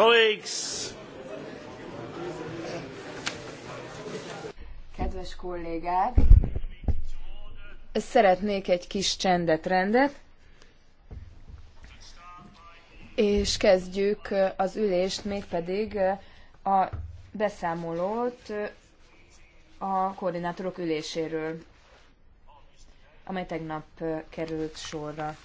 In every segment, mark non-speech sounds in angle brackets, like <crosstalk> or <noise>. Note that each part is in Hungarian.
Colleagues. Kedves kollégák, szeretnék egy kis csendet, rendet, és kezdjük az ülést, mégpedig a beszámolót a koordinátorok üléséről, amely tegnap került sorra.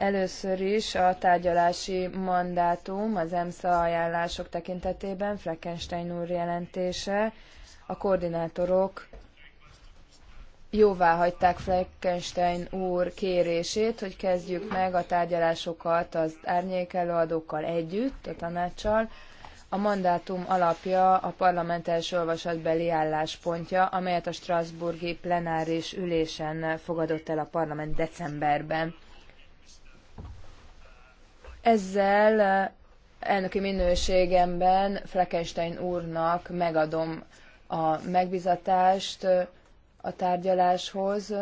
Először is a tárgyalási mandátum az EMSZA ajánlások tekintetében, Fleckenstein úr jelentése, a koordinátorok jóvá hagyták Fleckenstein úr kérését, hogy kezdjük meg a tárgyalásokat az árnyék előadókkal együtt, a tanácssal. A mandátum alapja a parlament első olvasatbeli álláspontja, amelyet a Strasburgi plenáris ülésen fogadott el a parlament decemberben. Ezzel elnöki minőségemben Fleckenstein úrnak megadom a megbizatást a tárgyaláshoz,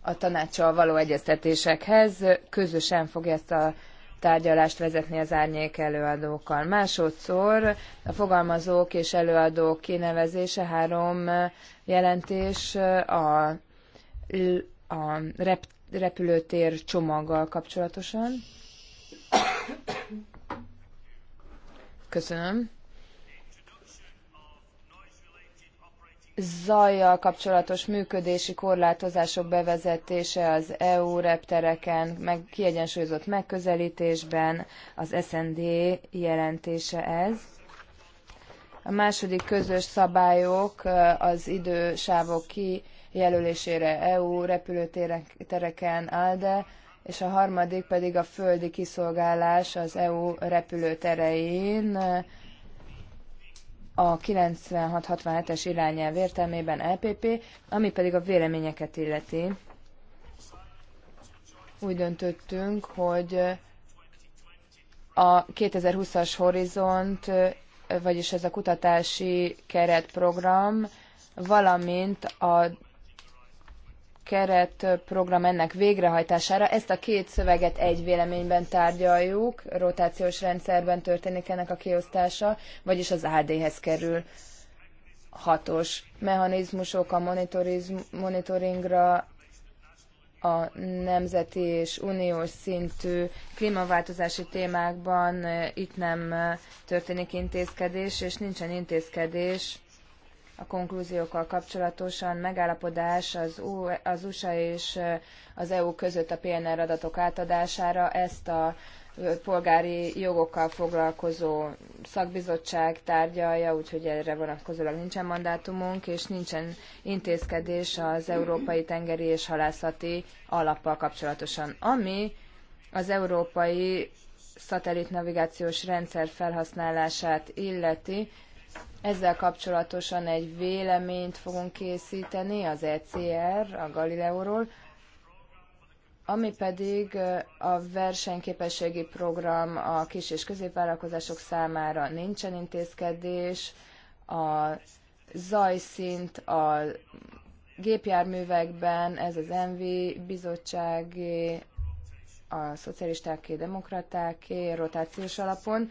a tanácssal való egyeztetésekhez. Közösen fogja ezt a tárgyalást vezetni az árnyék előadókkal. Másodszor a fogalmazók és előadók kinevezése három jelentés a, a repülőtér csomaggal kapcsolatosan. Köszönöm. Zajjal kapcsolatos működési korlátozások bevezetése az EU reptereken, meg kiegyensúlyozott megközelítésben, az SND jelentése ez. A második közös szabályok az idősávok ki jelölésére EU repülőtereken áll, de és a harmadik pedig a földi kiszolgálás az EU repülőterein a 9667 es irányelv értelmében LPP, e ami pedig a véleményeket illeti. Úgy döntöttünk, hogy a 2020-as horizont, vagyis ez a kutatási keretprogram, valamint a keretprogram ennek végrehajtására. Ezt a két szöveget egy véleményben tárgyaljuk, rotációs rendszerben történik ennek a kiosztása, vagyis az AD-hez kerül hatos mechanizmusok a monitoringra, a nemzeti és uniós szintű klímaváltozási témákban eh, itt nem eh, történik intézkedés, és nincsen intézkedés a konklúziókkal kapcsolatosan megállapodás az, az USA és az EU között a PNR adatok átadására. Ezt a polgári jogokkal foglalkozó szakbizottság tárgyalja, úgyhogy erre vonatkozólag nincsen mandátumunk, és nincsen intézkedés az Európai Tengeri és Halászati Alappal kapcsolatosan, ami az Európai szatellit navigációs rendszer felhasználását illeti, ezzel kapcsolatosan egy véleményt fogunk készíteni az ECR, a Galileóról, ami pedig a versenyképességi program a kis- és középvállalkozások számára nincsen intézkedés, a zajszint a gépjárművekben, ez az MV bizottsági, a szocialistáké, demokratáké, rotációs alapon,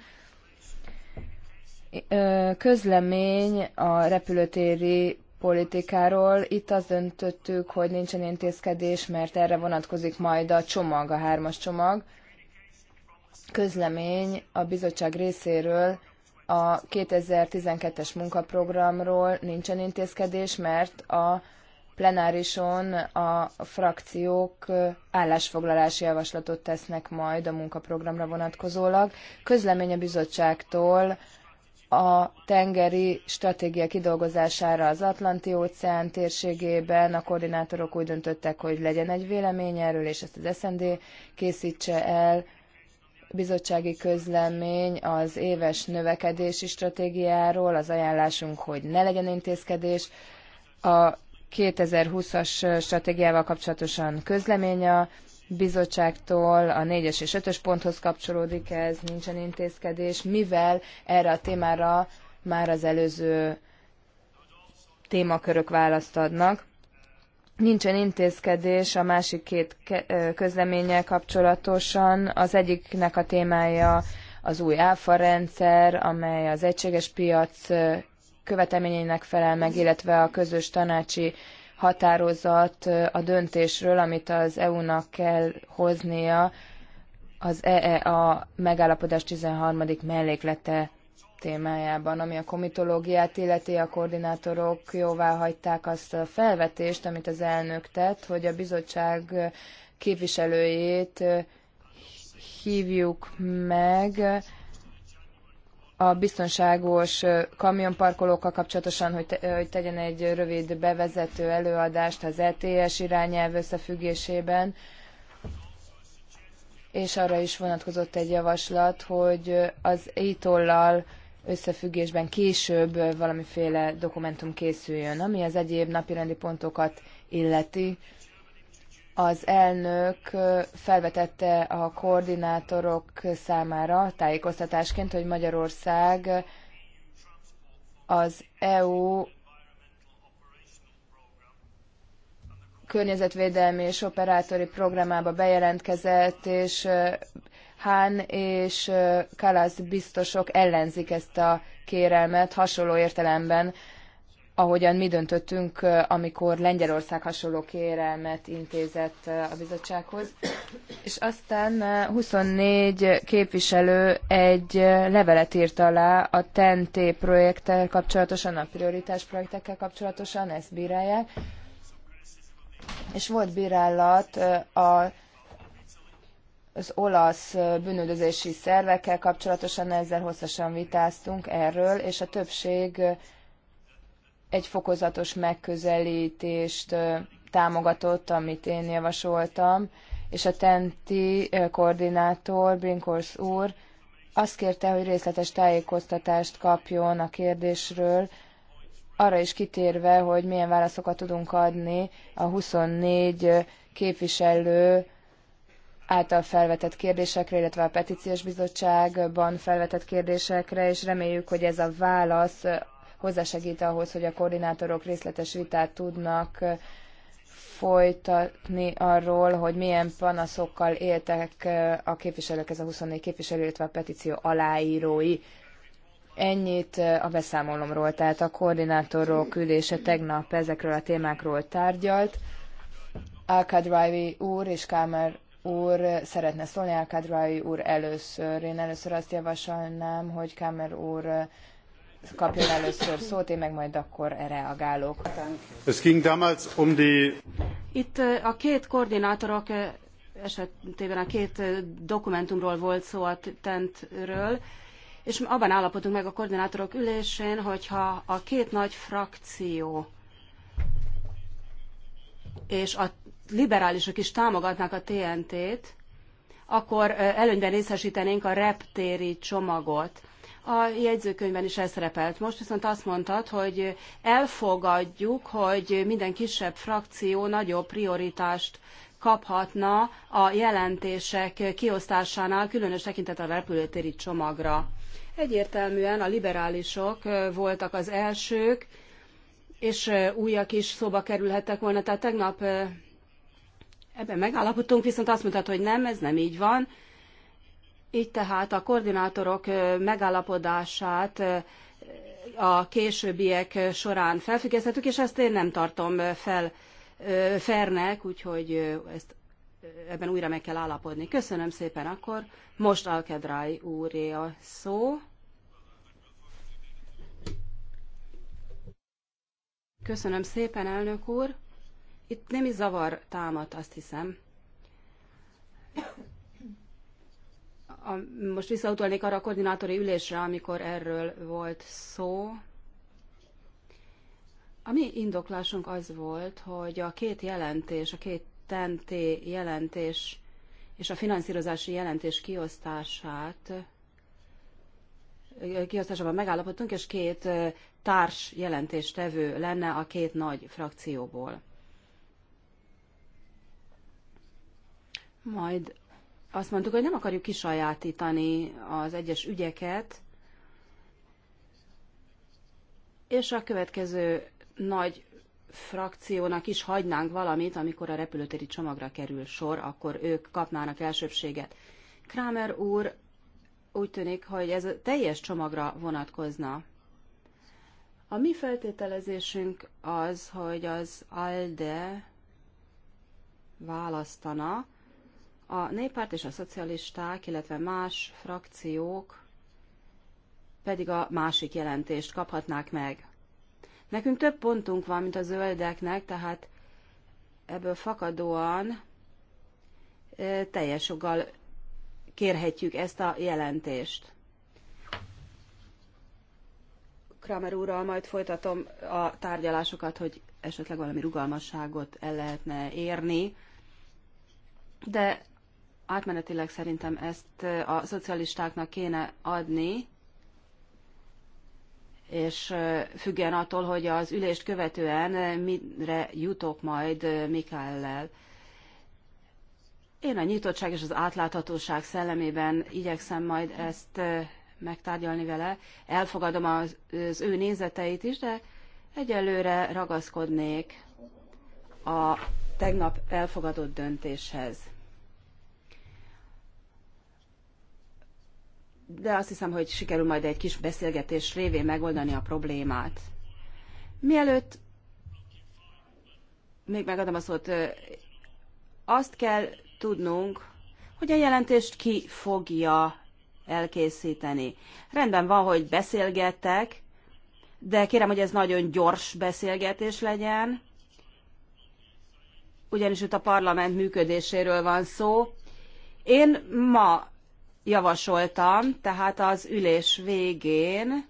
közlemény a repülőtéri politikáról. Itt azt döntöttük, hogy nincsen intézkedés, mert erre vonatkozik majd a csomag, a hármas csomag. Közlemény a bizottság részéről a 2012-es munkaprogramról nincsen intézkedés, mert a plenárison a frakciók állásfoglalási javaslatot tesznek majd a munkaprogramra vonatkozólag. Közlemény a bizottságtól a tengeri stratégia kidolgozására az Atlanti-óceán térségében. A koordinátorok úgy döntöttek, hogy legyen egy vélemény erről, és ezt az SND készítse el. Bizottsági közlemény az éves növekedési stratégiáról, az ajánlásunk, hogy ne legyen intézkedés. A 2020-as stratégiával kapcsolatosan közlemény a bizottságtól a 4-es és 5-ös ponthoz kapcsolódik ez, nincsen intézkedés, mivel erre a témára már az előző témakörök választ adnak. Nincsen intézkedés a másik két közleménnyel kapcsolatosan. Az egyiknek a témája az új áfa rendszer, amely az egységes piac követelményeinek felel meg, illetve a közös tanácsi határozat a döntésről, amit az EU-nak kell hoznia az EEA megállapodás 13. melléklete témájában, ami a komitológiát illeti, a koordinátorok jóvá hagyták azt a felvetést, amit az elnök tett, hogy a bizottság képviselőjét hívjuk meg a biztonságos kamionparkolókkal kapcsolatosan, hogy, te, hogy tegyen egy rövid bevezető előadást az ETS irányelv összefüggésében, és arra is vonatkozott egy javaslat, hogy az étollal összefüggésben később valamiféle dokumentum készüljön, ami az egyéb napirendi pontokat illeti az elnök felvetette a koordinátorok számára tájékoztatásként, hogy Magyarország az EU környezetvédelmi és operátori programába bejelentkezett, és Hán és Kalasz biztosok ellenzik ezt a kérelmet hasonló értelemben, ahogyan mi döntöttünk, amikor Lengyelország hasonló kérelmet intézett a bizottsághoz. És aztán 24 képviselő egy levelet írt alá a TNT projekttel kapcsolatosan, a prioritás projektekkel kapcsolatosan, ezt bírálják. És volt bírálat a az olasz bűnöldözési szervekkel kapcsolatosan ezzel hosszasan vitáztunk erről, és a többség egy fokozatos megközelítést támogatott, amit én javasoltam, és a TENTI koordinátor, Brinkors úr, azt kérte, hogy részletes tájékoztatást kapjon a kérdésről, arra is kitérve, hogy milyen válaszokat tudunk adni a 24 képviselő által felvetett kérdésekre, illetve a petíciós bizottságban felvetett kérdésekre, és reméljük, hogy ez a válasz hozzásegít ahhoz, hogy a koordinátorok részletes vitát tudnak folytatni arról, hogy milyen panaszokkal éltek a képviselők, ez a 24 képviselő, illetve a petíció aláírói. Ennyit a beszámolomról, tehát a koordinátorok ülése tegnap ezekről a témákról tárgyalt. Alkadravi úr és Kámer úr szeretne szólni. Alkadravi úr először. Én először azt javasolnám, hogy Kámer úr kapjon először szót, én meg majd akkor reagálok. Um Itt a két koordinátorok esetében a két dokumentumról volt szó a tentről, és abban állapodtunk meg a koordinátorok ülésén, hogyha a két nagy frakció és a liberálisok is támogatnák a TNT-t, akkor előnyben részesítenénk a reptéri csomagot a jegyzőkönyvben is ez szerepelt. Most viszont azt mondtad, hogy elfogadjuk, hogy minden kisebb frakció nagyobb prioritást kaphatna a jelentések kiosztásánál, különös tekintet a repülőtéri csomagra. Egyértelműen a liberálisok voltak az elsők, és újak is szóba kerülhettek volna. Tehát tegnap eh, ebben megállapodtunk, viszont azt mondtad, hogy nem, ez nem így van. Így tehát a koordinátorok megállapodását a későbbiek során felfüggesztettük, és ezt én nem tartom fel fernek, úgyhogy ezt ebben újra meg kell állapodni. Köszönöm szépen akkor. Most Alkedráj úré a szó. Köszönöm szépen, elnök úr. Itt nem is zavar támad, azt hiszem. A, most visszautolnék arra a koordinátori ülésre, amikor erről volt szó. A mi indoklásunk az volt, hogy a két jelentés, a két TNT jelentés és a finanszírozási jelentés kiosztását kiosztásában megállapodtunk, és két társ jelentéstevő lenne a két nagy frakcióból. Majd azt mondtuk, hogy nem akarjuk kisajátítani az egyes ügyeket, és a következő nagy frakciónak is hagynánk valamit, amikor a repülőtéri csomagra kerül sor, akkor ők kapnának elsőbséget. Kramer úr úgy tűnik, hogy ez a teljes csomagra vonatkozna. A mi feltételezésünk az, hogy az ALDE választana, a néppárt és a szocialisták, illetve más frakciók pedig a másik jelentést kaphatnák meg. Nekünk több pontunk van, mint a zöldeknek, tehát ebből fakadóan teljes joggal kérhetjük ezt a jelentést. Kramer úrral majd folytatom a tárgyalásokat, hogy esetleg valami rugalmasságot el lehetne érni, de átmenetileg szerintem ezt a szocialistáknak kéne adni, és függen attól, hogy az ülést követően mire jutok majd Mikállel. Én a nyitottság és az átláthatóság szellemében igyekszem majd ezt megtárgyalni vele. Elfogadom az, az ő nézeteit is, de egyelőre ragaszkodnék a tegnap elfogadott döntéshez. de azt hiszem, hogy sikerül majd egy kis beszélgetés révén megoldani a problémát. Mielőtt még megadom a szót, azt kell tudnunk, hogy a jelentést ki fogja elkészíteni. Rendben van, hogy beszélgettek, de kérem, hogy ez nagyon gyors beszélgetés legyen, ugyanis itt a parlament működéséről van szó. Én ma javasoltam, tehát az ülés végén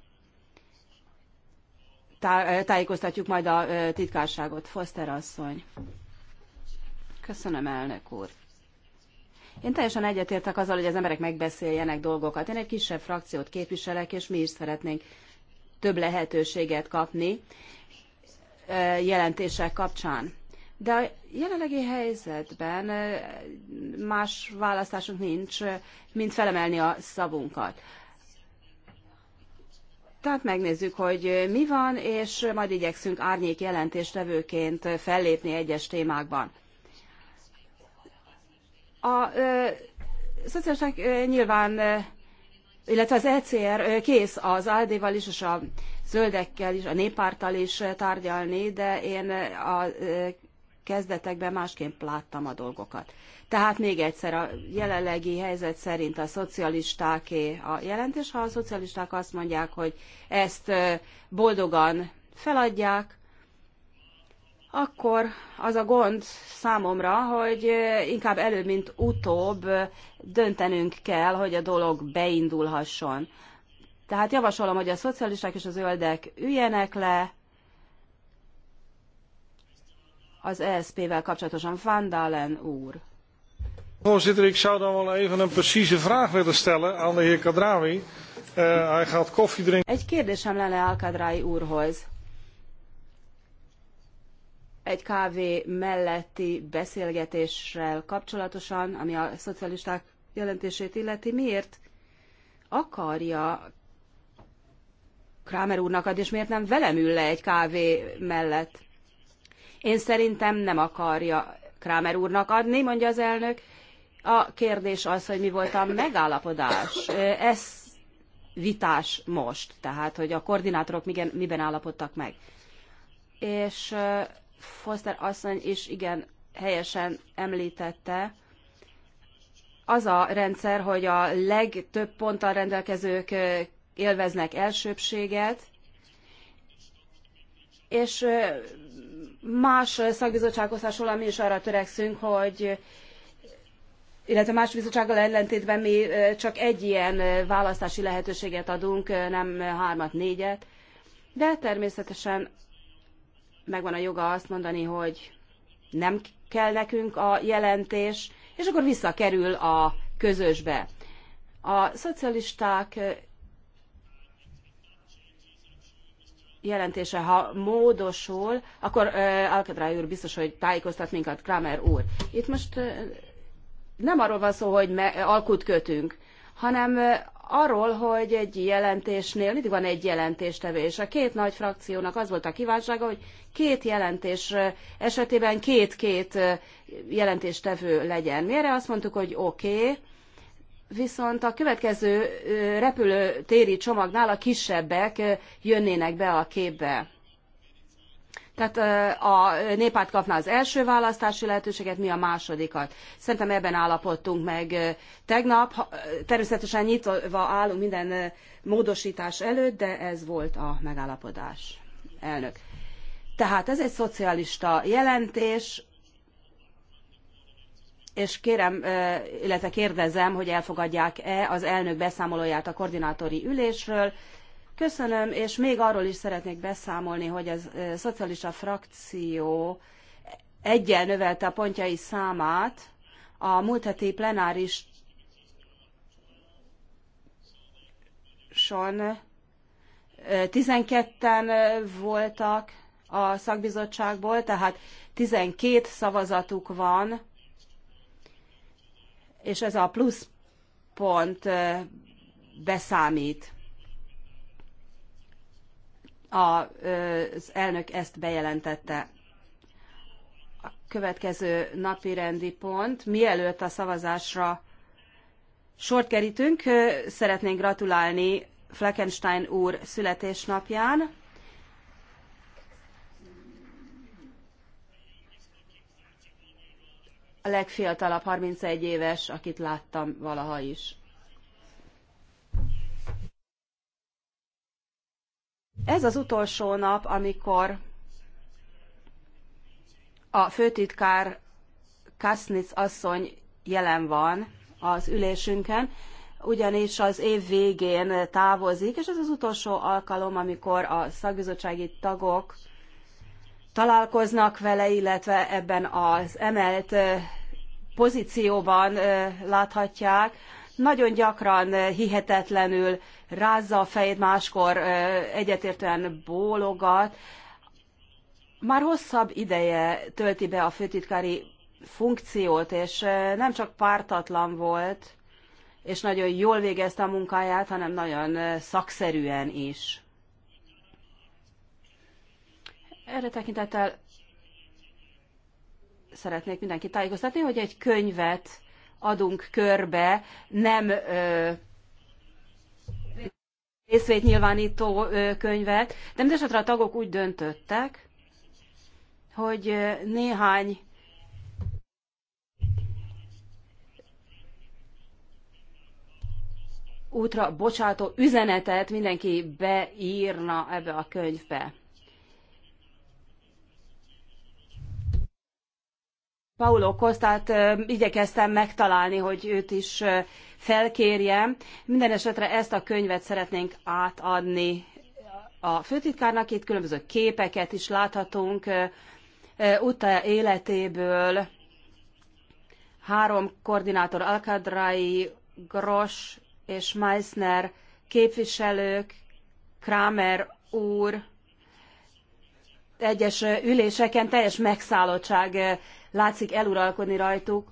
tájékoztatjuk majd a titkárságot. Foster asszony. Köszönöm, elnök úr. Én teljesen egyetértek azzal, hogy az emberek megbeszéljenek dolgokat. Én egy kisebb frakciót képviselek, és mi is szeretnénk több lehetőséget kapni jelentések kapcsán. De a jelenlegi helyzetben más választásunk nincs, mint felemelni a szavunkat. Tehát megnézzük, hogy mi van, és majd igyekszünk árnyék jelentéstevőként fellépni egyes témákban. A szociálisnak nyilván, illetve az ECR kész az ALD-val is, és a zöldekkel is, a néppárttal is tárgyalni, de én a ö, kezdetekben másként láttam a dolgokat. Tehát még egyszer, a jelenlegi helyzet szerint a szocialistáké a jelentés, ha a szocialisták azt mondják, hogy ezt boldogan feladják, akkor az a gond számomra, hogy inkább előbb, mint utóbb döntenünk kell, hogy a dolog beindulhasson. Tehát javasolom, hogy a szocialisták és a zöldek üljenek le, az ESP-vel kapcsolatosan. Van Dalen úr. Voorzitter, ik zou dan wel even een precieze vraag willen stellen aan de heer Kadrawi. Uh, eh, hij gaat koffie drinken. Egy kérdésem lenne Al-Kadrawi úrhoz. Egy kávé melletti beszélgetéssel kapcsolatosan, ami a szocialisták jelentését illeti, miért akarja Kramer úrnak adni, és miért nem velem ül le egy kávé mellett? Én szerintem nem akarja Krámer úrnak adni, mondja az elnök. A kérdés az, hogy mi volt a megállapodás. Ez vitás most, tehát hogy a koordinátorok migen, miben állapodtak meg. És Foster asszony is igen helyesen említette, az a rendszer, hogy a legtöbb ponttal rendelkezők élveznek elsőbséget, és más szakbizottsághoz hasonlóan mi is arra törekszünk, hogy illetve más bizottsággal ellentétben mi csak egy ilyen választási lehetőséget adunk, nem hármat, négyet. De természetesen megvan a joga azt mondani, hogy nem kell nekünk a jelentés, és akkor visszakerül a közösbe. A szocialisták jelentése, ha módosul, akkor Alkadráj úr biztos, hogy tájékoztat minket, Kramer úr. Itt most nem arról van szó, hogy alkut kötünk, hanem arról, hogy egy jelentésnél mindig van egy jelentéstevő, és a két nagy frakciónak az volt a kívánsága, hogy két jelentés esetében két-két jelentéstevő legyen. Mi erre azt mondtuk, hogy oké, okay, Viszont a következő repülőtéri csomagnál a kisebbek jönnének be a képbe. Tehát a népát kapná az első választási lehetőséget, mi a másodikat. Szerintem ebben állapodtunk meg tegnap. Természetesen nyitva állunk minden módosítás előtt, de ez volt a megállapodás. Elnök. Tehát ez egy szocialista jelentés, és kérem, illetve kérdezem, hogy elfogadják-e az elnök beszámolóját a koordinátori ülésről. Köszönöm, és még arról is szeretnék beszámolni, hogy a szocialista frakció egyel növelte a pontjai számát a múlt heti plenáris son 12-en voltak a szakbizottságból, tehát 12 szavazatuk van, és ez a plusz pont beszámít. Az elnök ezt bejelentette. A következő napi rendi pont, mielőtt a szavazásra sort kerítünk, szeretnénk gratulálni Fleckenstein úr születésnapján. a legfiatalabb 31 éves, akit láttam valaha is. Ez az utolsó nap, amikor a főtitkár Kasznic asszony jelen van az ülésünken, ugyanis az év végén távozik, és ez az utolsó alkalom, amikor a szakbizottsági tagok találkoznak vele, illetve ebben az emelt pozícióban láthatják, nagyon gyakran hihetetlenül rázza a fejét, máskor egyetértően bólogat. Már hosszabb ideje tölti be a főtitkári funkciót, és nem csak pártatlan volt, és nagyon jól végezte a munkáját, hanem nagyon szakszerűen is. Erre tekintettel szeretnék mindenkit tájékoztatni, hogy egy könyvet adunk körbe, nem ö, részvétnyilvánító ö, könyvet, de mindesetre a tagok úgy döntöttek, hogy néhány útra bocsátó üzenetet mindenki beírna ebbe a könyvbe. Paulo Kostát igyekeztem megtalálni, hogy őt is felkérjem. Minden esetre ezt a könyvet szeretnénk átadni a főtitkárnak. Itt különböző képeket is láthatunk Uta életéből. Három koordinátor Alkadrai, Gros és Meissner képviselők, Kramer úr, egyes üléseken teljes megszállottság látszik eluralkodni rajtuk.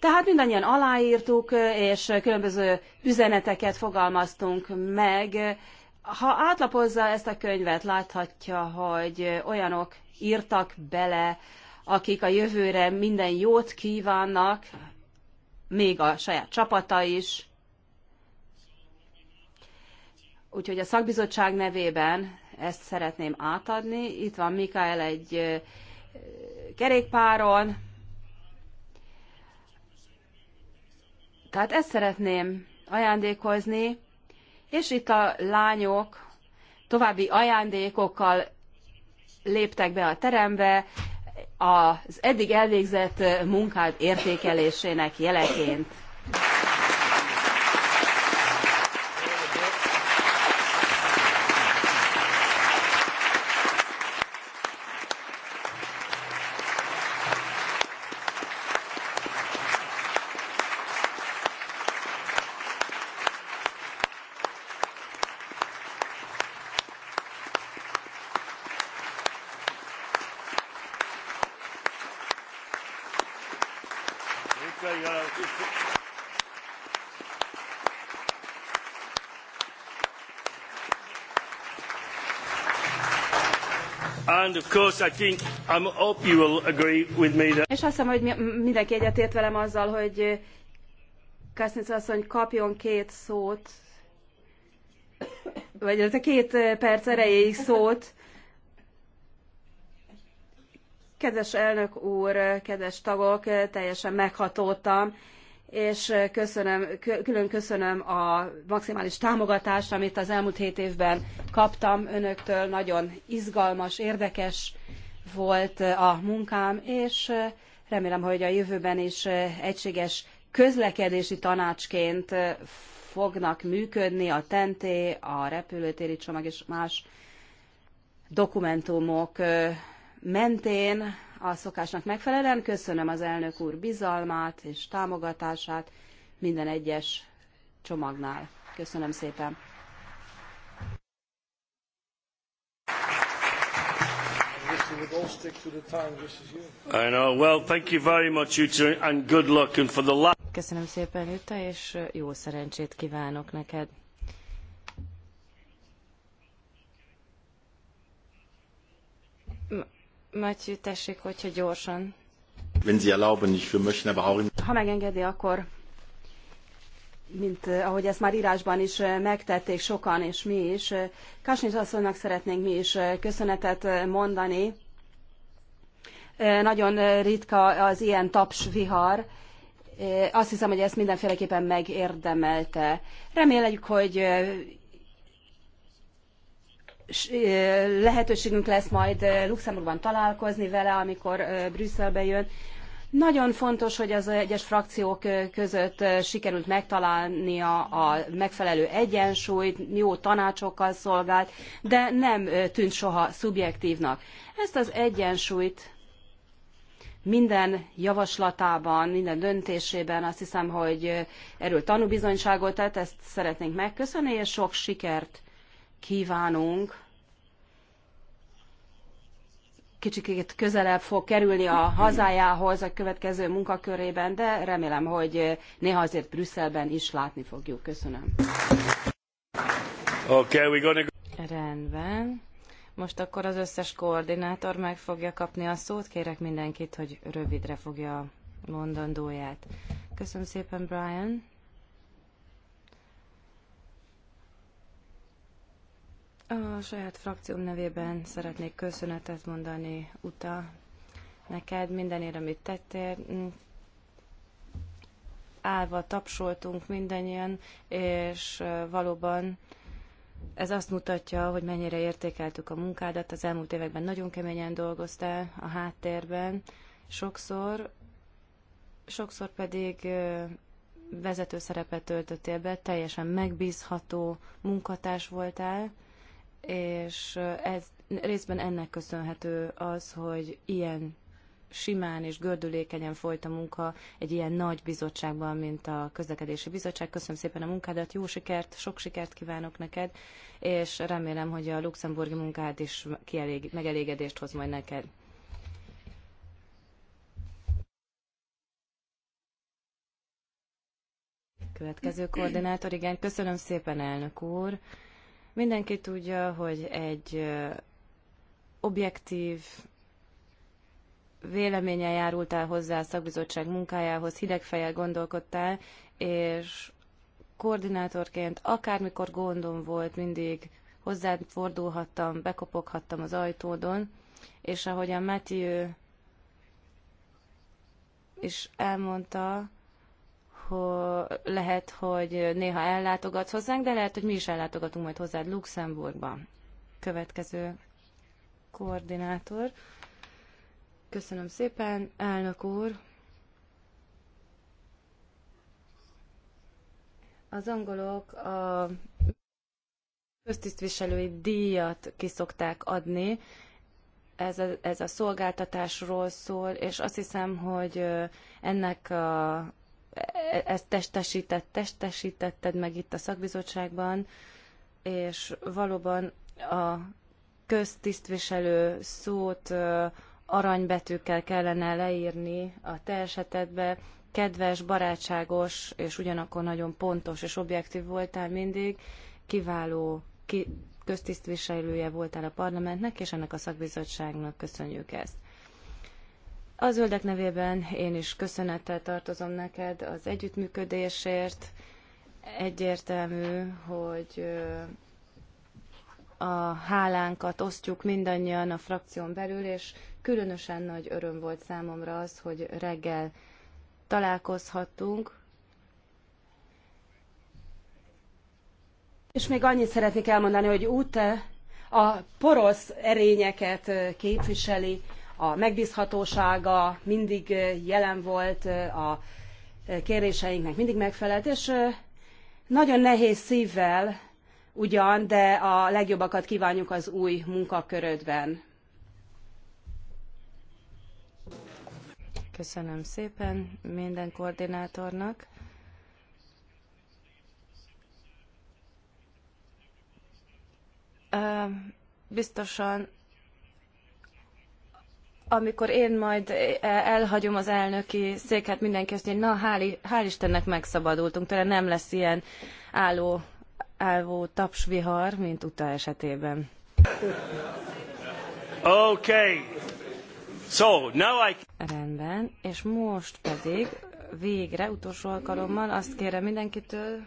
Tehát mindannyian aláírtuk, és különböző üzeneteket fogalmaztunk meg. Ha átlapozza ezt a könyvet, láthatja, hogy olyanok írtak bele, akik a jövőre minden jót kívánnak, még a saját csapata is. Úgyhogy a szakbizottság nevében ezt szeretném átadni. Itt van Mikael egy kerékpáron. Tehát ezt szeretném ajándékozni, és itt a lányok további ajándékokkal léptek be a terembe, az eddig elvégzett munkád értékelésének jeleként. And of course I think hope you will agree with me that... És azt hiszem, hogy mindenki egyetért velem azzal, hogy Kasznic asszony kapjon két szót, vagy a két perc erejéig szót. Kedves elnök úr, kedves tagok, teljesen meghatódtam és köszönöm, külön köszönöm a maximális támogatást, amit az elmúlt hét évben kaptam önöktől. Nagyon izgalmas, érdekes volt a munkám, és remélem, hogy a jövőben is egységes közlekedési tanácsként fognak működni a TNT, a repülőtéri csomag és más dokumentumok mentén, a szokásnak megfelelően. Köszönöm az elnök úr bizalmát és támogatását minden egyes csomagnál. Köszönöm szépen. Köszönöm szépen, Jutta, és uh, jó szerencsét kívánok neked tessék, hogyha gyorsan. Wenn Sie erlauben, ich möchte aber auch... Ha megengedi, akkor mint eh, ahogy ezt már írásban is eh, megtették sokan, és mi is. Eh, Kásnyics asszonynak szeretnénk mi is köszönetet mondani. Nagyon ritka az ilyen vihar. Azt hiszem, hogy ezt mindenféleképpen megérdemelte. Reméljük, hogy lehetőségünk lesz majd Luxemburgban találkozni vele, amikor Brüsszelbe jön. Nagyon fontos, hogy az egyes frakciók között sikerült megtalálni a megfelelő egyensúlyt, jó tanácsokkal szolgált, de nem tűnt soha szubjektívnak. Ezt az egyensúlyt minden javaslatában, minden döntésében azt hiszem, hogy erről tanúbizonyságot tett, ezt szeretnénk megköszönni, és sok sikert kívánunk, kicsikét közelebb fog kerülni a hazájához a következő munkakörében, de remélem, hogy néha azért Brüsszelben is látni fogjuk. Köszönöm. Okay, we're gonna... Rendben. Most akkor az összes koordinátor meg fogja kapni a szót. Kérek mindenkit, hogy rövidre fogja a mondandóját. Köszönöm szépen, Brian. A saját frakcióm nevében szeretnék köszönetet mondani, Uta, neked mindenért, amit tettél. Állva tapsoltunk mindannyian, és valóban ez azt mutatja, hogy mennyire értékeltük a munkádat. Az elmúlt években nagyon keményen dolgoztál a háttérben, sokszor, sokszor pedig vezető szerepet töltöttél be, teljesen megbízható munkatárs voltál, és ez részben ennek köszönhető az, hogy ilyen simán és gördülékenyen folyt a munka egy ilyen nagy bizottságban, mint a közlekedési bizottság. Köszönöm szépen a munkádat, jó sikert, sok sikert kívánok neked, és remélem, hogy a luxemburgi munkád is kielég, megelégedést hoz majd neked. Következő koordinátor, igen, köszönöm szépen, elnök úr. Mindenki tudja, hogy egy objektív véleménye járultál hozzá a szakbizottság munkájához, hidegfejjel gondolkodtál, és koordinátorként akármikor gondom volt, mindig hozzád fordulhattam, bekopoghattam az ajtódon, és ahogy a Matthew is elmondta, hogy lehet, hogy néha ellátogatsz hozzánk, de lehet, hogy mi is ellátogatunk majd hozzád Luxemburgba. Következő koordinátor. Köszönöm szépen, elnök úr. Az angolok a köztisztviselői díjat kiszokták adni, ez a, ez a szolgáltatásról szól, és azt hiszem, hogy ennek a ezt testesített, testesítetted meg itt a szakbizottságban, és valóban a köztisztviselő szót aranybetűkkel kellene leírni a te esetedbe. Kedves, barátságos, és ugyanakkor nagyon pontos és objektív voltál mindig. Kiváló ki, köztisztviselője voltál a parlamentnek, és ennek a szakbizottságnak köszönjük ezt. A zöldek nevében én is köszönettel tartozom neked az együttműködésért. Egyértelmű, hogy a hálánkat osztjuk mindannyian a frakción belül, és különösen nagy öröm volt számomra az, hogy reggel találkozhattunk. És még annyit szeretnék elmondani, hogy út a porosz erényeket képviseli, a megbízhatósága mindig jelen volt, a kéréseinknek mindig megfelelt, és nagyon nehéz szívvel ugyan, de a legjobbakat kívánjuk az új munkakörödben. Köszönöm szépen minden koordinátornak. Biztosan amikor én majd elhagyom az elnöki széket, mindenki azt mondja, na hál', hál Istennek megszabadultunk, tőle nem lesz ilyen álló, álló tapsvihar, mint uta esetében. Okay. So, now I... Rendben, és most pedig végre utolsó alkalommal azt kérem mindenkitől,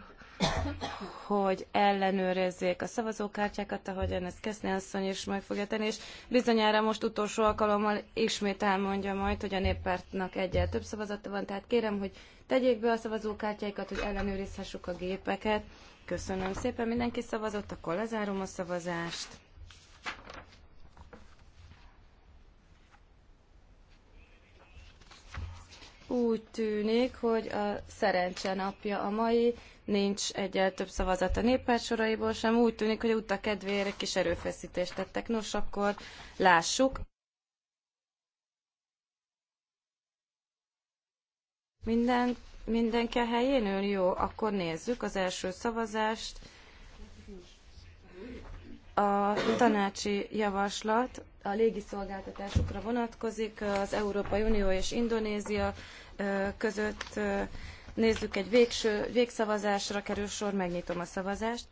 hogy ellenőrizzék a szavazókártyákat, ahogyan ezt Keszné asszony is meg fogja tenni, és bizonyára most utolsó alkalommal ismét elmondja majd, hogy a néppártnak egyel több szavazata van, tehát kérem, hogy tegyék be a szavazókártyáikat, hogy ellenőrizhessük a gépeket. Köszönöm szépen, mindenki szavazott, akkor lezárom a szavazást. úgy tűnik, hogy a szerencse napja a mai, nincs egyel több szavazat a néppárt soraiból sem, úgy tűnik, hogy utak kedvére kis erőfeszítést tettek. Nos, akkor lássuk. Minden, mindenki a helyén ül? Jó, akkor nézzük az első szavazást. A tanácsi javaslat a légiszolgáltatásokra vonatkozik az Európai Unió és Indonézia között. Nézzük, egy végső, végszavazásra kerül sor, megnyitom a szavazást.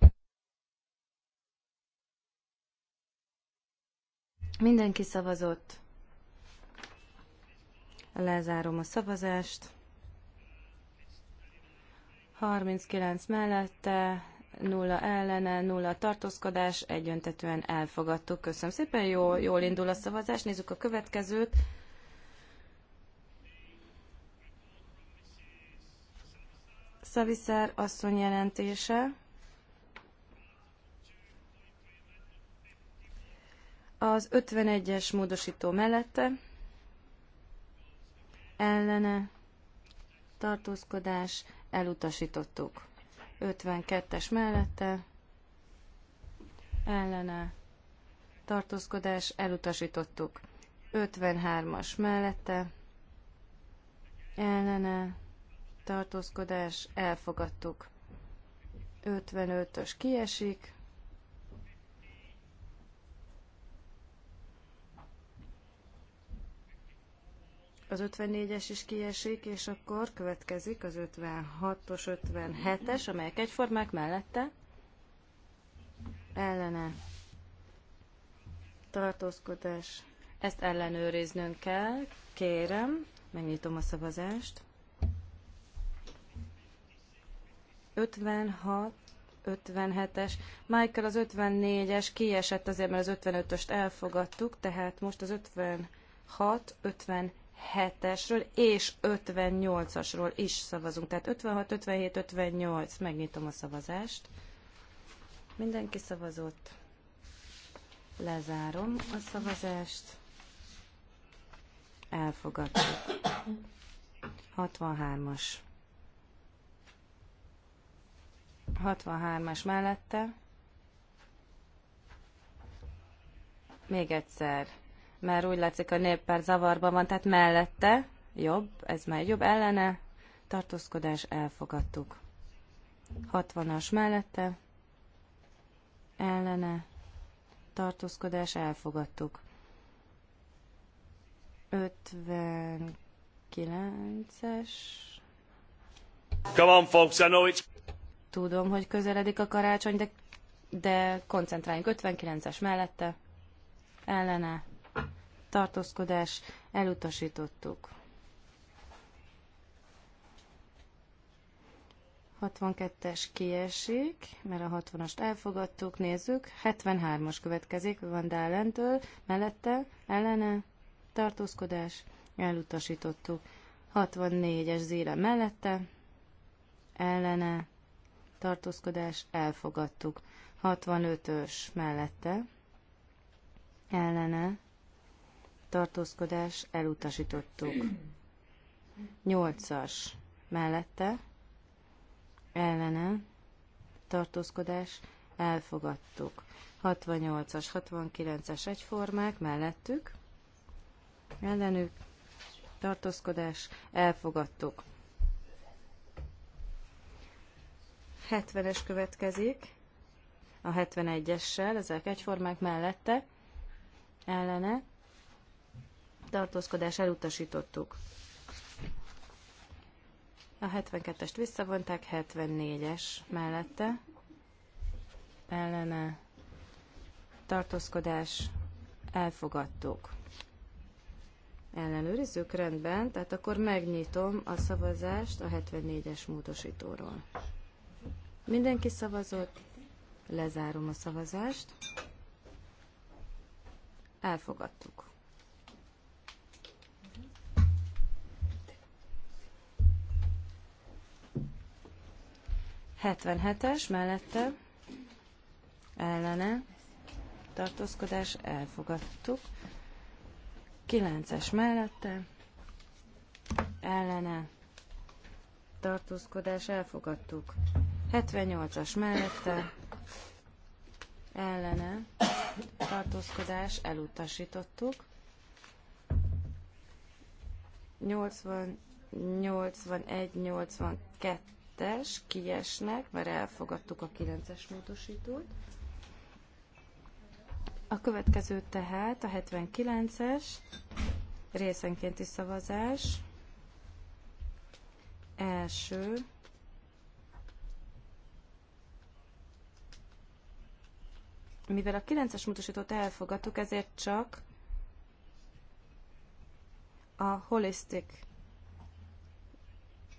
Mindenki szavazott. Lezárom a szavazást. 39 mellette, nulla ellene, nulla tartózkodás, egyöntetően elfogadtuk. Köszönöm szépen, jó, jól indul a szavazás. Nézzük a következőt. Szaviszer asszony jelentése. Az 51-es módosító mellette ellene tartózkodás elutasítottuk. 52-es mellette ellene tartózkodás elutasítottuk. 53-as mellette ellene tartózkodás elfogadtuk. 55-ös kiesik, az 54-es is kiesik, és akkor következik az 56-os, 57-es, amelyek egyformák mellette. Ellene. Tartózkodás. Ezt ellenőriznünk kell. Kérem, megnyitom a szavazást. 56, 57-es. Michael az 54-es kiesett azért, mert az 55-öst elfogadtuk, tehát most az 56, 57 57-esről és 58-asról is szavazunk. Tehát 56, 57, 58. Megnyitom a szavazást. Mindenki szavazott. Lezárom a szavazást. Elfogadtuk. 63-as. 63-as mellette. Még egyszer mert úgy látszik a néppár zavarban van, tehát mellette, jobb, ez már jobb, ellene, tartózkodás, elfogadtuk. 60-as mellette, ellene, tartózkodás, elfogadtuk. 59-es. Come on, folks, I know it's... Tudom, hogy közeledik a karácsony, de, de koncentráljunk 59-es mellette, ellene, tartózkodás elutasítottuk. 62-es kiesik, mert a 60-ast elfogadtuk, nézzük. 73-as következik, van Dálentől, mellette, ellene, tartózkodás, elutasítottuk. 64-es zéle mellette, ellene, tartózkodás, elfogadtuk. 65-ös mellette, ellene, tartózkodás elutasítottuk. 8 mellette ellene tartózkodás elfogadtuk. 68-as, 69-es egyformák mellettük, ellenük tartózkodás elfogadtuk. 70-es következik, a 71-essel, ezek egyformák mellette, ellene, tartózkodás elutasítottuk. A 72-est visszavonták, 74-es mellette ellene tartózkodás elfogadtuk. Ellenőrizzük rendben, tehát akkor megnyitom a szavazást a 74-es módosítóról. Mindenki szavazott, lezárom a szavazást. Elfogadtuk. 77-es mellette ellene tartózkodás elfogadtuk. 9-es mellette ellene tartózkodás elfogadtuk. 78-as mellette ellene tartózkodás elutasítottuk. 80, 81, 82 kettes, kiesnek, mert elfogadtuk a kilences módosítót. A következő tehát a 79-es részenkénti szavazás. Első. Mivel a 9-es módosítót elfogadtuk, ezért csak a holistic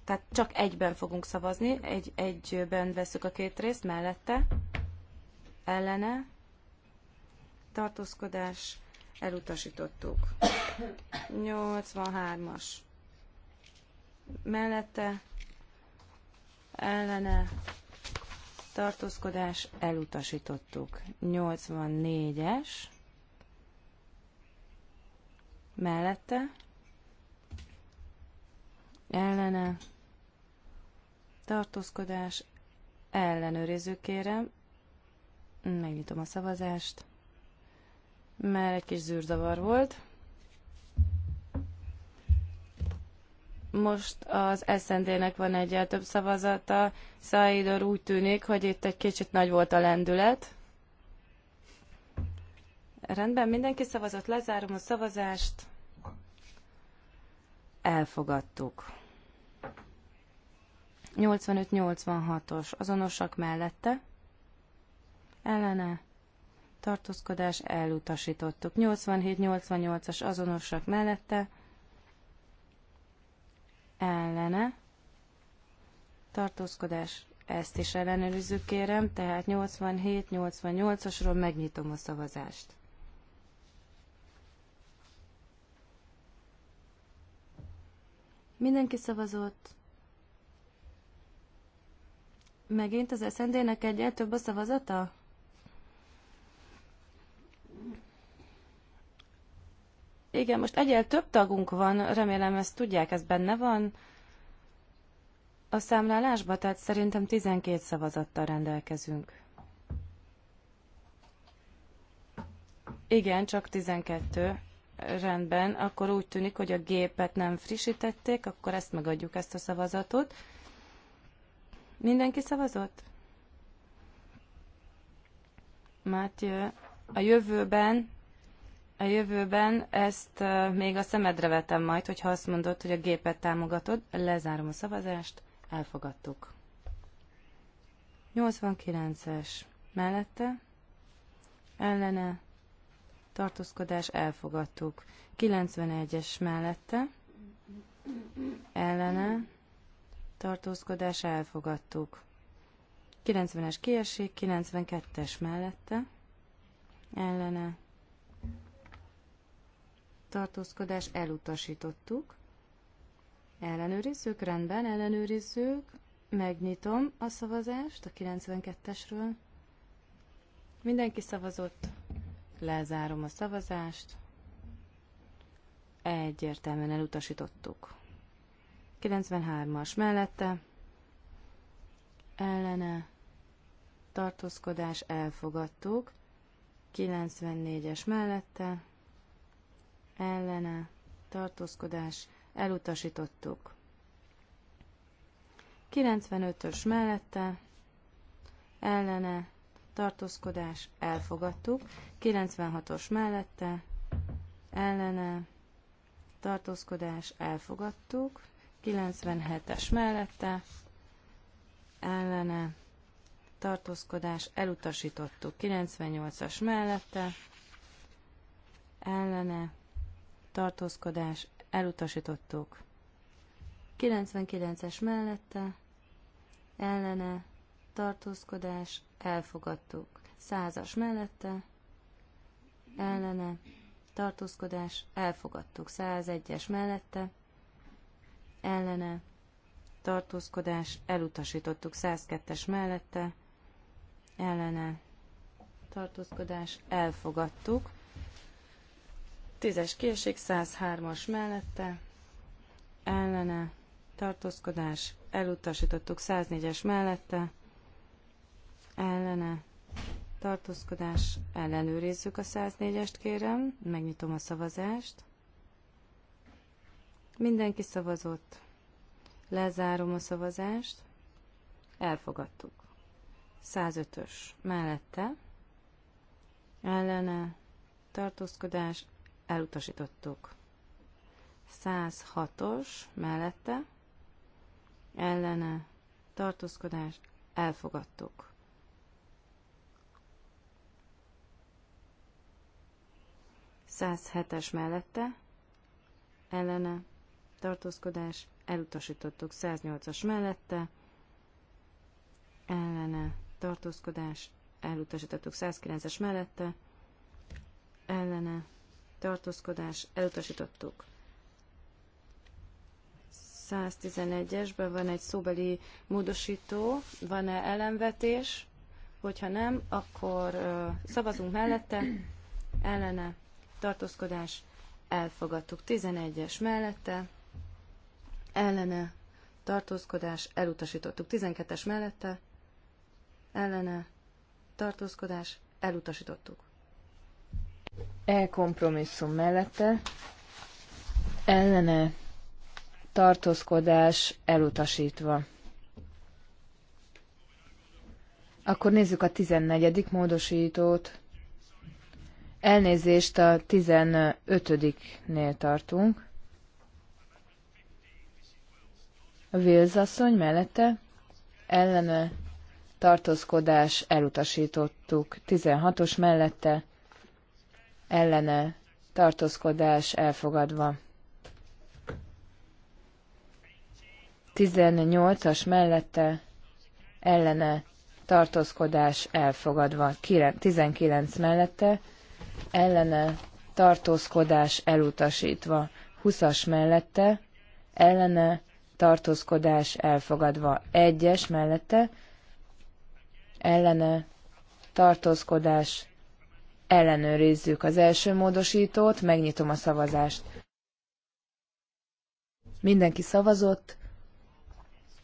tehát csak egyben fogunk szavazni, egy, egyben veszük a két részt, mellette, ellene, tartózkodás, elutasítottuk. 83-as. Mellette, ellene, tartózkodás, elutasítottuk. 84-es. Mellette, ellene, tartózkodás, ellenőrizzük kérem, megnyitom a szavazást, mert egy kis zűrzavar volt. Most az SND-nek van egyel több szavazata. Szaidor úgy tűnik, hogy itt egy kicsit nagy volt a lendület. Rendben, mindenki szavazott, lezárom a szavazást. Elfogadtuk. 85-86-os azonosak mellette, ellene, tartózkodás elutasítottuk. 87-88-as azonosak mellette, ellene, tartózkodás ezt is ellenőrizzük kérem, tehát 87-88-asról megnyitom a szavazást. Mindenki szavazott. Megint az SZND-nek egyel több a szavazata? Igen, most egyel több tagunk van, remélem ezt tudják, ez benne van a számlálásba, tehát szerintem 12 szavazattal rendelkezünk. Igen, csak 12. Rendben, akkor úgy tűnik, hogy a gépet nem frissítették, akkor ezt megadjuk, ezt a szavazatot. Mindenki szavazott? Mátyő, a jövőben, a jövőben ezt még a szemedre vetem majd, hogyha azt mondod, hogy a gépet támogatod, lezárom a szavazást, elfogadtuk. 89-es mellette, ellene, tartózkodás, elfogadtuk. 91-es mellette, ellene, tartózkodás elfogadtuk. 90-es kiesség, 92-es mellette, ellene tartózkodás elutasítottuk. Ellenőrizzük, rendben, ellenőrizzük. Megnyitom a szavazást a 92-esről. Mindenki szavazott. Lezárom a szavazást. Egyértelműen elutasítottuk. 93-as mellette ellene tartózkodás elfogadtuk, 94-es mellette ellene tartózkodás elutasítottuk. 95-ös mellette ellene tartózkodás elfogadtuk, 96-os mellette ellene tartózkodás elfogadtuk, 97-es mellette, ellene, tartózkodás, elutasítottuk 98-as mellette, ellene, tartózkodás, elutasítottuk 99-es mellette, ellene, tartózkodás, elfogadtuk 100-as mellette, ellene, tartózkodás, elfogadtuk 101-es mellette, ellene tartózkodás, elutasítottuk 102-es mellette, ellene tartózkodás, elfogadtuk. 10-es kiesik, 103-as mellette, ellene tartózkodás, elutasítottuk 104-es mellette, ellene tartózkodás, ellenőrizzük a 104-est kérem, megnyitom a szavazást. Mindenki szavazott. Lezárom a szavazást. Elfogadtuk. 105-ös mellette. Ellene tartózkodás. Elutasítottuk. 106-os mellette. Ellene tartózkodás. Elfogadtuk. Száz hetes mellette, ellene tartózkodás, elutasítottuk 108-as mellette, ellene tartózkodás, elutasítottuk 109-es mellette, ellene tartózkodás, elutasítottuk. 111-esben van egy szóbeli módosító, van-e ellenvetés? Hogyha nem, akkor szavazunk mellette, ellene tartózkodás, elfogadtuk 11-es mellette, ellene tartózkodás elutasítottuk. 12-es mellette ellene tartózkodás elutasítottuk. E kompromisszum mellette ellene tartózkodás elutasítva. Akkor nézzük a 14. módosítót. Elnézést a 15-nél tartunk. Wills asszony mellette ellene tartózkodás elutasítottuk. 16-os mellette ellene tartózkodás elfogadva. 18-as mellette ellene tartózkodás elfogadva. 19 mellette ellene tartózkodás elutasítva. 20-as mellette ellene tartózkodás elfogadva. Egyes mellette ellene tartózkodás ellenőrizzük az első módosítót, megnyitom a szavazást. Mindenki szavazott,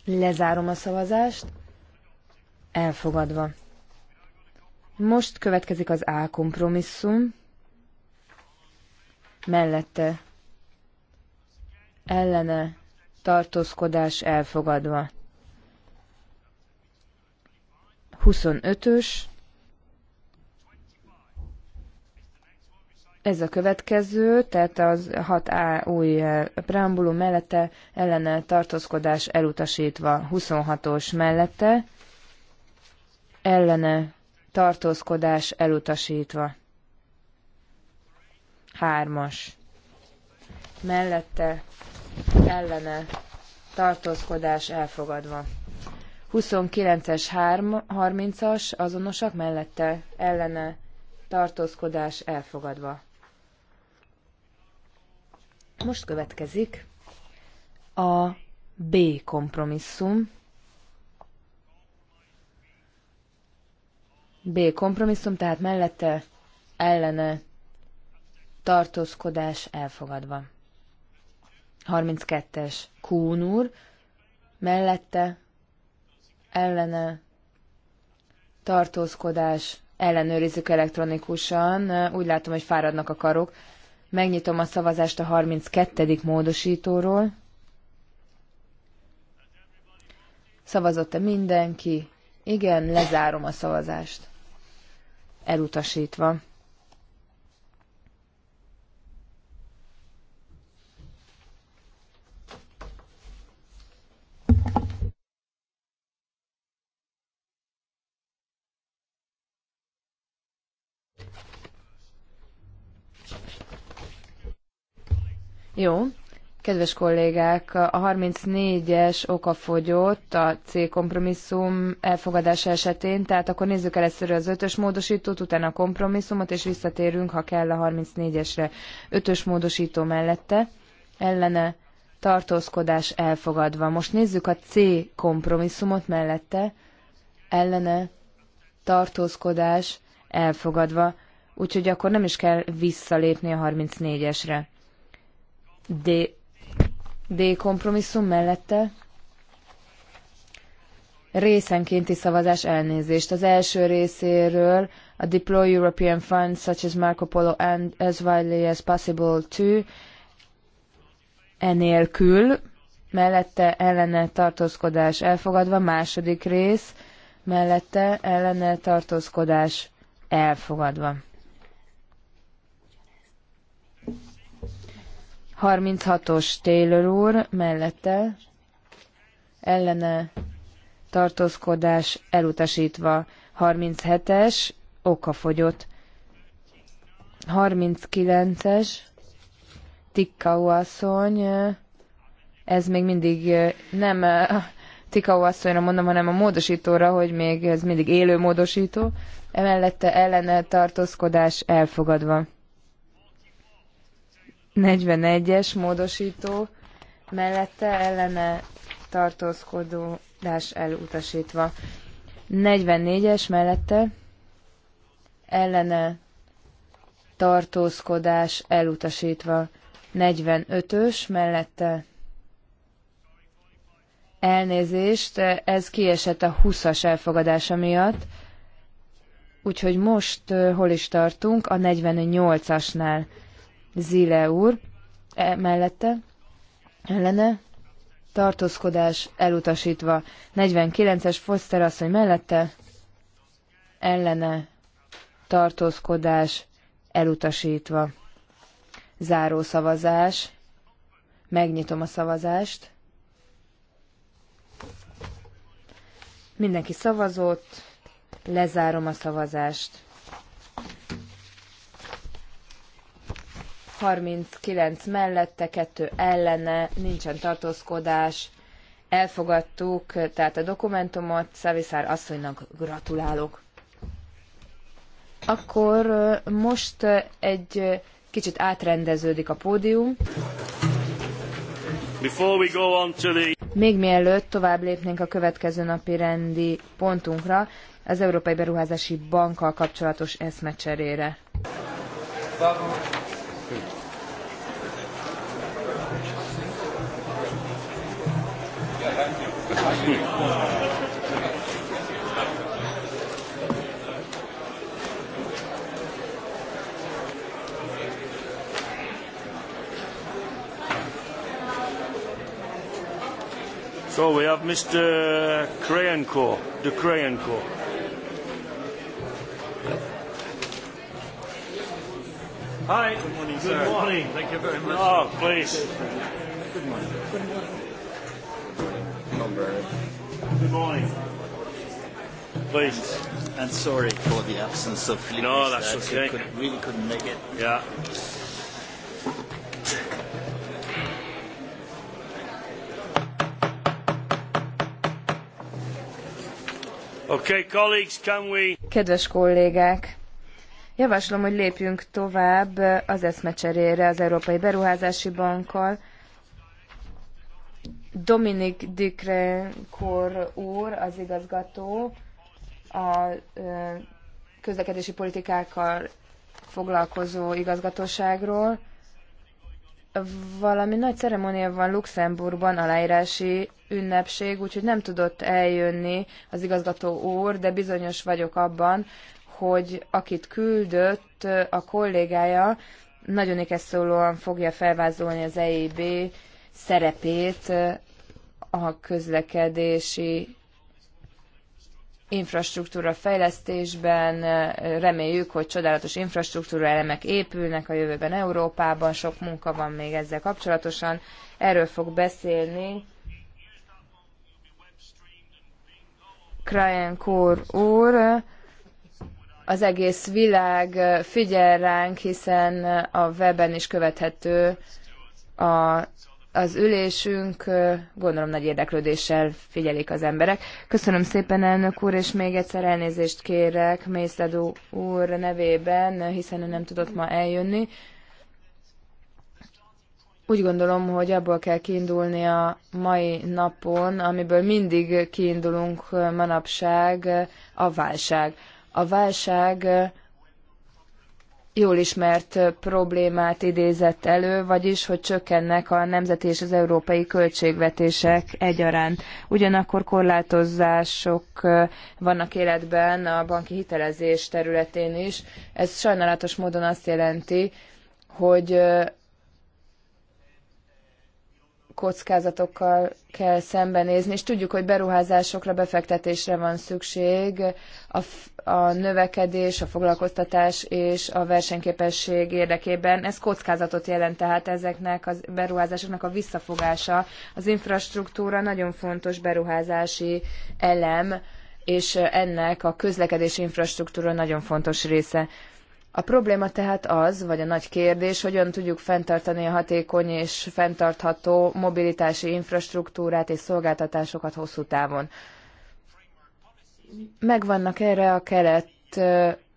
lezárom a szavazást, elfogadva. Most következik az A kompromisszum, mellette ellene tartózkodás elfogadva. 25-ös. Ez a következő, tehát az 6A új eh, preambulum mellette ellene tartózkodás elutasítva. 26-os mellette ellene tartózkodás elutasítva. 3-as Mellette ellene tartózkodás elfogadva. 29-es 30-as azonosak mellette ellene tartózkodás elfogadva. Most következik a B kompromisszum. B kompromisszum, tehát mellette ellene tartózkodás elfogadva. 32-es Kún úr, mellette ellene tartózkodás, ellenőrizzük elektronikusan, úgy látom, hogy fáradnak a karok. Megnyitom a szavazást a 32. módosítóról. Szavazott-e mindenki? Igen, lezárom a szavazást. Elutasítva. Jó. Kedves kollégák, a 34-es okafogyott, a C kompromisszum elfogadása esetén, tehát akkor nézzük először az 5-ös módosítót, utána a kompromisszumot, és visszatérünk, ha kell, a 34-esre. 5-ös módosító mellette ellene tartózkodás elfogadva. Most nézzük a C kompromisszumot mellette ellene tartózkodás elfogadva, úgyhogy akkor nem is kell visszalépni a 34-esre. D, D kompromisszum mellette részenkénti szavazás elnézést. Az első részéről a Deploy European Funds such as Marco Polo and as widely as possible to enélkül, mellette ellene tartózkodás elfogadva, második rész, mellette ellene tartózkodás elfogadva. 36-os Taylor úr mellette ellene tartózkodás elutasítva. 37-es okafogyott. 39-es Tikkau asszony, ez még mindig nem Tikkau asszonyra mondom, hanem a módosítóra, hogy még ez mindig élő módosító, emellette ellene tartózkodás elfogadva. 41-es módosító mellette ellene tartózkodás elutasítva. 44-es mellette ellene tartózkodás elutasítva. 45-ös mellette elnézést, ez kiesett a 20-as elfogadása miatt, úgyhogy most eh, hol is tartunk? A 48-asnál Zile úr e, mellette, ellene, tartózkodás elutasítva. 49-es Foster asszony mellette, ellene, tartózkodás elutasítva. Záró szavazás. Megnyitom a szavazást. Mindenki szavazott, lezárom a szavazást. 39 mellette, 2 ellene, nincsen tartózkodás. Elfogadtuk, tehát a dokumentumot Szaviszár asszonynak gratulálok. Akkor most egy kicsit átrendeződik a pódium. Még mielőtt tovább lépnénk a következő napi rendi pontunkra, az Európai Beruházási Bankkal kapcsolatos eszmecserére. Bravo. So we have Mr. Krayenko, the Krayenko. Hi. Good morning, sir. Good morning. Thank you very much. Oh, please. Good morning. Good morning morning. And sorry for the absence of No, that's okay. Could, really couldn't make it. Yeah. Okay, colleagues, can we... Kedves kollégák, javaslom, hogy lépjünk tovább az eszmecserére az Európai Beruházási Bankkal. Dominik kor úr, az igazgató, a közlekedési politikákkal foglalkozó igazgatóságról, valami nagy ceremónia van Luxemburgban, aláírási ünnepség, úgyhogy nem tudott eljönni az igazgató úr, de bizonyos vagyok abban, hogy akit küldött a kollégája, nagyon szólóan fogja felvázolni az EIB szerepét a közlekedési infrastruktúra fejlesztésben. Reméljük, hogy csodálatos infrastruktúra elemek épülnek a jövőben Európában, sok munka van még ezzel kapcsolatosan. Erről fog beszélni Krajenkor úr. Az egész világ figyel ránk, hiszen a weben is követhető a az ülésünk gondolom nagy érdeklődéssel figyelik az emberek. Köszönöm szépen, elnök úr, és még egyszer elnézést kérek Mészledó úr nevében, hiszen ő nem tudott ma eljönni. Úgy gondolom, hogy abból kell kiindulni a mai napon, amiből mindig kiindulunk manapság, a válság. A válság jól ismert problémát idézett elő, vagyis, hogy csökkennek a nemzeti és az európai költségvetések egyaránt. Ugyanakkor korlátozások vannak életben a banki hitelezés területén is. Ez sajnálatos módon azt jelenti, hogy kockázatokkal kell szembenézni, és tudjuk, hogy beruházásokra, befektetésre van szükség a, a növekedés, a foglalkoztatás és a versenyképesség érdekében. Ez kockázatot jelent, tehát ezeknek a beruházásoknak a visszafogása. Az infrastruktúra nagyon fontos beruházási elem, és ennek a közlekedési infrastruktúra nagyon fontos része. A probléma tehát az, vagy a nagy kérdés, hogyan tudjuk fenntartani a hatékony és fenntartható mobilitási infrastruktúrát és szolgáltatásokat hosszú távon. Megvannak erre a kelet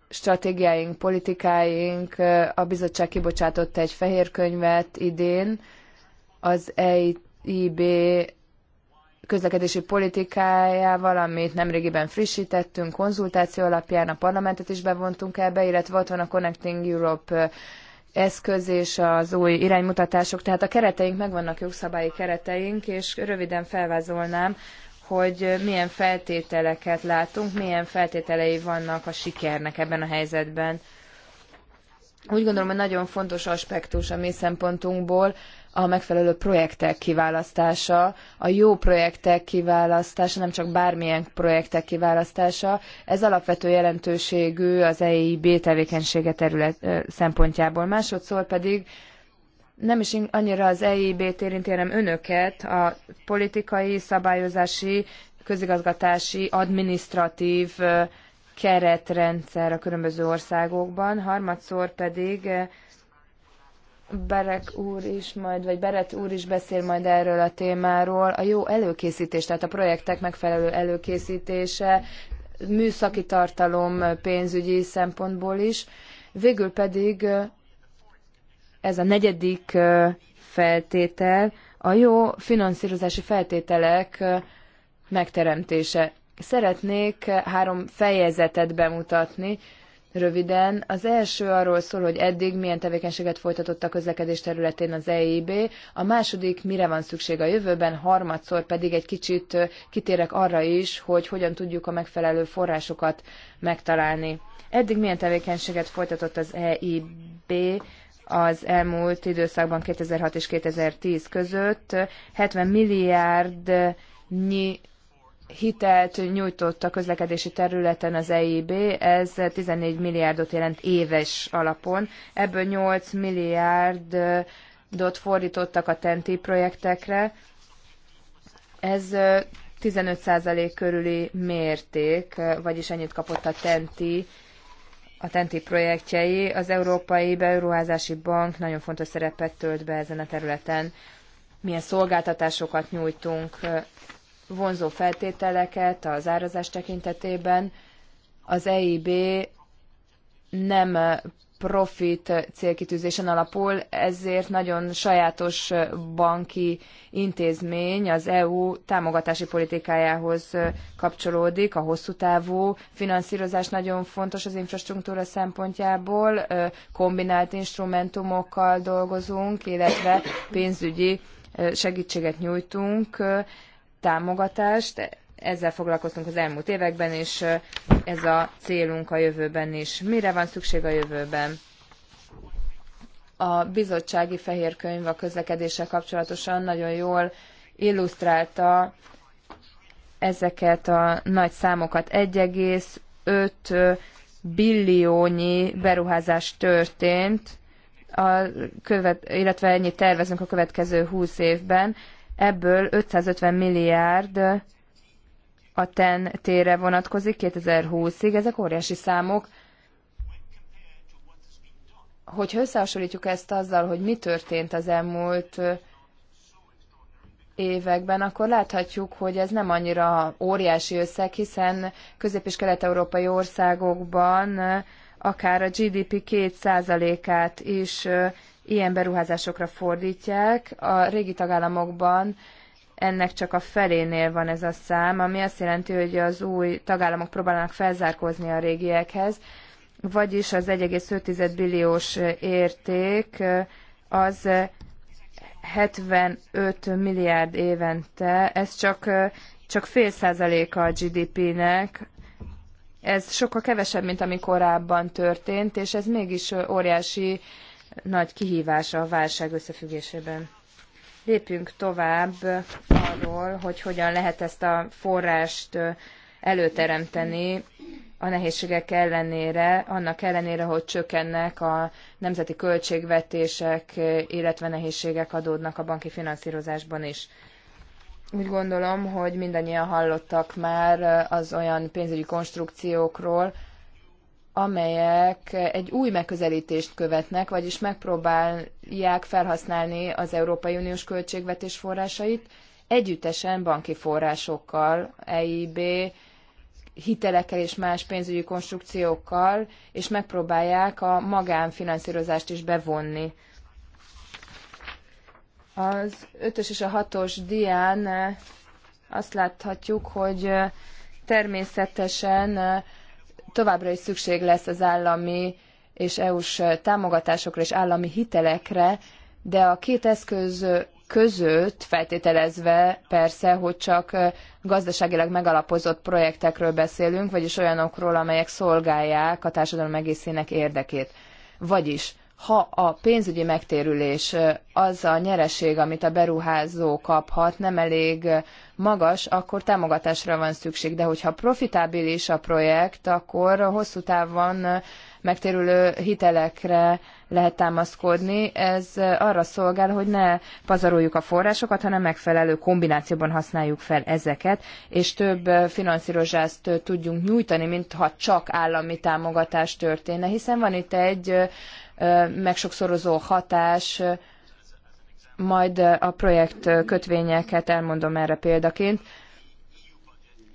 stratégiáink, politikáink, a bizottság kibocsátott egy fehér könyvet idén, az EIB közlekedési politikájával, amit nemrégiben frissítettünk, konzultáció alapján a parlamentet is bevontunk ebbe, illetve ott van a Connecting Europe eszköz és az új iránymutatások, tehát a kereteink, megvannak jogszabályi kereteink, és röviden felvázolnám, hogy milyen feltételeket látunk, milyen feltételei vannak a sikernek ebben a helyzetben. Úgy gondolom, hogy nagyon fontos aspektus a mi szempontunkból, a megfelelő projektek kiválasztása, a jó projektek kiválasztása, nem csak bármilyen projektek kiválasztása. Ez alapvető jelentőségű az EIB tevékenysége terület szempontjából. Másodszor pedig nem is annyira az EIB-t érinti, hanem önöket a politikai, szabályozási, közigazgatási, administratív keretrendszer a különböző országokban, harmadszor pedig Berek úr is majd, vagy Beret úr is beszél majd erről a témáról. A jó előkészítés, tehát a projektek megfelelő előkészítése, műszaki tartalom pénzügyi szempontból is. Végül pedig eh, ez a negyedik eh, feltétel, a jó finanszírozási feltételek eh, megteremtése. Szeretnék három fejezetet bemutatni, röviden. Az első arról szól, hogy eddig milyen tevékenységet folytatott a közlekedés területén az EIB, a második mire van szükség a jövőben, harmadszor pedig egy kicsit kitérek arra is, hogy hogyan tudjuk a megfelelő forrásokat megtalálni. Eddig milyen tevékenységet folytatott az EIB, az elmúlt időszakban 2006 és 2010 között 70 milliárd hitelt nyújtott a közlekedési területen az EIB, ez 14 milliárdot jelent éves alapon, ebből 8 milliárdot fordítottak a TENTI projektekre, ez 15% körüli mérték, vagyis ennyit kapott a TENTI a TENTI projektjei. Az Európai Beruházási Bank nagyon fontos szerepet tölt be ezen a területen. Milyen szolgáltatásokat nyújtunk vonzó feltételeket az árazás tekintetében az EIB nem profit célkitűzésen alapul, ezért nagyon sajátos banki intézmény az EU támogatási politikájához kapcsolódik, a hosszú távú finanszírozás nagyon fontos az infrastruktúra szempontjából, kombinált instrumentumokkal dolgozunk, illetve pénzügyi segítséget nyújtunk, támogatást. Ezzel foglalkoztunk az elmúlt években, és ez a célunk a jövőben is. Mire van szükség a jövőben? A bizottsági fehér könyv a közlekedéssel kapcsolatosan nagyon jól illusztrálta ezeket a nagy számokat. 1,5 billiónyi beruházás történt, a követ, illetve ennyit tervezünk a következő 20 évben ebből 550 milliárd a TEN tére vonatkozik 2020-ig. Ezek óriási számok. Hogyha összehasonlítjuk ezt azzal, hogy mi történt az elmúlt években, akkor láthatjuk, hogy ez nem annyira óriási összeg, hiszen közép- és kelet-európai országokban akár a GDP 2%-át is ilyen beruházásokra fordítják. A régi tagállamokban ennek csak a felénél van ez a szám, ami azt jelenti, hogy az új tagállamok próbálnak felzárkózni a régiekhez, vagyis az 1,5 billiós érték az 75 milliárd évente, ez csak, csak fél százaléka a GDP-nek, ez sokkal kevesebb, mint ami korábban történt, és ez mégis óriási nagy kihívása a válság összefüggésében. Lépjünk tovább arról, hogy hogyan lehet ezt a forrást előteremteni a nehézségek ellenére, annak ellenére, hogy csökkennek a nemzeti költségvetések, illetve nehézségek adódnak a banki finanszírozásban is. Úgy gondolom, hogy mindannyian hallottak már az olyan pénzügyi konstrukciókról, amelyek egy új megközelítést követnek, vagyis megpróbálják felhasználni az Európai Uniós költségvetés forrásait együttesen banki forrásokkal, EIB, hitelekkel és más pénzügyi konstrukciókkal, és megpróbálják a magánfinanszírozást is bevonni. Az ötös és a hatos dián azt láthatjuk, hogy természetesen továbbra is szükség lesz az állami és EU-s támogatásokra és állami hitelekre, de a két eszköz között, feltételezve persze, hogy csak gazdaságilag megalapozott projektekről beszélünk, vagyis olyanokról, amelyek szolgálják a társadalom egészének érdekét. Vagyis ha a pénzügyi megtérülés, az a nyereség, amit a beruházó kaphat, nem elég magas, akkor támogatásra van szükség. De hogyha profitábilis a projekt, akkor hosszú távon megtérülő hitelekre lehet támaszkodni. Ez arra szolgál, hogy ne pazaroljuk a forrásokat, hanem megfelelő kombinációban használjuk fel ezeket, és több finanszírozást tudjunk nyújtani, mint ha csak állami támogatás történne, hiszen van itt egy megsokszorozó hatás, majd a projekt kötvényeket elmondom erre példaként.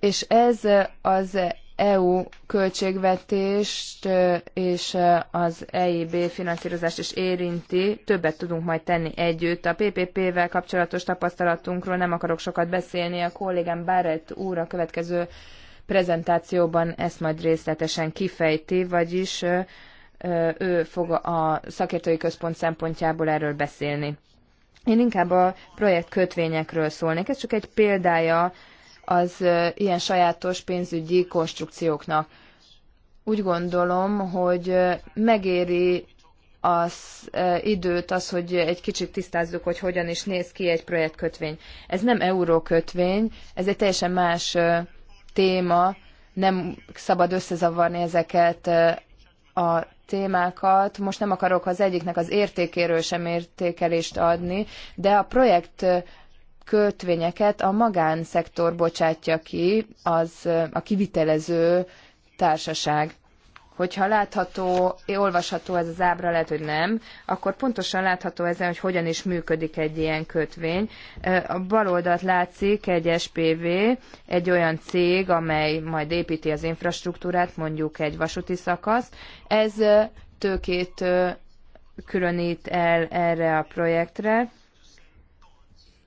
És ez az EU költségvetést és az EIB finanszírozást is érinti. Többet tudunk majd tenni együtt. A PPP-vel kapcsolatos tapasztalatunkról nem akarok sokat beszélni. A kollégám Barrett úr a következő prezentációban ezt majd részletesen kifejti, vagyis ő fog a szakértői központ szempontjából erről beszélni. Én inkább a projekt kötvényekről szólnék. Ez csak egy példája az ilyen sajátos pénzügyi konstrukcióknak. Úgy gondolom, hogy megéri az időt, az, hogy egy kicsit tisztázzuk, hogy hogyan is néz ki egy projektkötvény. Ez nem eurókötvény, ez egy teljesen más téma, nem szabad összezavarni ezeket a témákat. Most nem akarok az egyiknek az értékéről sem értékelést adni, de a projekt kötvényeket a magánszektor bocsátja ki, az a kivitelező társaság hogyha látható, olvasható ez az ábra, lehet, hogy nem, akkor pontosan látható ezen, hogy hogyan is működik egy ilyen kötvény. A bal oldalt látszik egy SPV, egy olyan cég, amely majd építi az infrastruktúrát, mondjuk egy vasúti szakasz. Ez tőkét különít el erre a projektre,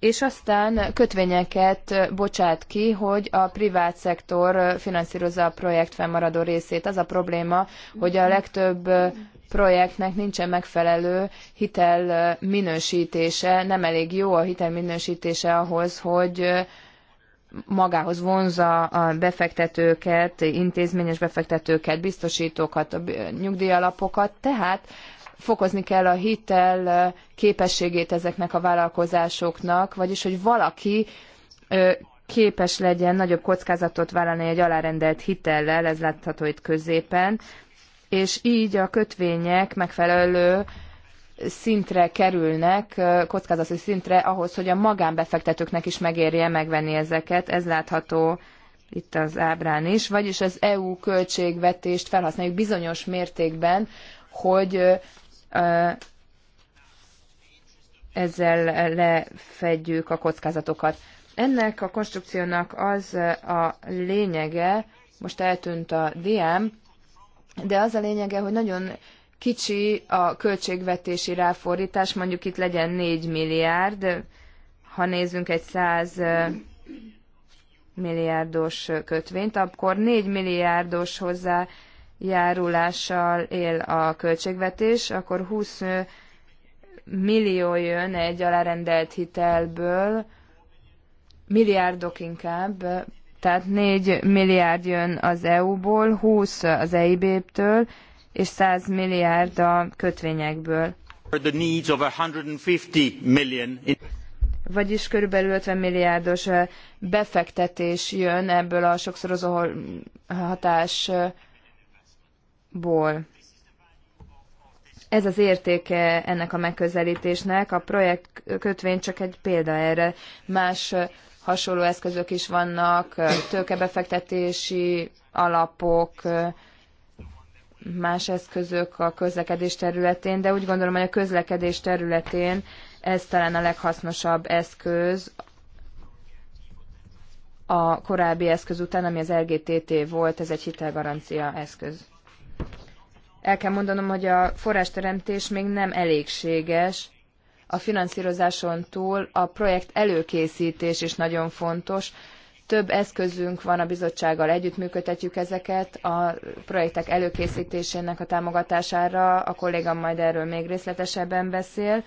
és aztán kötvényeket bocsát ki, hogy a privát szektor finanszírozza a projekt fennmaradó részét. Az a probléma, hogy a legtöbb projektnek nincsen megfelelő hitel minősítése, nem elég jó a hitel minősítése ahhoz, hogy magához vonza a befektetőket, intézményes befektetőket, biztosítókat, nyugdíjalapokat, tehát fokozni kell a hitel képességét ezeknek a vállalkozásoknak, vagyis hogy valaki képes legyen nagyobb kockázatot vállalni egy alárendelt hitellel, ez látható itt középen, és így a kötvények megfelelő szintre kerülnek, kockázati szintre ahhoz, hogy a magánbefektetőknek is megérje megvenni ezeket. Ez látható itt az ábrán is, vagyis az EU költségvetést felhasználjuk bizonyos mértékben, hogy ezzel lefedjük a kockázatokat. Ennek a konstrukciónak az a lényege, most eltűnt a DM, de az a lényege, hogy nagyon kicsi a költségvetési ráfordítás, mondjuk itt legyen 4 milliárd, ha nézzünk egy 100 milliárdos kötvényt, akkor 4 milliárdos hozzá járulással él a költségvetés, akkor 20 millió jön egy alárendelt hitelből, milliárdok inkább, tehát 4 milliárd jön az EU-ból, 20 az EIB-től, és 100 milliárd a kötvényekből. Vagyis körülbelül 50 milliárdos befektetés jön ebből a sokszorozó hatás ból. Ez az értéke ennek a megközelítésnek. A projekt kötvény csak egy példa erre. Más hasonló eszközök is vannak, tőkebefektetési alapok, más eszközök a közlekedés területén, de úgy gondolom, hogy a közlekedés területén ez talán a leghasznosabb eszköz a korábbi eszköz után, ami az LGTT volt, ez egy hitelgarancia eszköz. El kell mondanom, hogy a forrásteremtés még nem elégséges. A finanszírozáson túl a projekt előkészítés is nagyon fontos. Több eszközünk van a bizottsággal, együttműködtetjük ezeket a projektek előkészítésének a támogatására. A kollégám majd erről még részletesebben beszél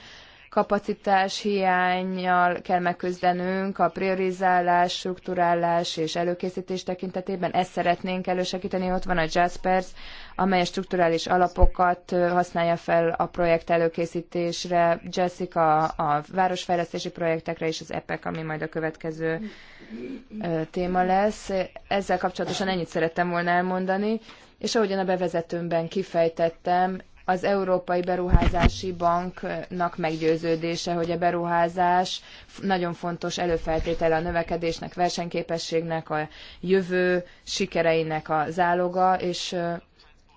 kapacitás hiányjal kell megküzdenünk a priorizálás, strukturálás és előkészítés tekintetében. Ezt szeretnénk elősegíteni. Ott van a Jaspers, amely a strukturális alapokat használja fel a projekt előkészítésre, Jessica a városfejlesztési projektekre és az EPEC, ami majd a következő téma lesz. Ezzel kapcsolatosan ennyit szerettem volna elmondani, és ahogyan a bevezetőmben kifejtettem, az Európai Beruházási Banknak meggyőződése, hogy a beruházás nagyon fontos előfeltétele a növekedésnek, versenyképességnek, a jövő sikereinek a záloga, és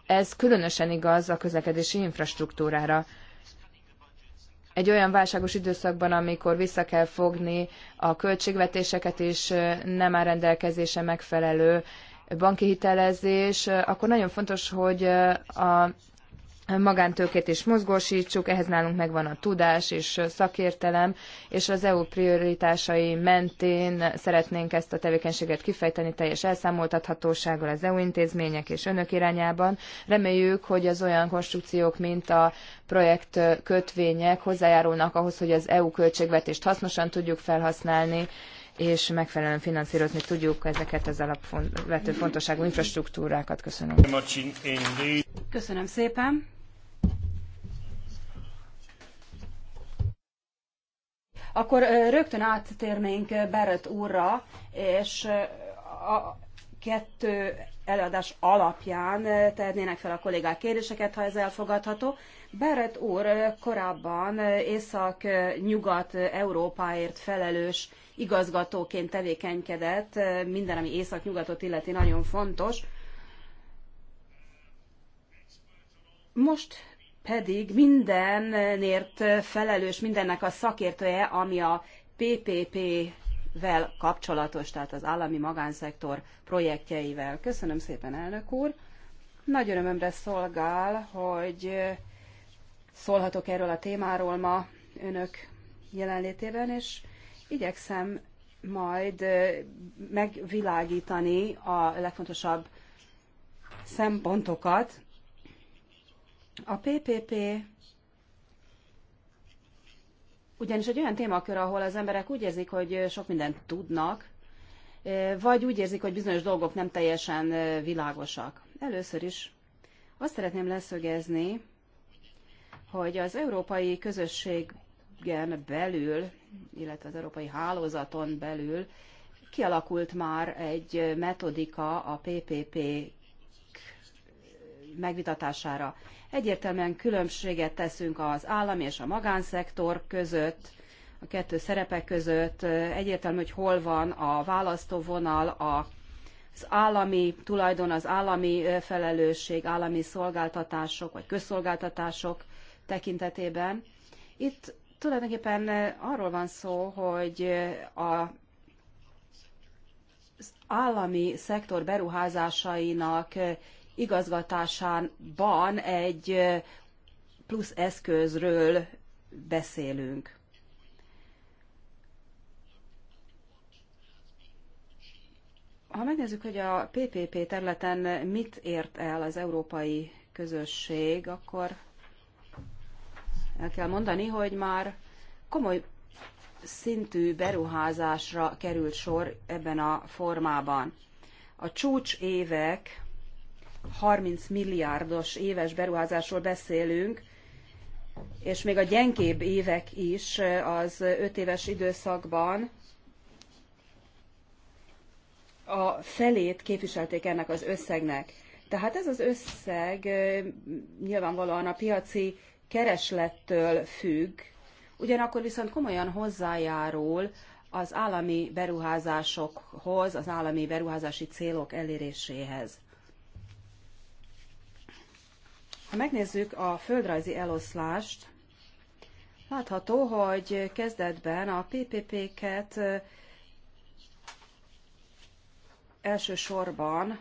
ez különösen igaz a közlekedési infrastruktúrára egy olyan válságos időszakban, amikor vissza kell fogni a költségvetéseket, és nem áll rendelkezése megfelelő banki hitelezés, akkor nagyon fontos, hogy a magántőkét is mozgósítsuk, ehhez nálunk megvan a tudás és szakértelem, és az EU prioritásai mentén szeretnénk ezt a tevékenységet kifejteni teljes elszámoltathatósággal az EU intézmények és önök irányában. Reméljük, hogy az olyan konstrukciók, mint a projekt kötvények hozzájárulnak ahhoz, hogy az EU költségvetést hasznosan tudjuk felhasználni, és megfelelően finanszírozni tudjuk ezeket az alapvető fontosságú infrastruktúrákat. Köszönöm. Köszönöm szépen. Akkor rögtön áttérnénk Beret úrra, és a kettő előadás alapján tehetnének fel a kollégák kérdéseket, ha ez elfogadható. Beret úr korábban észak-nyugat Európáért felelős igazgatóként tevékenykedett, minden, ami észak-nyugatot illeti, nagyon fontos. Most pedig mindenért felelős mindennek a szakértője, ami a PPP-vel kapcsolatos, tehát az állami magánszektor projektjeivel. Köszönöm szépen, elnök úr! Nagy örömömre szolgál, hogy szólhatok erről a témáról ma önök jelenlétében, és igyekszem majd megvilágítani a legfontosabb szempontokat, a PPP ugyanis egy olyan témakör, ahol az emberek úgy érzik, hogy sok mindent tudnak, eh, vagy úgy érzik, hogy bizonyos dolgok nem teljesen eh, világosak. Először is azt szeretném leszögezni, hogy az európai közösségen belül, illetve az európai hálózaton belül kialakult már egy metodika a PPP megvitatására. Egyértelműen különbséget teszünk az állam és a magánszektor között, a kettő szerepe között. Egyértelmű, hogy hol van a választóvonal, a az állami tulajdon, az állami felelősség, állami szolgáltatások vagy közszolgáltatások tekintetében. Itt tulajdonképpen arról van szó, hogy a az állami szektor beruházásainak igazgatásában egy plusz eszközről beszélünk. Ha megnézzük, hogy a PPP területen mit ért el az európai közösség, akkor el kell mondani, hogy már komoly szintű beruházásra került sor ebben a formában. A csúcs évek 30 milliárdos éves beruházásról beszélünk, és még a gyengébb évek is eh, az 5 éves időszakban a felét képviselték ennek az összegnek. Tehát ez az összeg eh, nyilvánvalóan a piaci kereslettől függ, ugyanakkor viszont komolyan hozzájárul az állami beruházásokhoz, az állami beruházási célok eléréséhez. Ha megnézzük a földrajzi eloszlást, látható, hogy kezdetben a PPP-ket elsősorban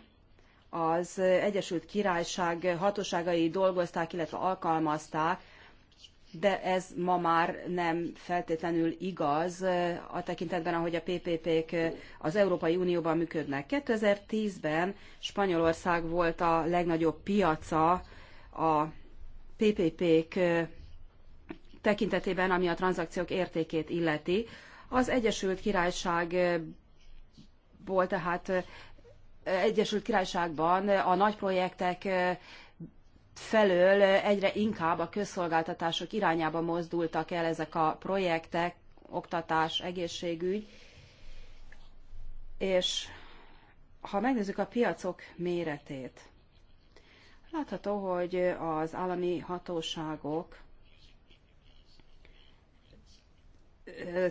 az Egyesült Királyság hatóságai dolgozták, illetve alkalmazták, de ez ma már nem feltétlenül igaz a tekintetben, ahogy a PPP-k az Európai Unióban működnek. 2010-ben Spanyolország volt a legnagyobb piaca a PPP-k tekintetében, ami a tranzakciók értékét illeti. Az Egyesült Királyságból tehát Egyesült Királyságban a nagy projektek felől egyre inkább a közszolgáltatások irányába mozdultak el ezek a projektek, oktatás, egészségügy, és ha megnézzük a piacok méretét, Látható, hogy az állami hatóságok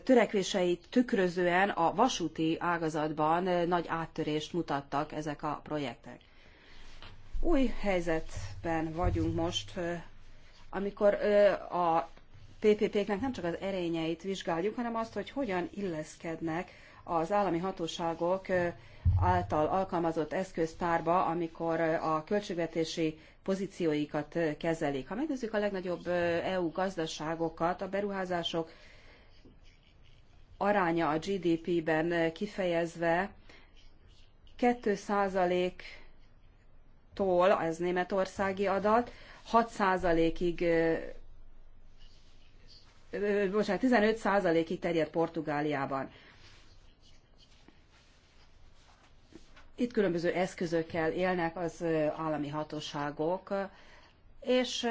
törekvéseit tükrözően a vasúti ágazatban nagy áttörést mutattak ezek a projektek. Új helyzetben vagyunk most, amikor a PPP-knek nem csak az erényeit vizsgáljuk, hanem azt, hogy hogyan illeszkednek az állami hatóságok által alkalmazott eszköztárba, amikor a költségvetési pozícióikat kezelik. Ha megnézzük a legnagyobb EU gazdaságokat, a beruházások aránya a GDP-ben kifejezve 2%-tól, ez németországi adat, 6%-ig bocsánat, 15%-ig terjed Portugáliában. Itt különböző eszközökkel élnek az állami hatóságok, és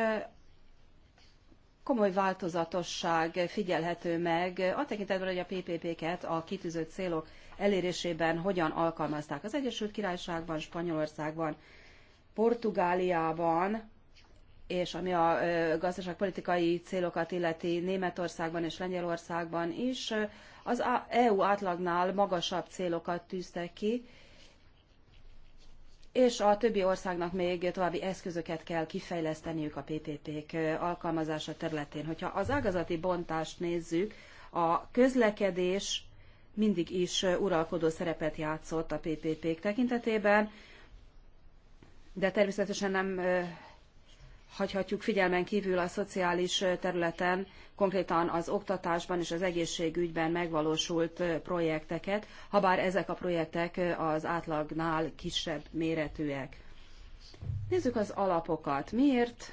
komoly változatosság figyelhető meg a tekintetben, hogy a PPP-ket a kitűzött célok elérésében hogyan alkalmazták. Az Egyesült Királyságban, Spanyolországban, Portugáliában, és ami a gazdaságpolitikai célokat illeti Németországban és Lengyelországban is, az EU átlagnál magasabb célokat tűztek ki, és a többi országnak még további eszközöket kell kifejleszteniük a PPP-k alkalmazása területén. Hogyha az ágazati bontást nézzük, a közlekedés mindig is uralkodó szerepet játszott a PPP-k tekintetében, de természetesen nem hagyhatjuk figyelmen kívül a szociális területen, konkrétan az oktatásban és az egészségügyben megvalósult projekteket, habár ezek a projektek az átlagnál kisebb méretűek. Nézzük az alapokat. Miért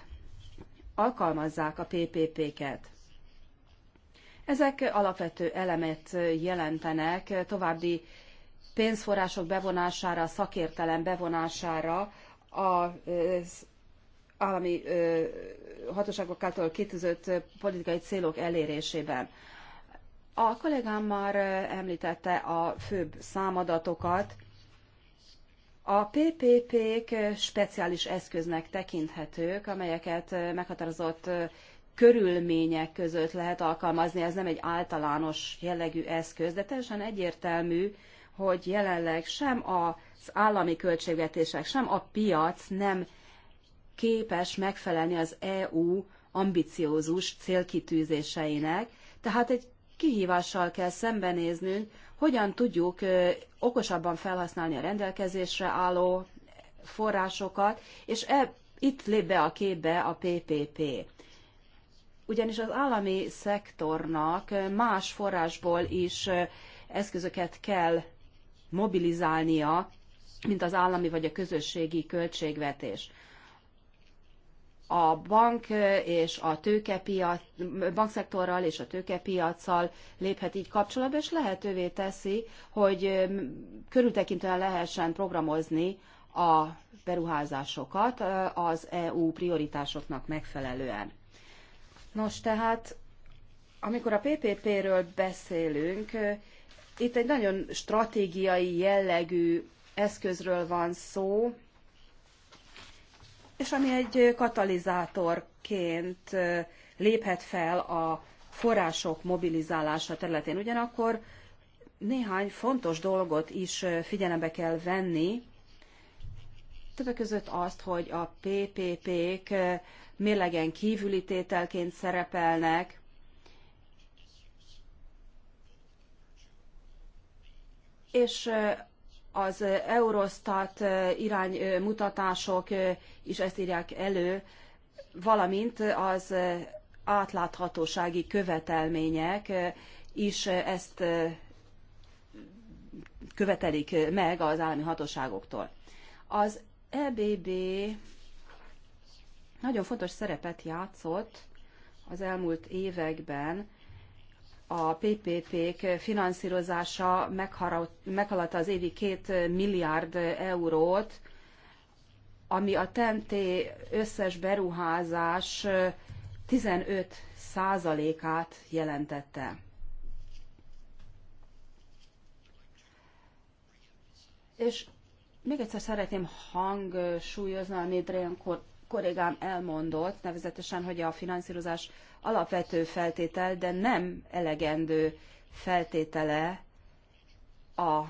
alkalmazzák a PPP-ket? Ezek alapvető elemet jelentenek további pénzforrások bevonására, szakértelem bevonására, az állami hatóságok által kitűzött politikai célok elérésében. A kollégám már említette a főbb számadatokat. A PPP-k speciális eszköznek tekinthetők, amelyeket meghatározott körülmények között lehet alkalmazni. Ez nem egy általános jellegű eszköz, de teljesen egyértelmű, hogy jelenleg sem az állami költségvetések, sem a piac nem képes megfelelni az EU ambiciózus célkitűzéseinek, tehát egy kihívással kell szembenéznünk, hogyan tudjuk okosabban felhasználni a rendelkezésre álló forrásokat, és e, itt lép be a képbe a PPP. Ugyanis az állami szektornak más forrásból is eszközöket kell mobilizálnia, mint az állami vagy a közösségi költségvetés a bank és a tőkepiac, bankszektorral és a tőkepiacsal léphet így kapcsolatba, és lehetővé teszi, hogy mm, körültekintően lehessen programozni a beruházásokat az EU prioritásoknak megfelelően. Nos, tehát amikor a PPP-ről beszélünk, itt egy nagyon stratégiai jellegű eszközről van szó, és ami egy katalizátorként léphet fel a források mobilizálása területén. Ugyanakkor néhány fontos dolgot is figyelembe kell venni, többek között azt, hogy a PPP-k mérlegen kívüli tételként szerepelnek, és az Eurostat iránymutatások is ezt írják elő, valamint az átláthatósági követelmények is ezt követelik meg az állami hatóságoktól. Az EBB nagyon fontos szerepet játszott az elmúlt években a PPP-k finanszírozása meghaladta az évi két milliárd eurót, ami a TNT összes beruházás 15 százalékát jelentette. És még egyszer szeretném hangsúlyozni, amit Rénkor kollégám elmondott, nevezetesen, hogy a finanszírozás alapvető feltétel, de nem elegendő feltétele a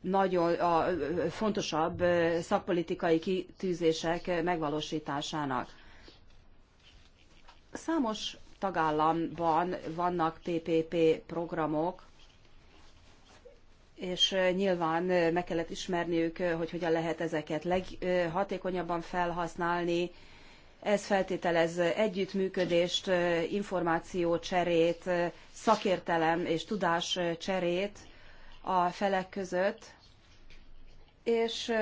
nagyon a fontosabb szakpolitikai kitűzések megvalósításának. Számos tagállamban vannak PPP programok, és nyilván meg kellett ismerniük, hogy hogyan lehet ezeket leghatékonyabban felhasználni. Ez feltételez együttműködést, információ cserét, szakértelem és tudás cserét a felek között, és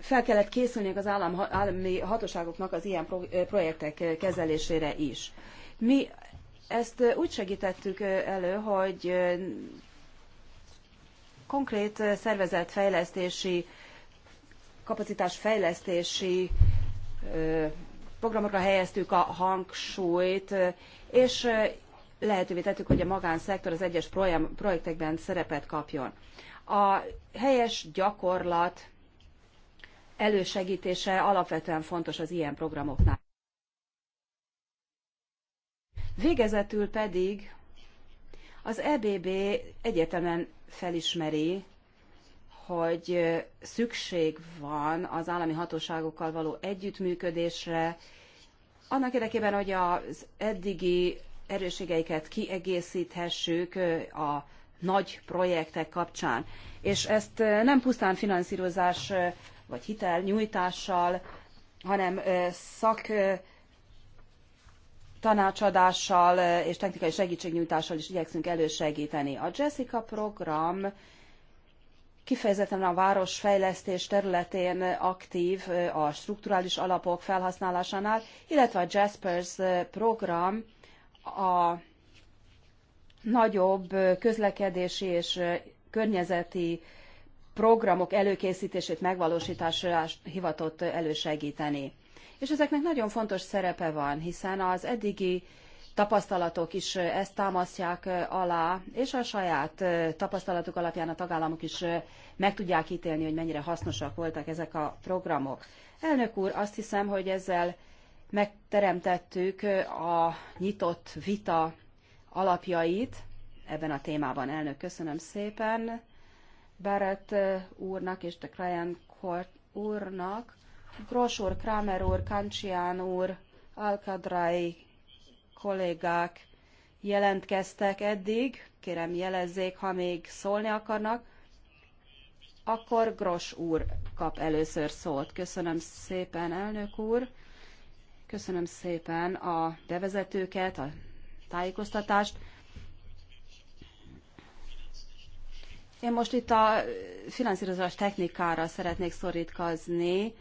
fel kellett készülni az állam, állami hatóságoknak az ilyen projektek kezelésére is. Mi ezt úgy segítettük elő, hogy konkrét szervezetfejlesztési, kapacitásfejlesztési programokra helyeztük a hangsúlyt, és lehetővé tettük, hogy a magánszektor az egyes projektekben szerepet kapjon. A helyes gyakorlat elősegítése alapvetően fontos az ilyen programoknál. Végezetül pedig az EBB egyetemen felismeri, hogy szükség van az állami hatóságokkal való együttműködésre, annak érdekében, hogy az eddigi erősségeiket kiegészíthessük a nagy projektek kapcsán. És ezt nem pusztán finanszírozás vagy hitelnyújtással, hanem szak tanácsadással eh, és technikai segítségnyújtással is igyekszünk elősegíteni. A Jessica program kifejezetten a városfejlesztés területén aktív eh, a strukturális alapok felhasználásánál, illetve a Jaspers eh, program a nagyobb közlekedési és környezeti programok előkészítését, megvalósítását hivatott elősegíteni és ezeknek nagyon fontos szerepe van, hiszen az eddigi tapasztalatok is ezt támasztják alá, és a saját tapasztalatuk alapján a tagállamok is meg tudják ítélni, hogy mennyire hasznosak voltak ezek a programok. Elnök úr, azt hiszem, hogy ezzel megteremtettük a nyitott vita alapjait ebben a témában. Elnök, köszönöm szépen Barrett úrnak és de Krajan úrnak. Gross úr, Kramer úr, Kancsián úr, Alkadrai kollégák jelentkeztek eddig, kérem jelezzék, ha még szólni akarnak, akkor Gross úr kap először szót. Köszönöm szépen, elnök úr, köszönöm szépen a bevezetőket, a tájékoztatást. Én most itt a finanszírozás technikára szeretnék szorítkozni.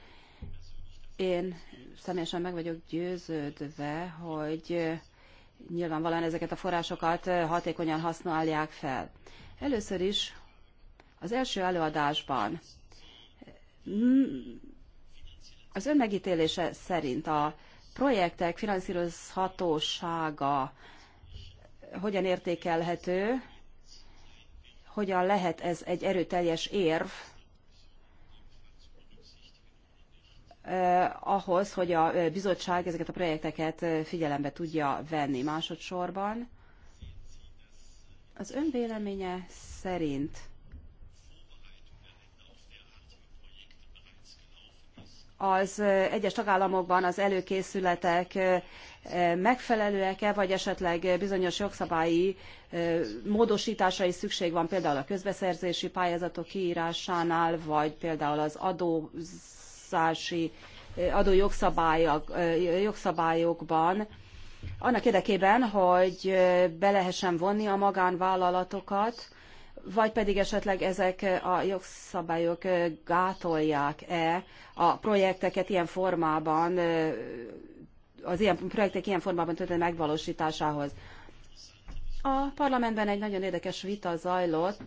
Én személyesen meg vagyok győződve, hogy nyilvánvalóan ezeket a forrásokat hatékonyan használják fel. Először is az első előadásban mm, az ön megítélése szerint a projektek finanszírozhatósága hogyan értékelhető, hogyan lehet ez egy erőteljes érv Eh, ahhoz, hogy a eh, bizottság ezeket a projekteket eh, figyelembe tudja venni másodszorban. Az ön véleménye szerint az egyes tagállamokban az előkészületek megfelelőek-e, vagy esetleg bizonyos jogszabályi módosításra is szükség van például a közbeszerzési pályázatok kiírásánál, vagy például az adó adózási jogszabályokban, annak érdekében, hogy be lehessen vonni a magánvállalatokat, vagy pedig esetleg ezek a jogszabályok gátolják-e a projekteket ilyen formában, az ilyen projektek ilyen formában történő megvalósításához. A parlamentben egy nagyon érdekes vita zajlott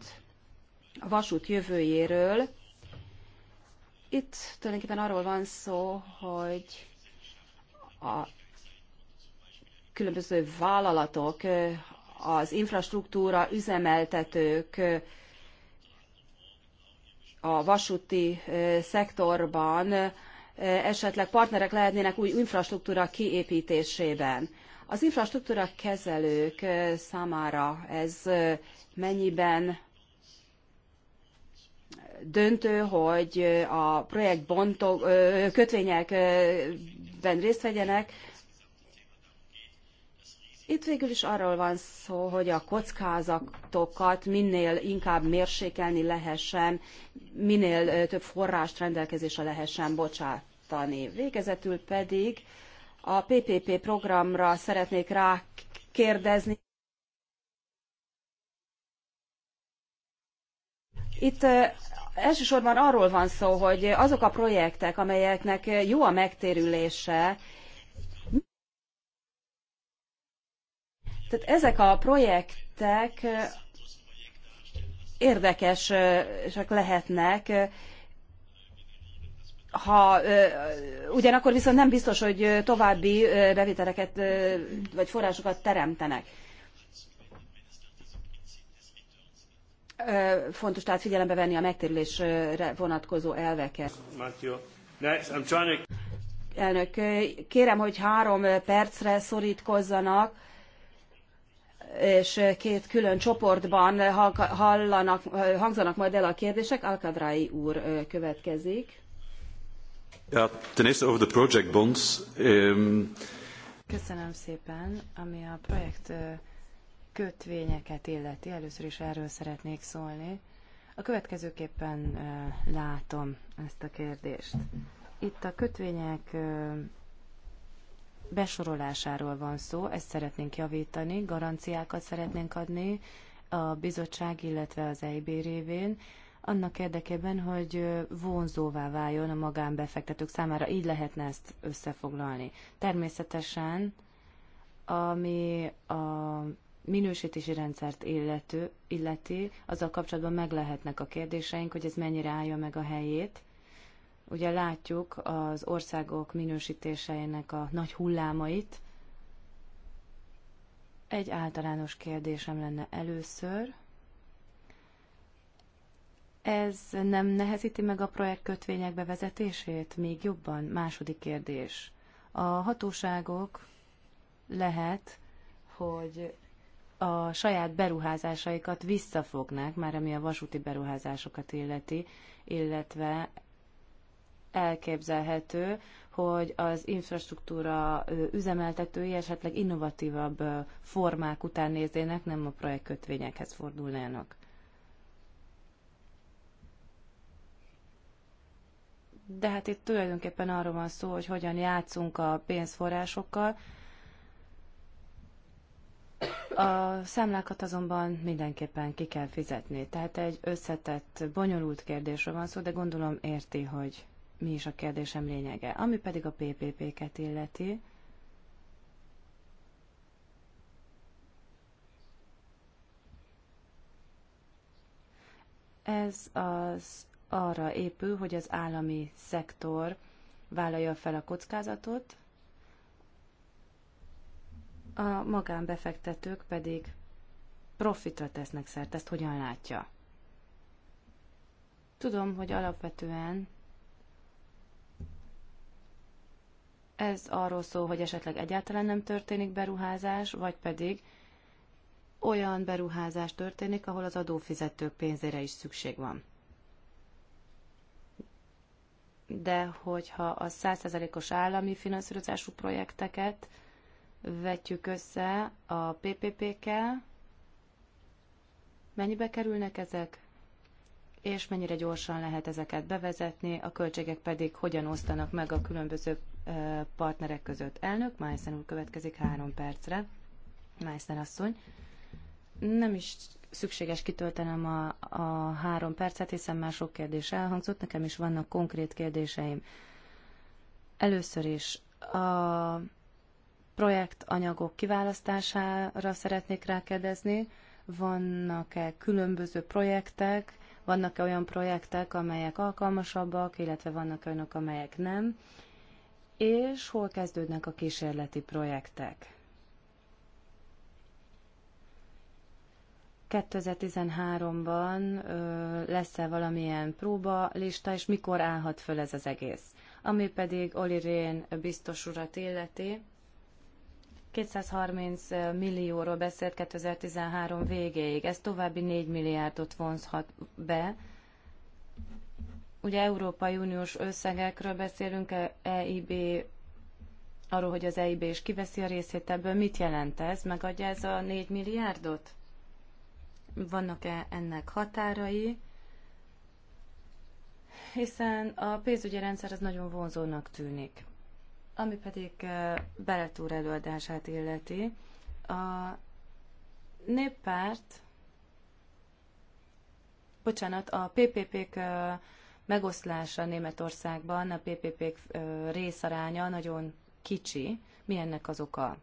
a vasút jövőjéről, itt tulajdonképpen arról van szó, hogy a különböző vállalatok, az infrastruktúra üzemeltetők, a vasúti szektorban esetleg partnerek lehetnének új infrastruktúra kiépítésében. Az infrastruktúra kezelők számára ez mennyiben döntő, hogy a projekt bontó, kötvényekben részt vegyenek. Itt végül is arról van szó, hogy a kockázatokat minél inkább mérsékelni lehessen, minél több forrást rendelkezésre lehessen bocsátani. Végezetül pedig a PPP programra szeretnék rákérdezni. Itt Elsősorban arról van szó, hogy azok a projektek, amelyeknek jó a megtérülése, tehát ezek a projektek érdekesek lehetnek, ha ugyanakkor viszont nem biztos, hogy további bevételeket vagy forrásokat teremtenek. Fontos tehát figyelembe venni a megtérülésre vonatkozó elveket. Elnök, kérem, hogy három percre szorítkozzanak, és két külön csoportban hallanak, hangzanak majd el a kérdések. Alkadrái úr következik. Ja, ten the project bonds. Um... Köszönöm szépen, ami a projekt kötvényeket illeti, először is erről szeretnék szólni. A következőképpen látom ezt a kérdést. Itt a kötvények besorolásáról van szó, ezt szeretnénk javítani, garanciákat szeretnénk adni a bizottság, illetve az EIB révén, annak érdekében, hogy vonzóvá váljon a magánbefektetők számára, így lehetne ezt összefoglalni. Természetesen, ami a minősítési rendszert illető, illeti, azzal kapcsolatban meg lehetnek a kérdéseink, hogy ez mennyire állja meg a helyét. Ugye látjuk az országok minősítéseinek a nagy hullámait. Egy általános kérdésem lenne először. Ez nem nehezíti meg a projekt kötvények bevezetését? Még jobban? Második kérdés. A hatóságok lehet, hogy a saját beruházásaikat visszafognák, már ami a vasúti beruházásokat illeti, illetve elképzelhető, hogy az infrastruktúra üzemeltetői esetleg innovatívabb formák után néznének, nem a projektkötvényekhez fordulnának. De hát itt tulajdonképpen arról van szó, hogy hogyan játszunk a pénzforrásokkal, a számlákat azonban mindenképpen ki kell fizetni. Tehát egy összetett, bonyolult kérdésről van szó, de gondolom érti, hogy mi is a kérdésem lényege. Ami pedig a PPP-ket illeti, ez az arra épül, hogy az állami szektor vállalja fel a kockázatot, a magánbefektetők pedig profitra tesznek szert. Ezt hogyan látja? Tudom, hogy alapvetően ez arról szól, hogy esetleg egyáltalán nem történik beruházás, vagy pedig olyan beruházás történik, ahol az adófizetők pénzére is szükség van. De hogyha a 100%-os állami finanszírozású projekteket vetjük össze a PPP-kkel, mennyibe kerülnek ezek, és mennyire gyorsan lehet ezeket bevezetni, a költségek pedig hogyan osztanak meg a különböző partnerek között. Elnök, Májszen úr következik három percre. Májszen asszony. Nem is szükséges kitöltenem a, a három percet, hiszen már sok kérdés elhangzott, nekem is vannak konkrét kérdéseim. Először is a projektanyagok kiválasztására szeretnék rákérdezni. Vannak-e különböző projektek, vannak-e olyan projektek, amelyek alkalmasabbak, illetve vannak -e olyanok, amelyek nem, és hol kezdődnek a kísérleti projektek? 2013-ban lesz-e valamilyen próba lista, és mikor állhat föl ez az egész? Ami pedig Oli Rén biztos urat illeti, 230 millióról beszélt 2013 végéig, ez további 4 milliárdot vonzhat be. Ugye Európai Uniós összegekről beszélünk, EIB, e arról, hogy az EIB is kiveszi a részét ebből, mit jelent ez? Megadja ez a 4 milliárdot? Vannak-e ennek határai? Hiszen a pénzügyi rendszer az nagyon vonzónak tűnik. Ami pedig Beletúr előadását illeti, a néppárt, bocsánat, a PPP-k megoszlása Németországban, a PPP-k részaránya nagyon kicsi. Mi ennek az oka?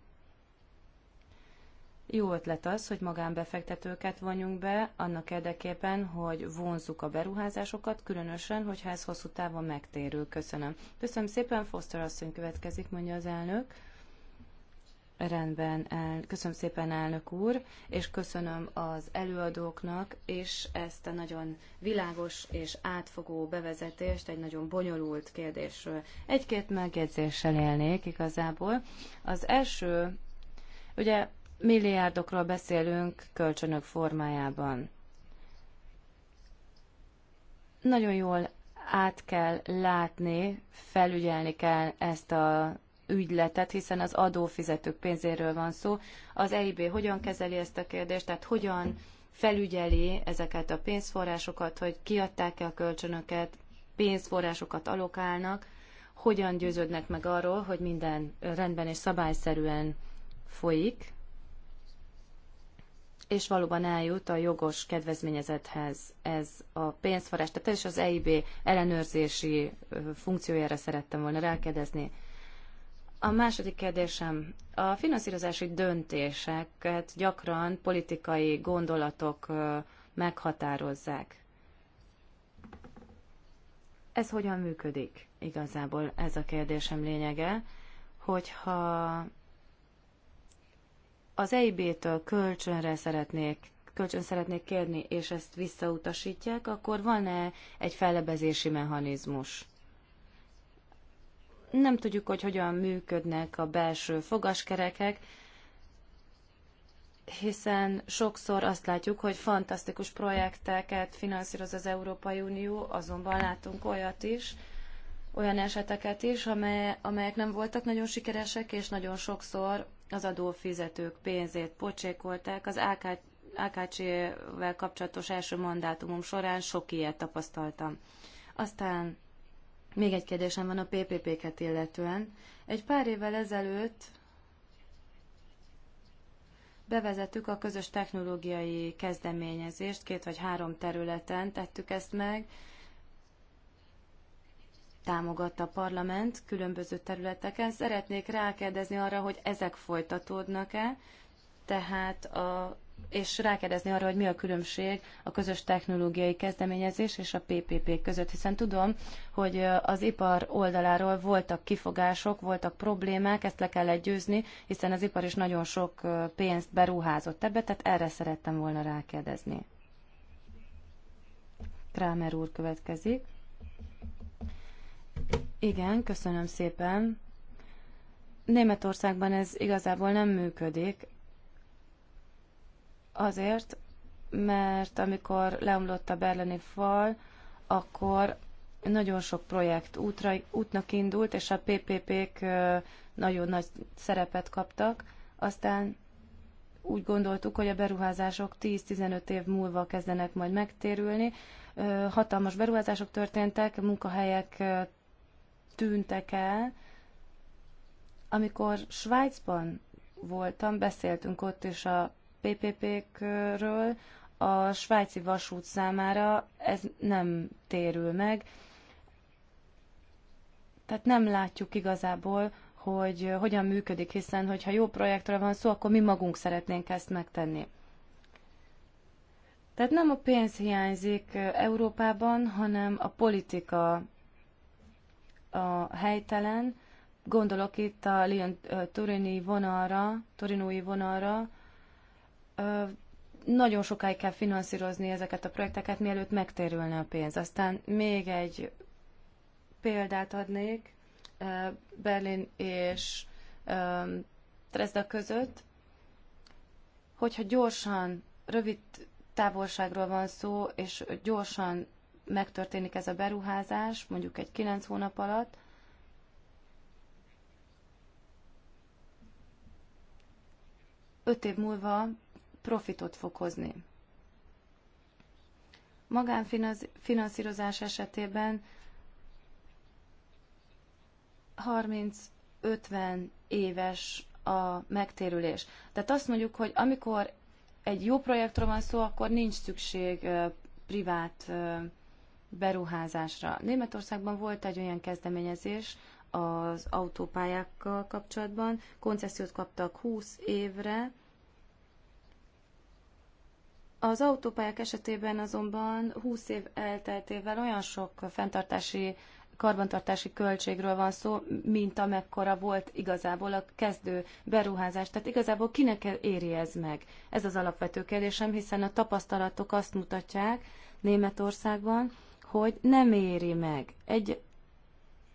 Jó ötlet az, hogy magánbefektetőket vonjunk be annak érdekében, hogy vonzuk a beruházásokat, különösen, hogyha ez hosszú távon megtérül. Köszönöm. Köszönöm szépen, Foster asszony következik, mondja az elnök. Rendben, el, köszönöm szépen, elnök úr, és köszönöm az előadóknak, és ezt a nagyon világos és átfogó bevezetést egy nagyon bonyolult kérdésről. Egy-két megjegyzéssel élnék igazából. Az első, ugye milliárdokról beszélünk kölcsönök formájában. Nagyon jól át kell látni, felügyelni kell ezt a ügyletet, hiszen az adófizetők pénzéről van szó. Az EIB hogyan kezeli ezt a kérdést, tehát hogyan felügyeli ezeket a pénzforrásokat, hogy kiadták-e a kölcsönöket, pénzforrásokat alokálnak, hogyan győződnek meg arról, hogy minden rendben és szabályszerűen folyik és valóban eljut a jogos kedvezményezethez ez a pénzforrás. Tehát ez az EIB ellenőrzési funkciójára szerettem volna rákedezni. A második kérdésem. A finanszírozási döntéseket gyakran politikai gondolatok meghatározzák. Ez hogyan működik? Igazából ez a kérdésem lényege, hogyha az EIB-től kölcsönre szeretnék kölcsön szeretnék kérni, és ezt visszautasítják, akkor van-e egy fellebezési mechanizmus? Nem tudjuk, hogy hogyan működnek a belső fogaskerekek, hiszen sokszor azt látjuk, hogy fantasztikus projekteket finanszíroz az Európai Unió, azonban látunk olyat is, olyan eseteket is, amely, amelyek nem voltak nagyon sikeresek, és nagyon sokszor az adófizetők pénzét pocsékolták. Az AKC-vel kapcsolatos első mandátumom során sok ilyet tapasztaltam. Aztán még egy kérdésem van a PPP-ket illetően. Egy pár évvel ezelőtt bevezettük a közös technológiai kezdeményezést, két vagy három területen tettük ezt meg, támogatta a parlament különböző területeken. Szeretnék rákérdezni arra, hogy ezek folytatódnak-e, tehát a, és rákérdezni arra, hogy mi a különbség a közös technológiai kezdeményezés és a PPP között, hiszen tudom, hogy az ipar oldaláról voltak kifogások, voltak problémák, ezt le kellett győzni, hiszen az ipar is nagyon sok pénzt beruházott ebbe, tehát erre szerettem volna rákérdezni. Krámer úr következik. Igen, köszönöm szépen. Németországban ez igazából nem működik. Azért, mert amikor leomlott a berleni fal, akkor nagyon sok projekt útra, útnak indult, és a PPP-k nagyon nagy szerepet kaptak. Aztán úgy gondoltuk, hogy a beruházások 10-15 év múlva kezdenek majd megtérülni. Hatalmas beruházások történtek, munkahelyek tűntek el. Amikor Svájcban voltam, beszéltünk ott is a PPP-kről, a svájci vasút számára ez nem térül meg. Tehát nem látjuk igazából, hogy hogyan működik, hiszen hogyha jó projektről van szó, akkor mi magunk szeretnénk ezt megtenni. Tehát nem a pénz hiányzik Európában, hanem a politika a helytelen. Gondolok itt a Lyon Turini vonalra, Torinói vonalra. Nagyon sokáig kell finanszírozni ezeket a projekteket, mielőtt megtérülne a pénz. Aztán még egy példát adnék Berlin és Dresda között. Hogyha gyorsan, rövid távolságról van szó, és gyorsan megtörténik ez a beruházás, mondjuk egy 9 hónap alatt, öt év múlva profitot fog hozni. Magánfinanszírozás esetében 30-50 éves a megtérülés. Tehát azt mondjuk, hogy amikor egy jó projektről van szó, akkor nincs szükség privát beruházásra. Németországban volt egy olyan kezdeményezés az autópályákkal kapcsolatban, koncesziót kaptak 20 évre, az autópályák esetében azonban 20 év elteltével olyan sok fenntartási, karbantartási költségről van szó, mint amekkora volt igazából a kezdő beruházás. Tehát igazából kinek éri ez meg? Ez az alapvető kérdésem, hiszen a tapasztalatok azt mutatják Németországban, hogy nem éri meg. Egy,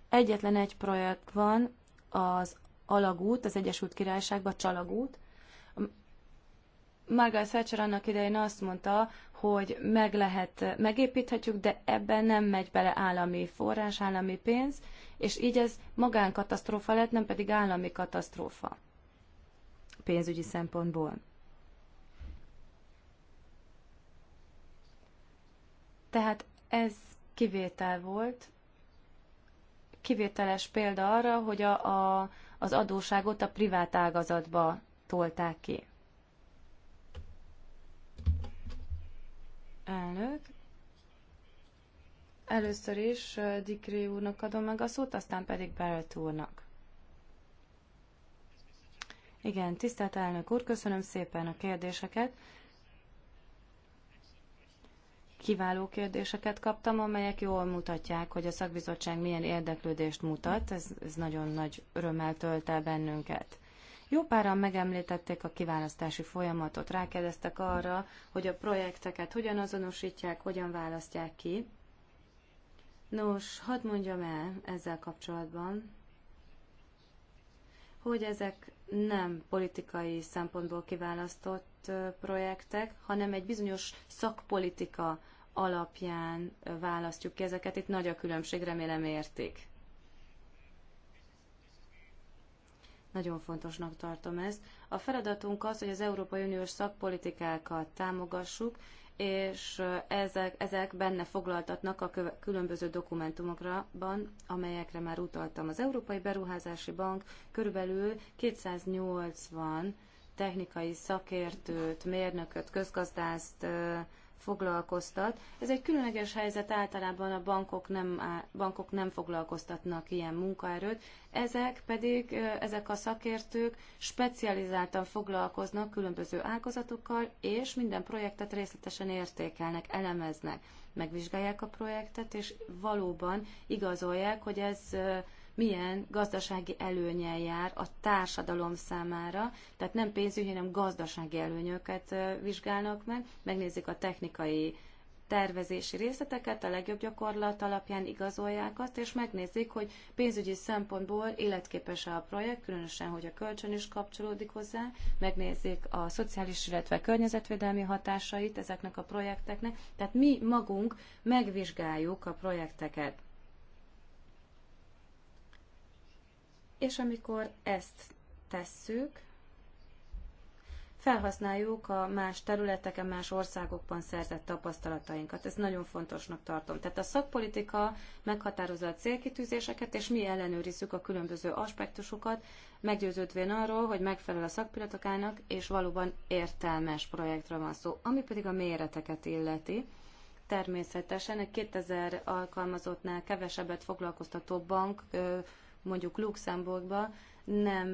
egyetlen egy projekt van, az Alagút, az Egyesült Királyságban, Csalagút. Margaret Thatcher annak idején azt mondta, hogy meg lehet, megépíthetjük, de ebben nem megy bele állami forrás, állami pénz, és így ez magánkatasztrófa lett, nem pedig állami katasztrófa pénzügyi szempontból. Tehát ez kivétel volt, kivételes példa arra, hogy a, a, az adóságot a privát ágazatba tolták ki. Elnök. Először is Dikré úrnak adom meg a szót, aztán pedig Barrett úrnak. Igen, tisztelt elnök úr, köszönöm szépen a kérdéseket kiváló kérdéseket kaptam, amelyek jól mutatják, hogy a szakbizottság milyen érdeklődést mutat, ez, ez nagyon nagy örömmel tölt el bennünket. Jó páran megemlítették a kiválasztási folyamatot, rákérdeztek arra, hogy a projekteket hogyan azonosítják, hogyan választják ki. Nos, hadd mondjam el ezzel kapcsolatban, hogy ezek nem politikai szempontból kiválasztott projektek, hanem egy bizonyos szakpolitika alapján választjuk ki ezeket. Itt nagy a különbség, remélem értik. Nagyon fontosnak tartom ezt. A feladatunk az, hogy az Európai Uniós szakpolitikákat támogassuk, és ezek, ezek benne foglaltatnak a különböző dokumentumokban, amelyekre már utaltam. Az Európai Beruházási Bank körülbelül 280 technikai szakértőt, mérnököt, közgazdászt, foglalkoztat. Ez egy különleges helyzet, általában a bankok nem, bankok nem foglalkoztatnak ilyen munkaerőt, ezek pedig, ezek a szakértők specializáltan foglalkoznak különböző ágazatokkal, és minden projektet részletesen értékelnek, elemeznek, megvizsgálják a projektet, és valóban igazolják, hogy ez milyen gazdasági előnyel jár a társadalom számára, tehát nem pénzügyi, hanem gazdasági előnyöket vizsgálnak meg, megnézik a technikai tervezési részleteket, a legjobb gyakorlat alapján igazolják azt, és megnézik, hogy pénzügyi szempontból életképes -e a projekt, különösen, hogy a kölcsön is kapcsolódik hozzá, megnézik a szociális, illetve környezetvédelmi hatásait ezeknek a projekteknek, tehát mi magunk megvizsgáljuk a projekteket. és amikor ezt tesszük, felhasználjuk a más területeken, más országokban szerzett tapasztalatainkat. Ez nagyon fontosnak tartom. Tehát a szakpolitika meghatározza a célkitűzéseket, és mi ellenőrizzük a különböző aspektusokat, meggyőződvén arról, hogy megfelel a szakpolitikának, és valóban értelmes projektre van szó. Ami pedig a méreteket illeti, természetesen egy 2000 alkalmazottnál kevesebbet foglalkoztató bank mondjuk Luxemburgba nem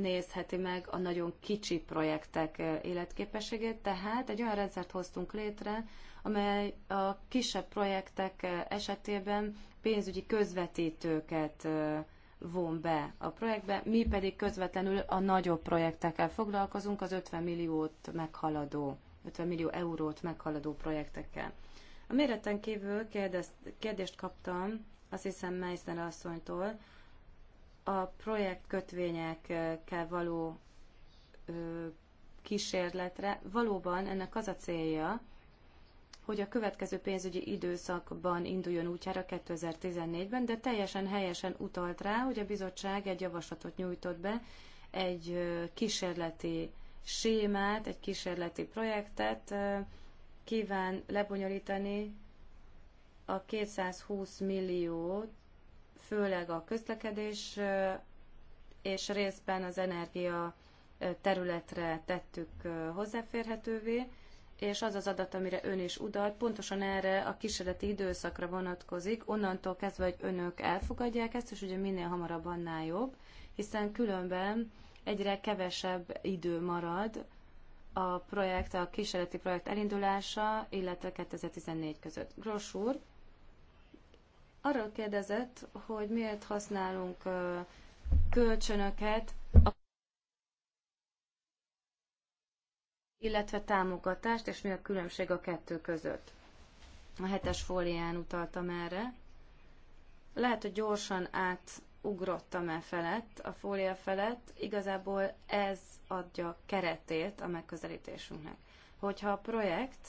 nézheti meg a nagyon kicsi projektek életképességét, tehát egy olyan rendszert hoztunk létre, amely a kisebb projektek esetében pénzügyi közvetítőket von be a projektbe, mi pedig közvetlenül a nagyobb projektekkel foglalkozunk, az 50 milliót meghaladó, 50 millió eurót meghaladó projektekkel. A méreten kívül kérdezt, kérdést kaptam, azt hiszem Meissner asszonytól, a projektkötvényekkel való kísérletre valóban ennek az a célja, hogy a következő pénzügyi időszakban induljon útjára 2014-ben, de teljesen helyesen utalt rá, hogy a bizottság egy javaslatot nyújtott be, egy kísérleti sémát, egy kísérleti projektet kíván lebonyolítani a 220 milliót főleg a közlekedés és részben az energia területre tettük hozzáférhetővé, és az az adat, amire ön is udalt, pontosan erre a kísérleti időszakra vonatkozik, onnantól kezdve, hogy önök elfogadják ezt, és ugye minél hamarabb annál jobb, hiszen különben egyre kevesebb idő marad a projekt, a kísérleti projekt elindulása, illetve 2014 között. Gross úr, Arról kérdezett, hogy miért használunk kölcsönöket, illetve támogatást, és mi a különbség a kettő között. A hetes fólián utaltam erre. Lehet, hogy gyorsan átugrottam e felett, a fólia felett. Igazából ez adja keretét a megközelítésünknek. Hogyha a projekt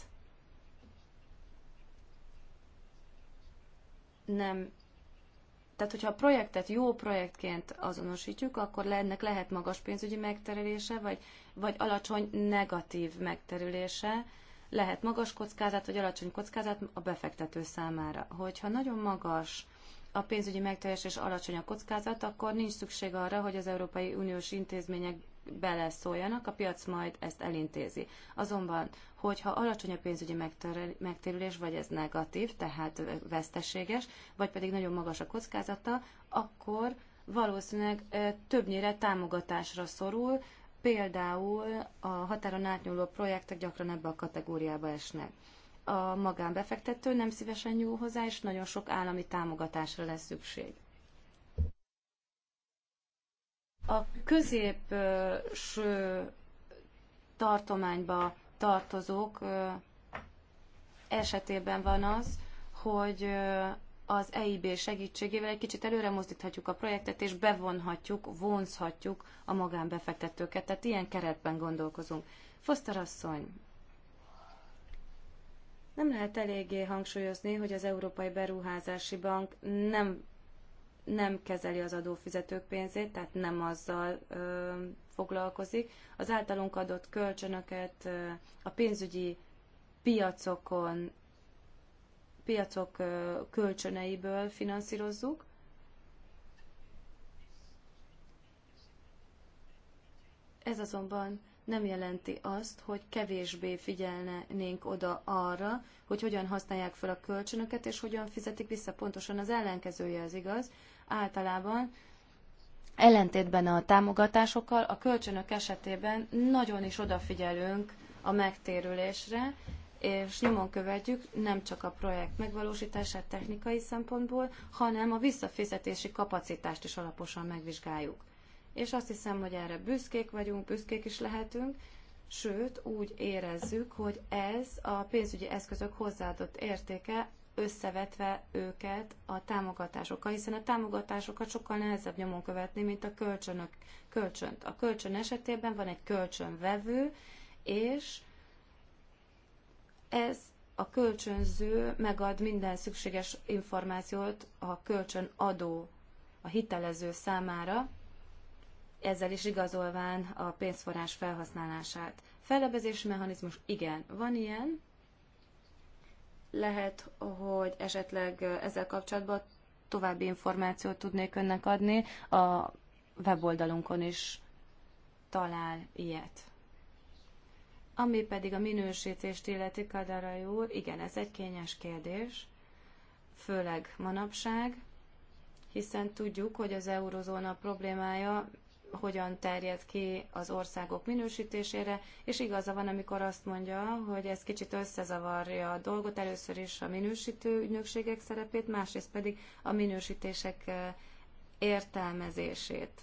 nem tehát, hogyha a projektet jó projektként azonosítjuk, akkor ennek lehet magas pénzügyi megterülése, vagy, vagy alacsony negatív megterülése, lehet magas kockázat, vagy alacsony kockázat a befektető számára. Hogyha nagyon magas a pénzügyi megterülés és alacsony a kockázat, akkor nincs szükség arra, hogy az Európai Uniós intézmények beleszóljanak, a piac majd ezt elintézi. Azonban, hogyha alacsony a pénzügyi megtérülés, vagy ez negatív, tehát veszteséges, vagy pedig nagyon magas a kockázata, akkor valószínűleg többnyire támogatásra szorul, például a határon átnyúló projektek gyakran ebbe a kategóriába esnek. A magánbefektető nem szívesen nyúl hozzá, és nagyon sok állami támogatásra lesz szükség a középső tartományba tartozók esetében van az, hogy az EIB segítségével egy kicsit előre mozdíthatjuk a projektet, és bevonhatjuk, vonzhatjuk a magánbefektetőket. Tehát ilyen keretben gondolkozunk. Foster asszony, nem lehet eléggé hangsúlyozni, hogy az Európai Beruházási Bank nem nem kezeli az adófizetők pénzét, tehát nem azzal ö, foglalkozik. Az általunk adott kölcsönöket ö, a pénzügyi piacokon, piacok ö, kölcsöneiből finanszírozzuk. Ez azonban nem jelenti azt, hogy kevésbé figyelnénk oda arra, hogy hogyan használják fel a kölcsönöket, és hogyan fizetik vissza. Pontosan az ellenkezője az igaz általában ellentétben a támogatásokkal, a kölcsönök esetében nagyon is odafigyelünk a megtérülésre, és nyomon követjük nem csak a projekt megvalósítását technikai szempontból, hanem a visszafizetési kapacitást is alaposan megvizsgáljuk. És azt hiszem, hogy erre büszkék vagyunk, büszkék is lehetünk, sőt úgy érezzük, hogy ez a pénzügyi eszközök hozzáadott értéke összevetve őket a támogatásokkal, hiszen a támogatásokat sokkal nehezebb nyomon követni, mint a kölcsönök, kölcsönt. A kölcsön esetében van egy kölcsönvevő, és ez a kölcsönző megad minden szükséges információt a kölcsönadó, a hitelező számára, ezzel is igazolván a pénzforrás felhasználását. Fellebezési mechanizmus, igen, van ilyen, lehet, hogy esetleg ezzel kapcsolatban további információt tudnék önnek adni. A weboldalunkon is talál ilyet. Ami pedig a minősítést illeti, Kadarai úr, igen, ez egy kényes kérdés, főleg manapság, hiszen tudjuk, hogy az eurozóna problémája hogyan terjed ki az országok minősítésére, és igaza van, amikor azt mondja, hogy ez kicsit összezavarja a dolgot, először is a minősítő ügynökségek szerepét, másrészt pedig a minősítések eh, értelmezését,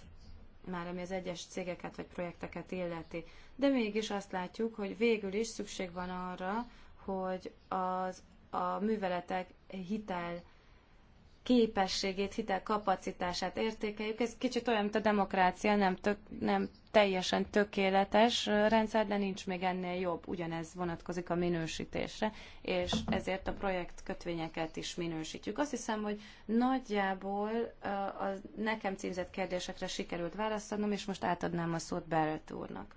már ami az egyes cégeket vagy projekteket illeti. De mégis azt látjuk, hogy végül is szükség van arra, hogy az, a műveletek hitel képességét, hitel kapacitását értékeljük. Ez kicsit olyan, mint a demokrácia, nem, tök, nem teljesen tökéletes rendszer, de nincs még ennél jobb. Ugyanez vonatkozik a minősítésre, és ezért a projekt kötvényeket is minősítjük. Azt hiszem, hogy nagyjából a nekem címzett kérdésekre sikerült válaszolnom, és most átadnám a szót Barrett úrnak.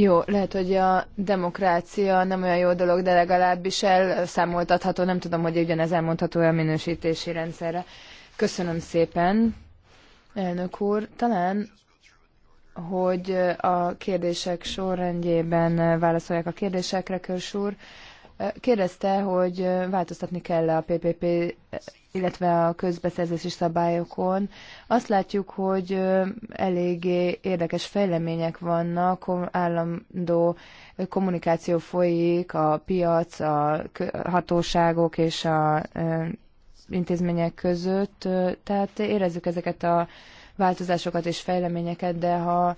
Jó, lehet, hogy a demokrácia nem olyan jó dolog, de legalábbis elszámoltatható. Nem tudom, hogy ugyanez elmondható a minősítési rendszerre. Köszönöm szépen, elnök úr. Talán, hogy a kérdések sorrendjében válaszolják a kérdésekre, Körs úr. Kérdezte, hogy változtatni kell a PPP, illetve a közbeszerzési szabályokon. Azt látjuk, hogy eléggé érdekes fejlemények vannak, állandó kommunikáció folyik, a piac, a hatóságok és a intézmények között, tehát érezzük ezeket a változásokat és fejleményeket, de ha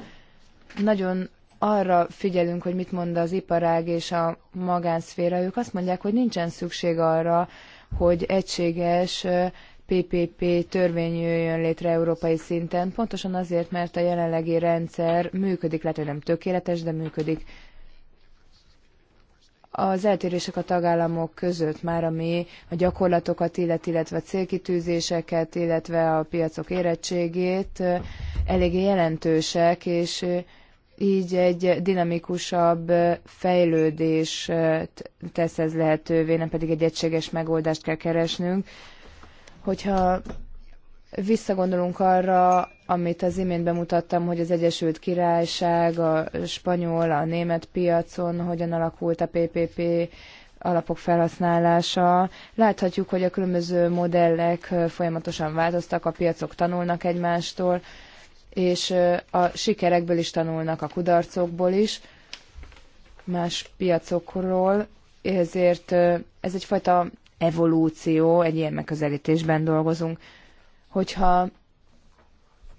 nagyon arra figyelünk, hogy mit mond az iparág és a magánszféra, ők azt mondják, hogy nincsen szükség arra, hogy egységes PPP törvény jöjjön létre európai szinten, pontosan azért, mert a jelenlegi rendszer működik, lehet, hogy nem tökéletes, de működik. Az eltérések a tagállamok között már, ami a gyakorlatokat illet, illetve a célkitűzéseket, illetve a piacok érettségét eléggé jelentősek, és így egy dinamikusabb fejlődés tesz ez lehetővé, nem pedig egy egységes megoldást kell keresnünk. Hogyha visszagondolunk arra, amit az imént bemutattam, hogy az Egyesült Királyság, a spanyol, a német piacon hogyan alakult a PPP alapok felhasználása. Láthatjuk, hogy a különböző modellek folyamatosan változtak, a piacok tanulnak egymástól, és a sikerekből is tanulnak, a kudarcokból is, más piacokról, ezért ez egyfajta evolúció, egy ilyen megközelítésben dolgozunk. Hogyha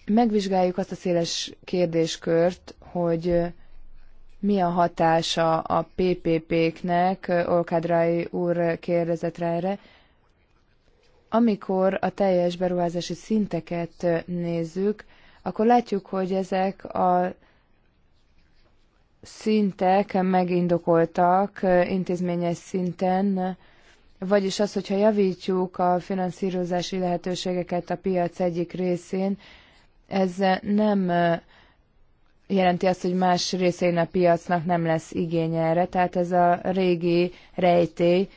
megvizsgáljuk azt a széles kérdéskört, hogy mi a hatása a PPP-knek, Olkádrai úr kérdezett rá erre, amikor a teljes beruházási szinteket nézzük, akkor látjuk, hogy ezek a szintek megindokoltak intézményes szinten, vagyis az, hogyha javítjuk a finanszírozási lehetőségeket a piac egyik részén, ez nem jelenti azt, hogy más részén a piacnak nem lesz igény erre, tehát ez a régi rejtély,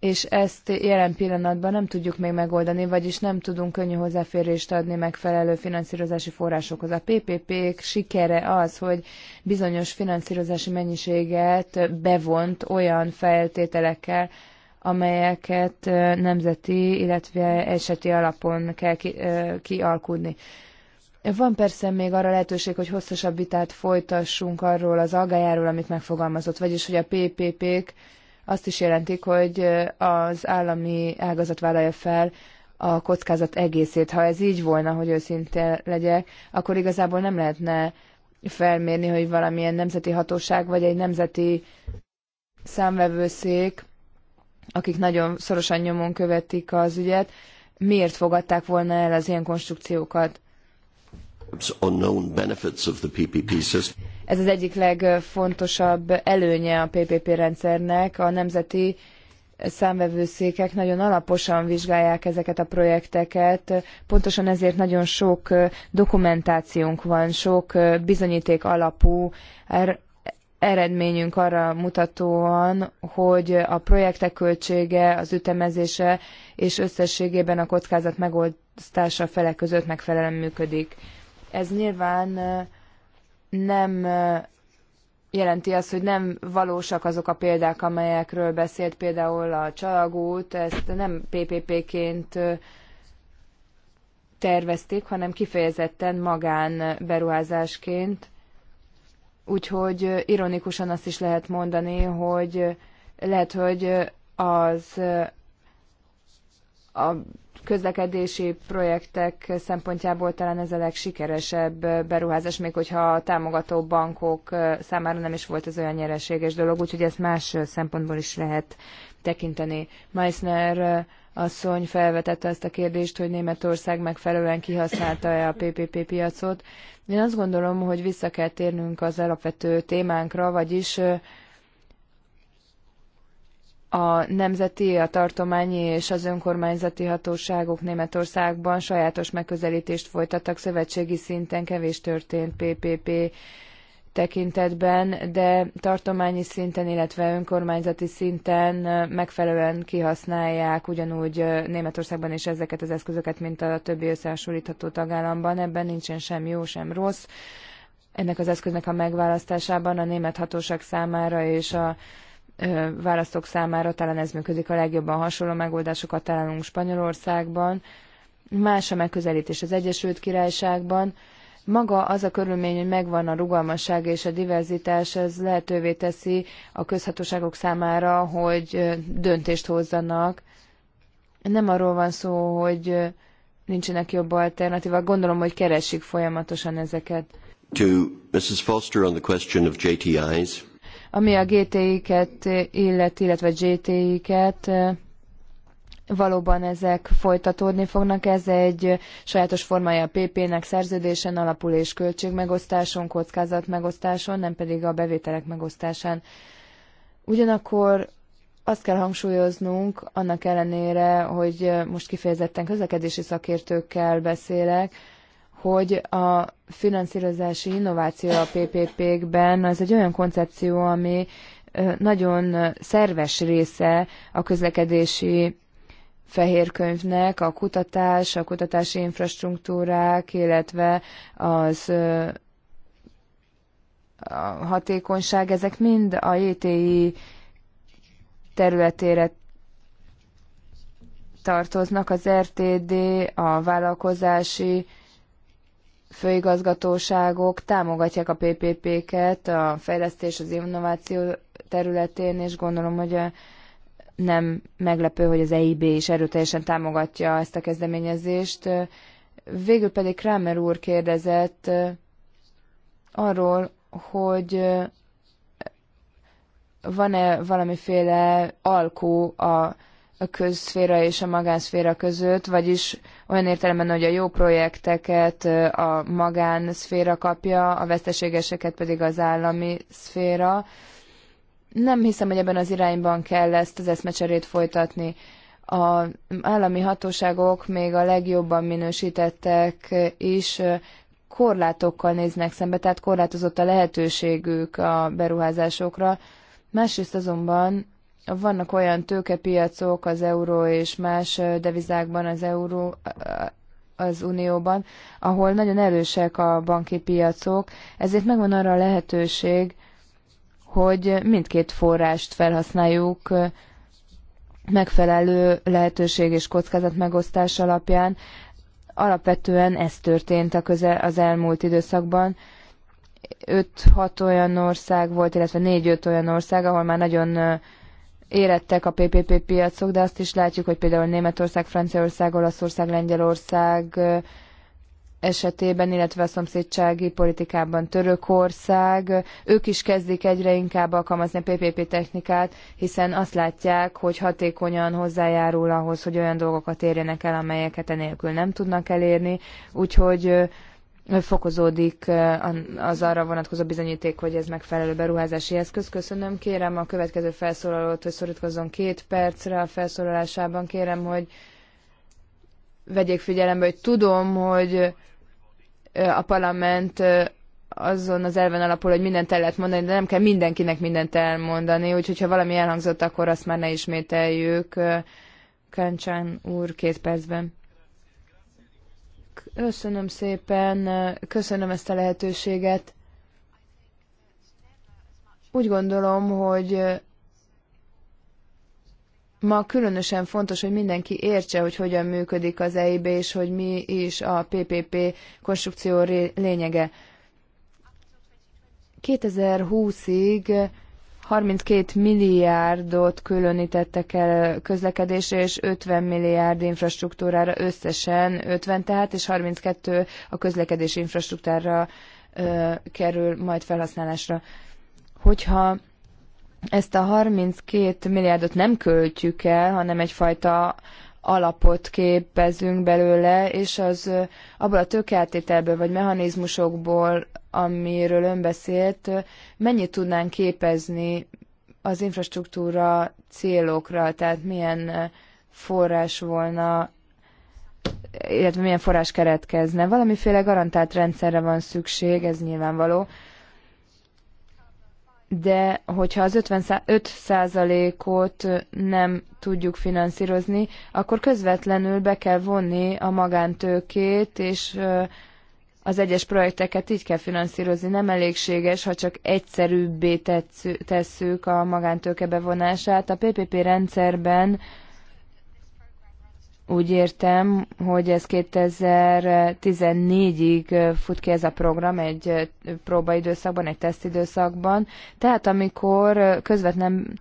és ezt jelen pillanatban nem tudjuk még megoldani, vagyis nem tudunk könnyű hozzáférést adni megfelelő finanszírozási forrásokhoz. A PPP-k sikere az, hogy bizonyos finanszírozási mennyiséget bevont olyan feltételekkel, amelyeket nemzeti, illetve eseti alapon kell ki, kialkudni. Van persze még arra lehetőség, hogy hosszasabb vitát folytassunk arról az algájáról, amit megfogalmazott, vagyis hogy a PPP-k azt is jelentik, hogy az állami ágazat vállalja fel a kockázat egészét. Ha ez így volna, hogy őszinte legyek, akkor igazából nem lehetne felmérni, hogy valamilyen nemzeti hatóság vagy egy nemzeti számvevőszék, akik nagyon szorosan nyomon követik az ügyet, miért fogadták volna el az ilyen konstrukciókat. Ez az egyik legfontosabb előnye a PPP rendszernek. A nemzeti számvevőszékek nagyon alaposan vizsgálják ezeket a projekteket, pontosan ezért nagyon sok dokumentációnk van, sok bizonyíték alapú er- eredményünk arra mutatóan, hogy a projektek költsége, az ütemezése és összességében a kockázat megoldása fele között megfelelően működik. Ez nyilván nem jelenti azt, hogy nem valósak azok a példák, amelyekről beszélt például a csalagút, ezt nem PPP-ként tervezték, hanem kifejezetten magán beruházásként. Úgyhogy ironikusan azt is lehet mondani, hogy lehet, hogy az a közlekedési projektek szempontjából talán ez a legsikeresebb beruházás, még hogyha a támogató bankok számára nem is volt ez olyan nyereséges dolog, úgyhogy ezt más szempontból is lehet tekinteni. Meissner asszony felvetette azt a kérdést, hogy Németország megfelelően kihasználta-e a PPP piacot. Én azt gondolom, hogy vissza kell térnünk az alapvető témánkra, vagyis a nemzeti, a tartományi és az önkormányzati hatóságok Németországban sajátos megközelítést folytattak szövetségi szinten, kevés történt PPP tekintetben, de tartományi szinten, illetve önkormányzati szinten megfelelően kihasználják ugyanúgy Németországban is ezeket az eszközöket, mint a többi összehasonlítható tagállamban. Ebben nincsen sem jó, sem rossz. Ennek az eszköznek a megválasztásában a német hatóság számára és a választók számára talán ez működik a legjobban, hasonló megoldásokat találunk Spanyolországban, más a megközelítés az Egyesült Királyságban. Maga az a körülmény, hogy megvan a rugalmasság és a diverzitás, ez lehetővé teszi a közhatóságok számára, hogy döntést hozzanak. Nem arról van szó, hogy nincsenek jobb alternatívák, gondolom, hogy keresik folyamatosan ezeket. To Mrs. Foster on the question of JTIs. Ami a GTI-ket illet, illetve GTI-ket, valóban ezek folytatódni fognak. Ez egy sajátos formája a PP-nek szerződésen alapul és költségmegosztáson, kockázatmegosztáson, nem pedig a bevételek megosztásán. Ugyanakkor azt kell hangsúlyoznunk, annak ellenére, hogy most kifejezetten közlekedési szakértőkkel beszélek, hogy a finanszírozási innováció a PPP-kben az egy olyan koncepció, ami nagyon szerves része a közlekedési fehérkönyvnek, a kutatás, a kutatási infrastruktúrák, illetve az a hatékonyság, ezek mind a JTI területére tartoznak, az RTD, er a vállalkozási főigazgatóságok támogatják a PPP-ket a fejlesztés, az innováció területén, és gondolom, hogy eh, nem meglepő, hogy az EIB is erőteljesen támogatja ezt a kezdeményezést. Eh, végül pedig Kramer úr kérdezett eh, arról, hogy van-e valamiféle alkó a a közszféra és a magánszféra között, vagyis olyan értelemben, hogy a jó projekteket a magánszféra kapja, a veszteségeseket pedig az állami szféra. Nem hiszem, hogy ebben az irányban kell ezt az eszmecserét folytatni. A állami hatóságok még a legjobban minősítettek is korlátokkal néznek szembe, tehát korlátozott a lehetőségük a beruházásokra. Másrészt azonban vannak olyan tőkepiacok az euró és más devizákban az euró az Unióban, ahol nagyon erősek a banki piacok, ezért megvan arra a lehetőség, hogy mindkét forrást felhasználjuk megfelelő lehetőség és kockázat megosztás alapján. Alapvetően ez történt a közel, az elmúlt időszakban. 5-6 olyan ország volt, illetve 4-5 olyan ország, ahol már nagyon érettek a PPP piacok, de azt is látjuk, hogy például Németország, Franciaország, Olaszország, Lengyelország esetében, illetve a szomszédsági politikában Törökország, ők is kezdik egyre inkább alkalmazni a PPP technikát, hiszen azt látják, hogy hatékonyan hozzájárul ahhoz, hogy olyan dolgokat érjenek el, amelyeket enélkül nem tudnak elérni, úgyhogy fokozódik az arra vonatkozó bizonyíték, hogy ez megfelelő beruházási eszköz. Köszönöm, kérem a következő felszólalót, hogy szorítkozzon két percre a felszólalásában. Kérem, hogy vegyék figyelembe, hogy tudom, hogy a parlament azon az elven alapul, hogy mindent el lehet mondani, de nem kell mindenkinek mindent elmondani, úgyhogy ha valami elhangzott, akkor azt már ne ismételjük. Kancsán úr, két percben. Köszönöm szépen, köszönöm ezt a lehetőséget. Úgy gondolom, hogy ma különösen fontos, hogy mindenki értse, hogy hogyan működik az EIB, és hogy mi is a PPP konstrukció lényege. 2020-ig 32 milliárdot különítettek el közlekedésre, és 50 milliárd infrastruktúrára összesen 50 tehát, és 32 a közlekedési infrastruktúrára ö, kerül majd felhasználásra. Hogyha ezt a 32 milliárdot nem költjük el, hanem egyfajta alapot képezünk belőle, és az abból a tőkeáttételből vagy mechanizmusokból amiről ön beszélt, mennyit tudnánk képezni az infrastruktúra célokra, tehát milyen forrás volna, illetve milyen forrás keretkezne. Valamiféle garantált rendszerre van szükség, ez nyilvánvaló. De hogyha az 55%-ot nem tudjuk finanszírozni, akkor közvetlenül be kell vonni a magántőkét, és az egyes projekteket így kell finanszírozni. Nem elégséges, ha csak egyszerűbbé tesszük a magántőke bevonását. A PPP rendszerben úgy értem, hogy ez 2014-ig fut ki ez a program egy próbaidőszakban, egy tesztidőszakban. Tehát amikor közvetlen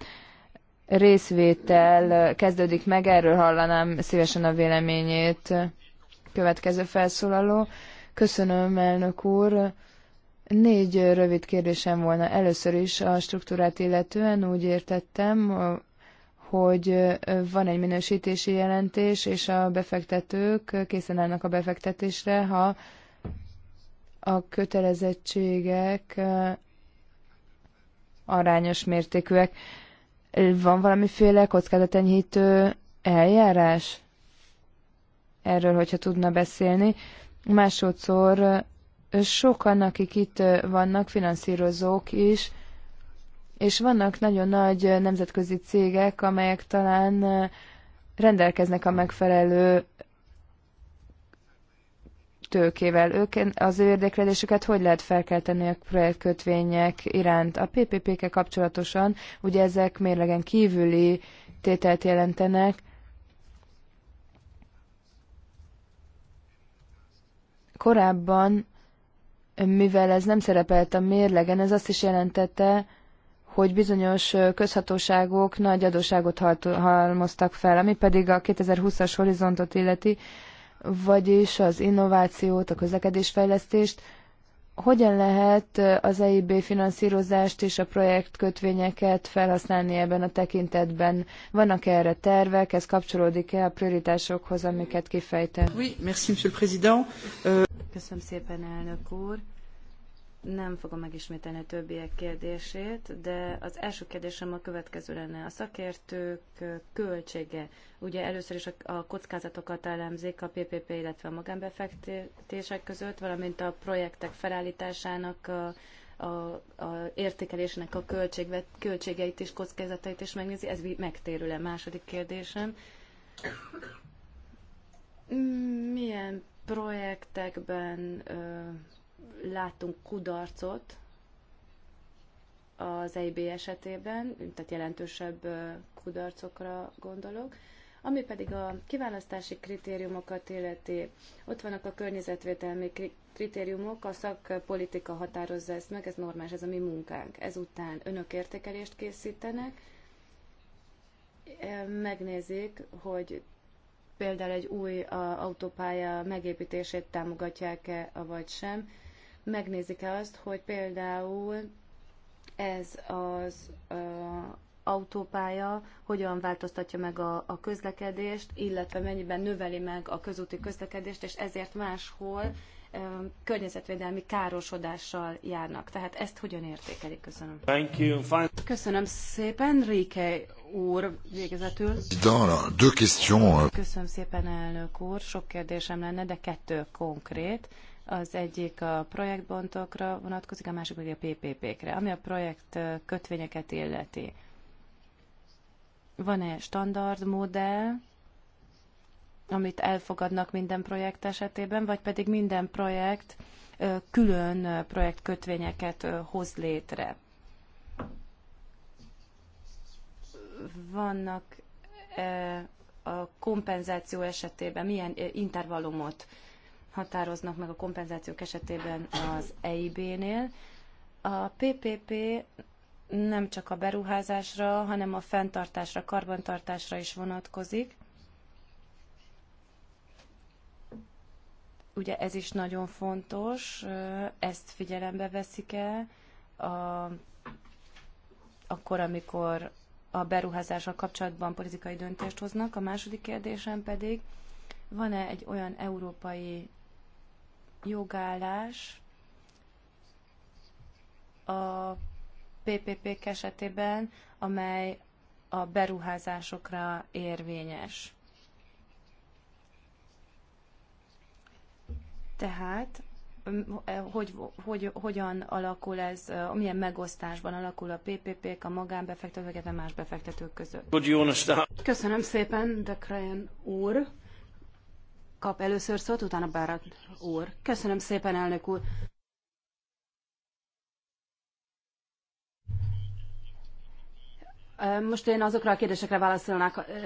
részvétel kezdődik meg, erről hallanám szívesen a véleményét következő felszólaló. Köszönöm, elnök úr. Négy rövid kérdésem volna. Először is a struktúrát illetően úgy értettem, hogy van egy minősítési jelentés, és a befektetők készen állnak a befektetésre, ha a kötelezettségek arányos mértékűek. Van valamiféle kockázatenyhítő eljárás? Erről, hogyha tudna beszélni. Másodszor sokan, akik itt vannak, finanszírozók is, és vannak nagyon nagy nemzetközi cégek, amelyek talán rendelkeznek a megfelelő tőkével. Ők az ő érdeklődésüket hogy lehet felkelteni a projektkötvények iránt? A PPP-kkel kapcsolatosan, ugye ezek mérlegen kívüli tételt jelentenek, korábban, mivel ez nem szerepelt a mérlegen, ez azt is jelentette, hogy bizonyos közhatóságok nagy adóságot halmoztak fel, ami pedig a 2020-as horizontot illeti, vagyis az innovációt, a közlekedésfejlesztést, hogyan lehet az EIB finanszírozást és a projektkötvényeket felhasználni ebben a tekintetben? Vannak -e erre tervek? Ez kapcsolódik-e a prioritásokhoz, amiket kifejtett? Oui, merci, monsieur le président. Euh, Köszönöm szépen, elnök úr nem fogom megismételni a többiek kérdését, de az első kérdésem a következő lenne. A szakértők költsége. Ugye először is a kockázatokat elemzik a PPP, illetve a magánbefektetések között, valamint a projektek felállításának a a, a értékelésének a költség, költségeit és kockázatait is megnézi. Ez megtérül a Második kérdésem. Mm, milyen projektekben ö, láttunk kudarcot az EIB esetében, tehát jelentősebb kudarcokra gondolok. Ami pedig a kiválasztási kritériumokat illeti, ott vannak a környezetvédelmi kritériumok, a szakpolitika határozza ezt meg, ez normális, ez a mi munkánk. Ezután önök értékelést készítenek, megnézik, hogy például egy új autópálya megépítését támogatják-e, vagy sem megnézik-e azt, hogy például ez az ö, autópálya hogyan változtatja meg a, a közlekedést, illetve mennyiben növeli meg a közúti közlekedést, és ezért máshol ö, környezetvédelmi károsodással járnak. Tehát ezt hogyan értékelik? Köszönöm. Thank you. Fine. Köszönöm szépen, Rike úr, végezetül. Köszönöm szépen, elnök úr. Sok kérdésem lenne, de kettő konkrét. Az egyik a projektbontokra vonatkozik, a másik pedig a PPP-kre, ami a projekt kötvényeket illeti. Van-e standard modell, amit elfogadnak minden projekt esetében, vagy pedig minden projekt külön projektkötvényeket hoz létre? Vannak a kompenzáció esetében milyen intervallumot határoznak meg a kompenzációk esetében az EIB-nél. A PPP nem csak a beruházásra, hanem a fenntartásra, karbantartásra is vonatkozik. Ugye ez is nagyon fontos, ezt figyelembe veszik el, a, akkor, amikor a beruházással kapcsolatban politikai döntést hoznak. A második kérdésem pedig, van-e egy olyan európai jogállás a ppp esetében, amely a beruházásokra érvényes. Tehát hogy, hogy, hogyan alakul ez, milyen megosztásban alakul a PPP-k, a magánbefektetők, illetve más befektetők között. Köszönöm szépen, de Krajan úr kap először szót, utána Bárat úr. Köszönöm szépen, elnök úr. Most én azokra a kérdésekre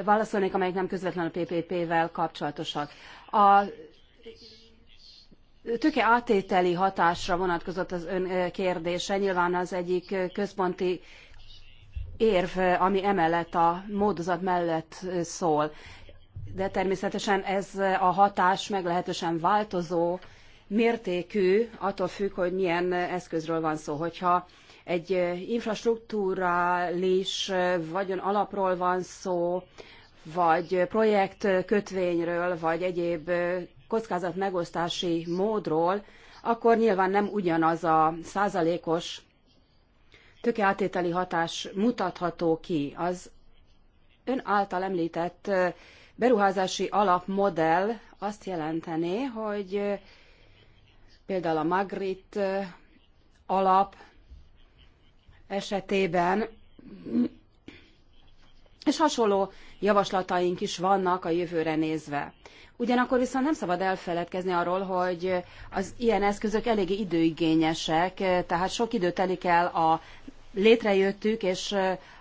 válaszolnék, amelyek nem közvetlenül a PPP-vel kapcsolatosak. A tőke átételi hatásra vonatkozott az ön kérdése. Nyilván az egyik központi érv, ami emellett a módozat mellett szól de természetesen ez a hatás meglehetősen változó, mértékű, attól függ, hogy milyen eszközről van szó. Hogyha egy infrastruktúrális vagyon alapról van szó, vagy projekt kötvényről, vagy egyéb kockázat megosztási módról, akkor nyilván nem ugyanaz a százalékos tökeátételi hatás mutatható ki. Az ön által említett beruházási alapmodell azt jelenteni, hogy például a Magrit alap esetében, és hasonló javaslataink is vannak a jövőre nézve. Ugyanakkor viszont nem szabad elfeledkezni arról, hogy az ilyen eszközök eléggé időigényesek, tehát sok idő telik el a létrejöttük, és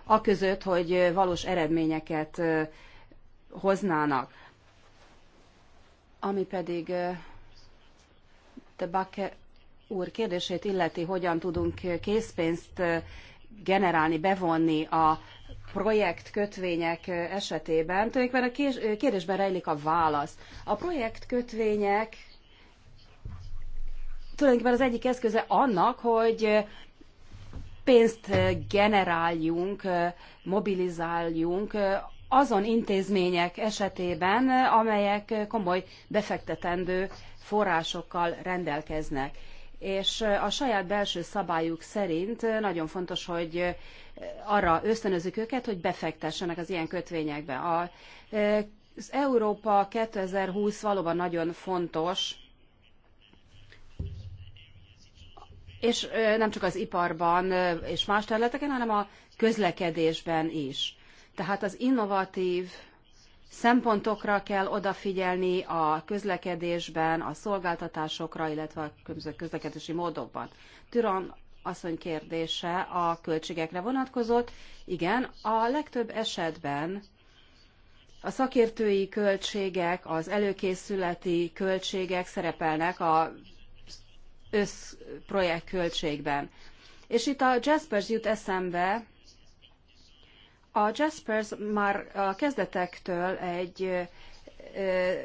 a között, hogy valós eredményeket hoznának. Ami pedig de Bakke úr kérdését illeti, hogyan tudunk készpénzt generálni, bevonni a projekt kötvények esetében, tulajdonképpen a kérdésben rejlik a válasz. A projekt kötvények tulajdonképpen az egyik eszköze annak, hogy pénzt generáljunk, mobilizáljunk azon intézmények esetében, amelyek komoly befektetendő forrásokkal rendelkeznek. És a saját belső szabályuk szerint nagyon fontos, hogy arra ösztönözzük őket, hogy befektessenek az ilyen kötvényekbe. A, az Európa 2020 valóban nagyon fontos, és nem csak az iparban és más területeken, hanem a közlekedésben is. Tehát az innovatív szempontokra kell odafigyelni a közlekedésben, a szolgáltatásokra, illetve a különböző közlekedési módokban. Türan asszony kérdése a költségekre vonatkozott. Igen, a legtöbb esetben a szakértői költségek, az előkészületi költségek szerepelnek a összprojekt költségben. És itt a Jaspers jut eszembe, a Jaspers már a kezdetektől egy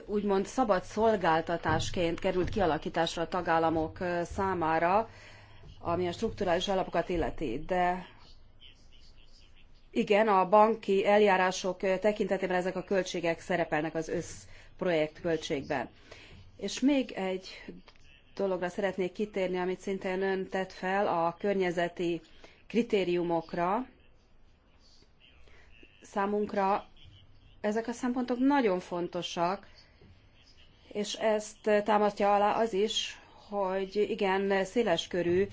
úgymond szabad szolgáltatásként került kialakításra a tagállamok számára, ami a strukturális alapokat illeti, de igen, a banki eljárások tekintetében ezek a költségek szerepelnek az összprojekt költségben. És még egy dologra szeretnék kitérni, amit szintén ön tett fel, a környezeti kritériumokra, Számunkra ezek a szempontok nagyon fontosak, és ezt támasztja alá az is, hogy igen, széleskörű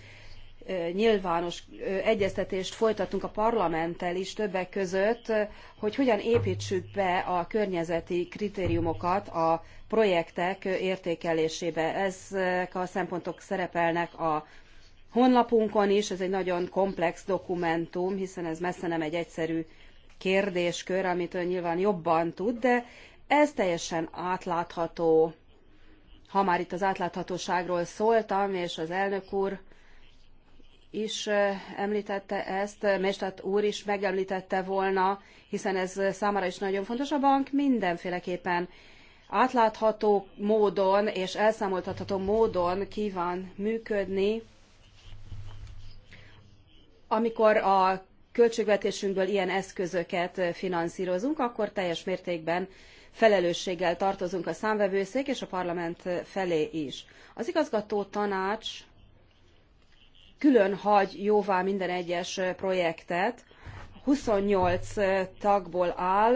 nyilvános egyeztetést folytatunk a parlamenttel is többek között, hogy hogyan építsük be a környezeti kritériumokat a projektek értékelésébe. Ezek a szempontok szerepelnek a honlapunkon is, ez egy nagyon komplex dokumentum, hiszen ez messze nem egy egyszerű kérdéskör, amit ön nyilván jobban tud, de ez teljesen átlátható. Ha már itt az átláthatóságról szóltam, és az elnök úr is említette ezt, Mestat úr is megemlítette volna, hiszen ez számára is nagyon fontos. A bank mindenféleképpen átlátható módon és elszámoltatható módon kíván működni, amikor a költségvetésünkből ilyen eszközöket eh, finanszírozunk, akkor teljes mértékben felelősséggel tartozunk a számvevőszék és a parlament eh, felé is. Az igazgató tanács külön hagy jóvá minden egyes eh, projektet, 28 tagból áll,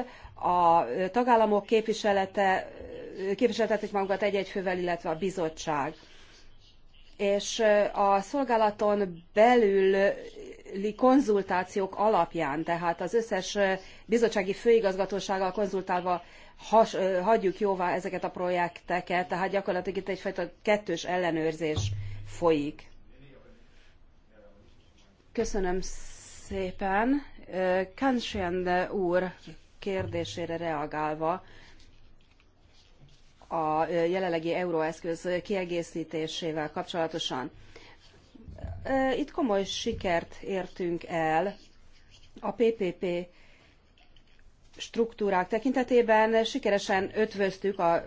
a tagállamok képviselete, képviseltetik magukat egy-egy fővel, illetve a bizottság. És a szolgálaton belül konzultációk alapján, tehát az összes bizottsági főigazgatósággal konzultálva has, hagyjuk jóvá ezeket a projekteket, tehát gyakorlatilag itt egyfajta kettős ellenőrzés folyik. Köszönöm szépen. Kansian úr kérdésére reagálva a jelenlegi euróeszköz kiegészítésével kapcsolatosan. Itt komoly sikert értünk el a PPP struktúrák tekintetében. Sikeresen ötvöztük a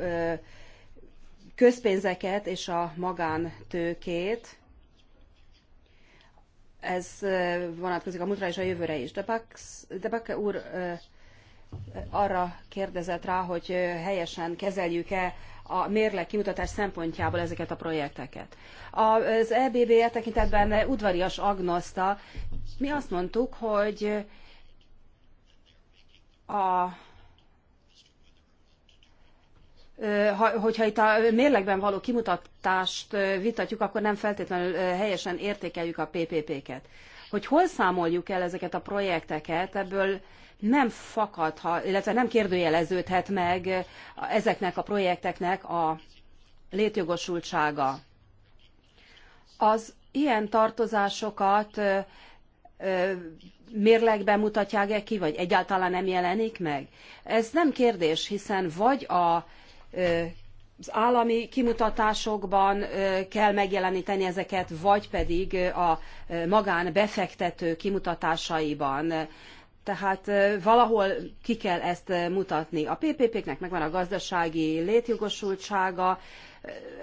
közpénzeket és a magántőkét. Ez vonatkozik a mutra és a jövőre is. De Bakke úr arra kérdezett rá, hogy helyesen kezeljük-e a mérleg kimutatás szempontjából ezeket a projekteket. Az EBB -e tekintetben udvarias agnoszta. Mi azt mondtuk, hogy a ha, hogyha itt a mérlegben való kimutatást vitatjuk, akkor nem feltétlenül helyesen értékeljük a PPP-ket. Hogy hol számoljuk el ezeket a projekteket, ebből nem fakadhat, illetve nem kérdőjeleződhet meg eh, ezeknek a projekteknek a létjogosultsága. Az ilyen tartozásokat eh, eh, mérlegben mutatják-e ki, vagy egyáltalán nem jelenik meg? Ez nem kérdés, hiszen vagy a, az állami kimutatásokban kell megjeleníteni ezeket, vagy pedig a magánbefektető kimutatásaiban. Tehát valahol ki kell ezt mutatni. A PPP-knek megvan a gazdasági létjogosultsága,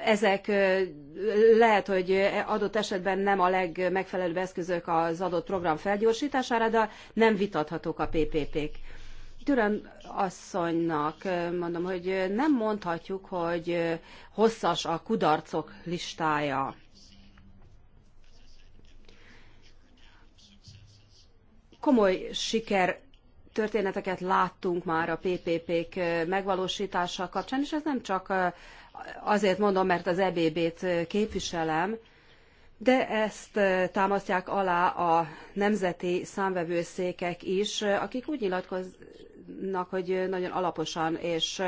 ezek lehet, hogy adott esetben nem a legmegfelelőbb eszközök az adott program felgyorsítására, de nem vitathatók a PPP-k. Türen asszonynak mondom, hogy nem mondhatjuk, hogy hosszas a kudarcok listája. komoly siker történeteket láttunk már a PPP-k eh, megvalósítása kapcsán, és ez nem csak eh, azért mondom, mert az EBB-t eh, képviselem, de ezt támasztják alá a nemzeti számvevőszékek is, akik úgy nyilatkoznak, hogy nagyon alaposan és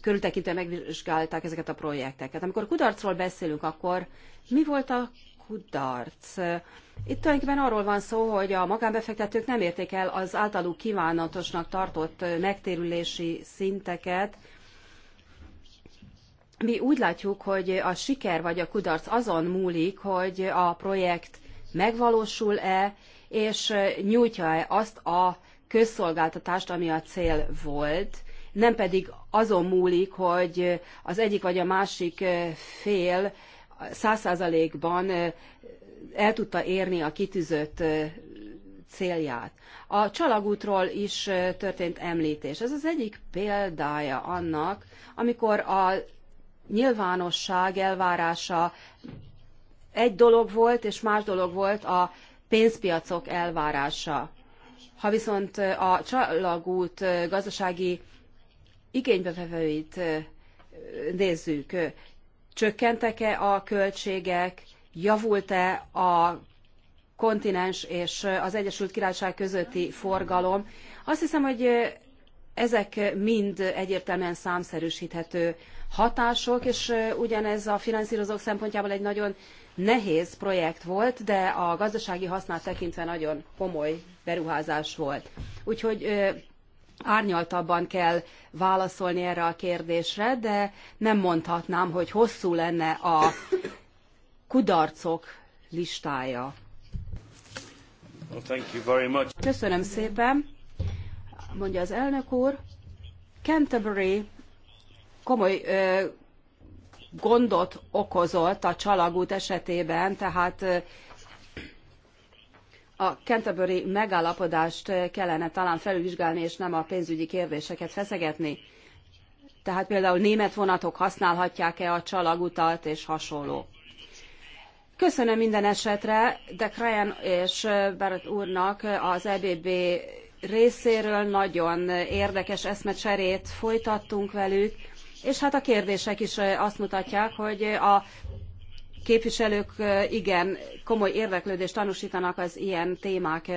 körültekintően megvizsgálták ezeket a projekteket. Amikor kudarcról beszélünk, akkor mi volt a kudarc. Itt tulajdonképpen arról van szó, hogy a magánbefektetők nem érték el az általuk kívánatosnak tartott megtérülési szinteket. Mi úgy látjuk, hogy a siker vagy a kudarc azon múlik, hogy a projekt megvalósul-e, és nyújtja-e azt a közszolgáltatást, ami a cél volt, nem pedig azon múlik, hogy az egyik vagy a másik fél száz százalékban el tudta érni a kitűzött célját. A csalagútról is történt említés. Ez az egyik példája annak, amikor a nyilvánosság elvárása egy dolog volt, és más dolog volt a pénzpiacok elvárása. Ha viszont a csalagút gazdasági igénybevevőit nézzük, Csökkentek-e a költségek, javult-e a kontinens és az Egyesült Királyság közötti forgalom? Azt hiszem, hogy ezek mind egyértelműen számszerűsíthető hatások, és ugyanez a finanszírozók szempontjából egy nagyon nehéz projekt volt, de a gazdasági hasznát tekintve nagyon komoly beruházás volt. Úgyhogy árnyaltabban kell válaszolni erre a kérdésre, de nem mondhatnám, hogy hosszú lenne a kudarcok listája. Well, Köszönöm szépen, mondja az elnök úr. Canterbury komoly ö, gondot okozott a csalagút esetében, tehát a Canterbury megállapodást kellene talán felülvizsgálni, és nem a pénzügyi kérdéseket feszegetni. Tehát például német vonatok használhatják-e a csalagutat és hasonló. Köszönöm minden esetre, de Krajan és Barrett úrnak az EBB részéről nagyon érdekes eszmecserét folytattunk velük, és hát a kérdések is azt mutatják, hogy a képviselők igen komoly érdeklődést tanúsítanak az ilyen témák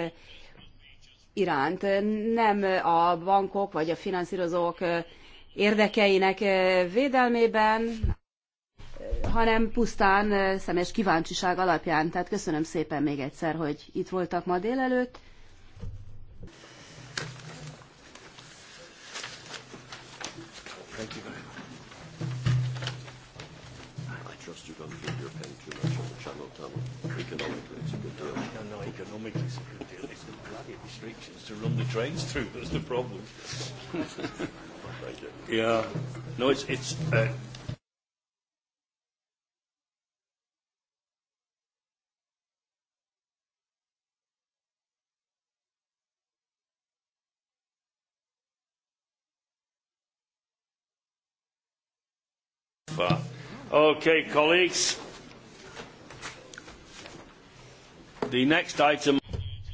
iránt. Nem a bankok vagy a finanszírozók érdekeinek védelmében, hanem pusztán személyes kíváncsiság alapján. Tehát köszönöm szépen még egyszer, hogy itt voltak ma délelőtt. Thank you. to run the trains through. That's the problem. <laughs> yeah. No, it's it's. Uh, Okay, colleagues. The next item.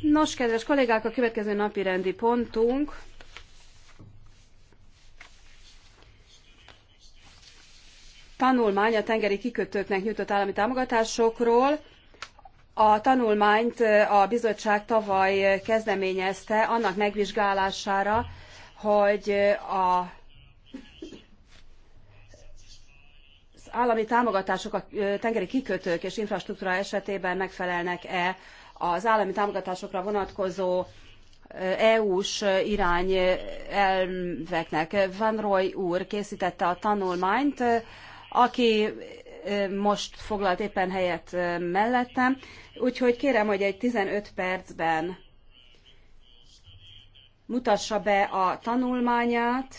Nos, kedves kollégák, a következő napi rendi pontunk tanulmány a tengeri kikötőknek nyújtott állami támogatásokról. A tanulmányt a bizottság tavaly kezdeményezte annak megvizsgálására, hogy a az állami támogatások a tengeri kikötők és infrastruktúra esetében megfelelnek-e az állami támogatásokra vonatkozó EU-s irányelveknek. Van Roy úr készítette a tanulmányt, aki most foglalt éppen helyet mellettem, úgyhogy kérem, hogy egy 15 percben mutassa be a tanulmányát,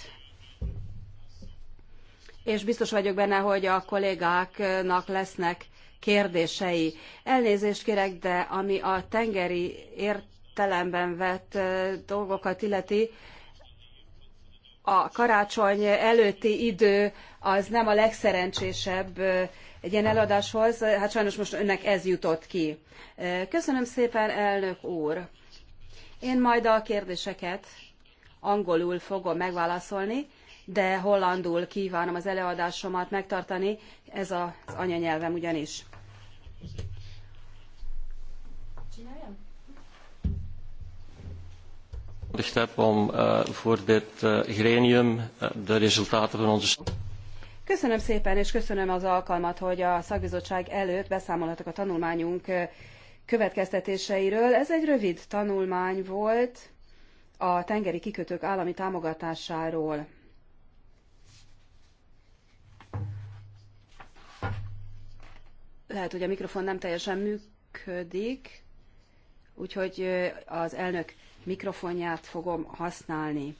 és biztos vagyok benne, hogy a kollégáknak lesznek kérdései. Elnézést kérek, de ami a tengeri értelemben vett dolgokat illeti, a karácsony előtti idő az nem a legszerencsésebb egy ilyen eladáshoz, hát sajnos most önnek ez jutott ki. Köszönöm szépen, elnök úr! Én majd a kérdéseket angolul fogom megválaszolni, de hollandul kívánom az előadásomat megtartani, ez az anyanyelvem ugyanis. Csináljam? nodig heb om uh, voor dit uh, uh, de resultaten van onze. Köszönöm szépen, és köszönöm az alkalmat, hogy a szakbizottság előtt beszámolhatok a tanulmányunk következtetéseiről. Ez egy rövid tanulmány volt a tengeri kikötők állami támogatásáról. Lehet, hogy a mikrofon nem teljesen működik, úgyhogy az elnök mikrofonját fogom használni.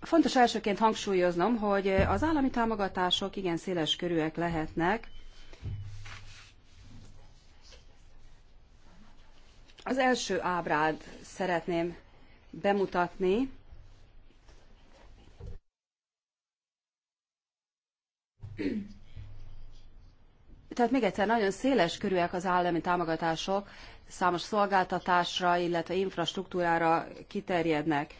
Fontos elsőként hangsúlyoznom, hogy az állami támogatások igen széles körűek lehetnek. Az első ábrát szeretném bemutatni. Tehát még egyszer, nagyon széles körűek az állami támogatások, számos szolgáltatásra, illetve infrastruktúrára kiterjednek.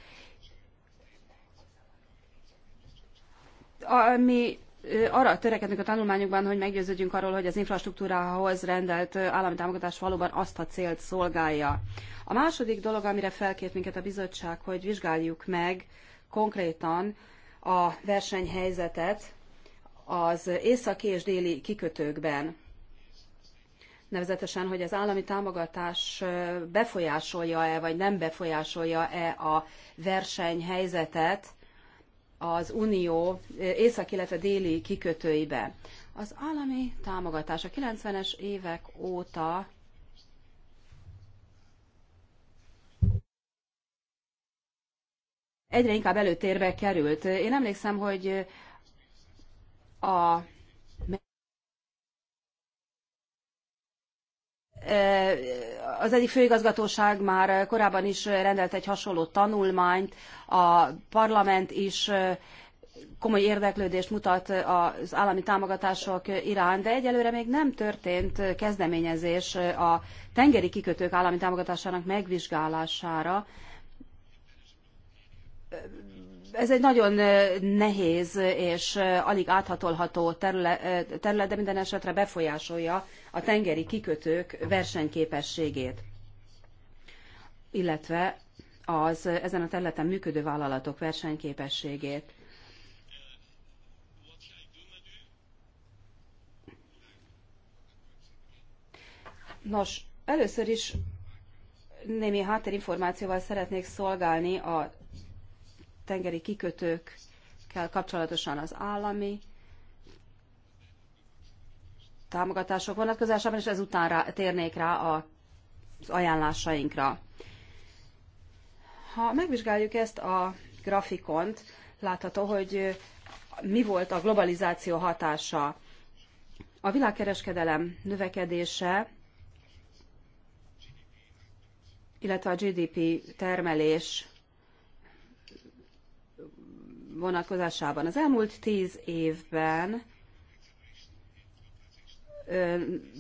Ami arra törekednek a tanulmányokban, hogy meggyőződjünk arról, hogy az infrastruktúrához rendelt állami támogatás valóban azt a célt szolgálja. A második dolog, amire felkért minket a bizottság, hogy vizsgáljuk meg konkrétan a versenyhelyzetet, az északi és déli kikötőkben. Nevezetesen, hogy az állami támogatás befolyásolja-e, vagy nem befolyásolja-e a versenyhelyzetet az Unió észak, illetve déli kikötőiben. Az állami támogatás a 90-es évek óta egyre inkább előtérbe került. Én emlékszem, hogy a az egyik főigazgatóság már korábban is rendelt egy hasonló tanulmányt, a parlament is komoly érdeklődést mutat az állami támogatások iránt, de egyelőre még nem történt kezdeményezés a tengeri kikötők állami támogatásának megvizsgálására ez egy nagyon nehéz és alig áthatolható terület, terület, de minden esetre befolyásolja a tengeri kikötők versenyképességét, illetve az ezen a területen működő vállalatok versenyképességét. Nos, először is némi háttérinformációval szeretnék szolgálni a tengeri kikötőkkel kapcsolatosan az állami támogatások vonatkozásában, és ezután rá, térnék rá az ajánlásainkra. Ha megvizsgáljuk ezt a grafikont, látható, hogy mi volt a globalizáció hatása. A világkereskedelem növekedése, illetve a GDP termelés vonatkozásában. Az elmúlt tíz évben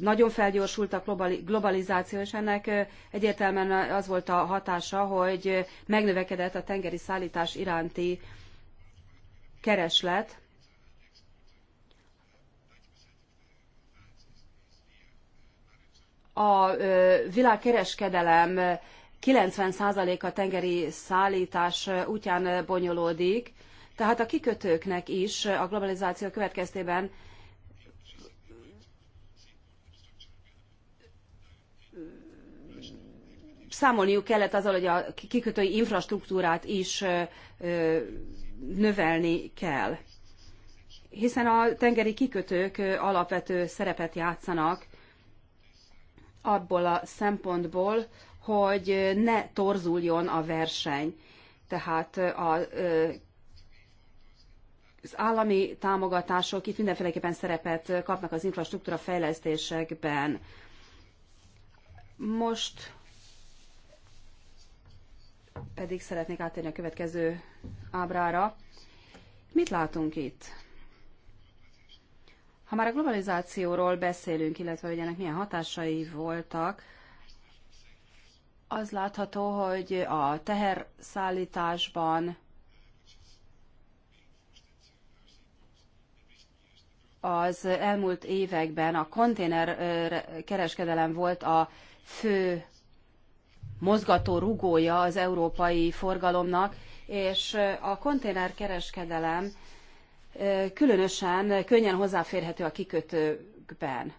nagyon felgyorsult a globalizáció, és ennek egyértelműen az volt a hatása, hogy megnövekedett a tengeri szállítás iránti kereslet. A világkereskedelem 90%-a tengeri szállítás útján bonyolódik, tehát a kikötőknek is a globalizáció következtében számolniuk kellett azzal, hogy a kikötői infrastruktúrát is növelni kell. Hiszen a tengeri kikötők alapvető szerepet játszanak abból a szempontból, hogy ne torzuljon a verseny. Tehát a az állami támogatások itt mindenféleképpen szerepet kapnak az infrastruktúra fejlesztésekben. Most pedig szeretnék átérni a következő ábrára. Mit látunk itt? Ha már a globalizációról beszélünk, illetve hogy ennek milyen hatásai voltak, az látható, hogy a teherszállításban az elmúlt években a konténer kereskedelem volt a fő mozgató rugója az európai forgalomnak, és a konténerkereskedelem különösen könnyen hozzáférhető a kikötőkben.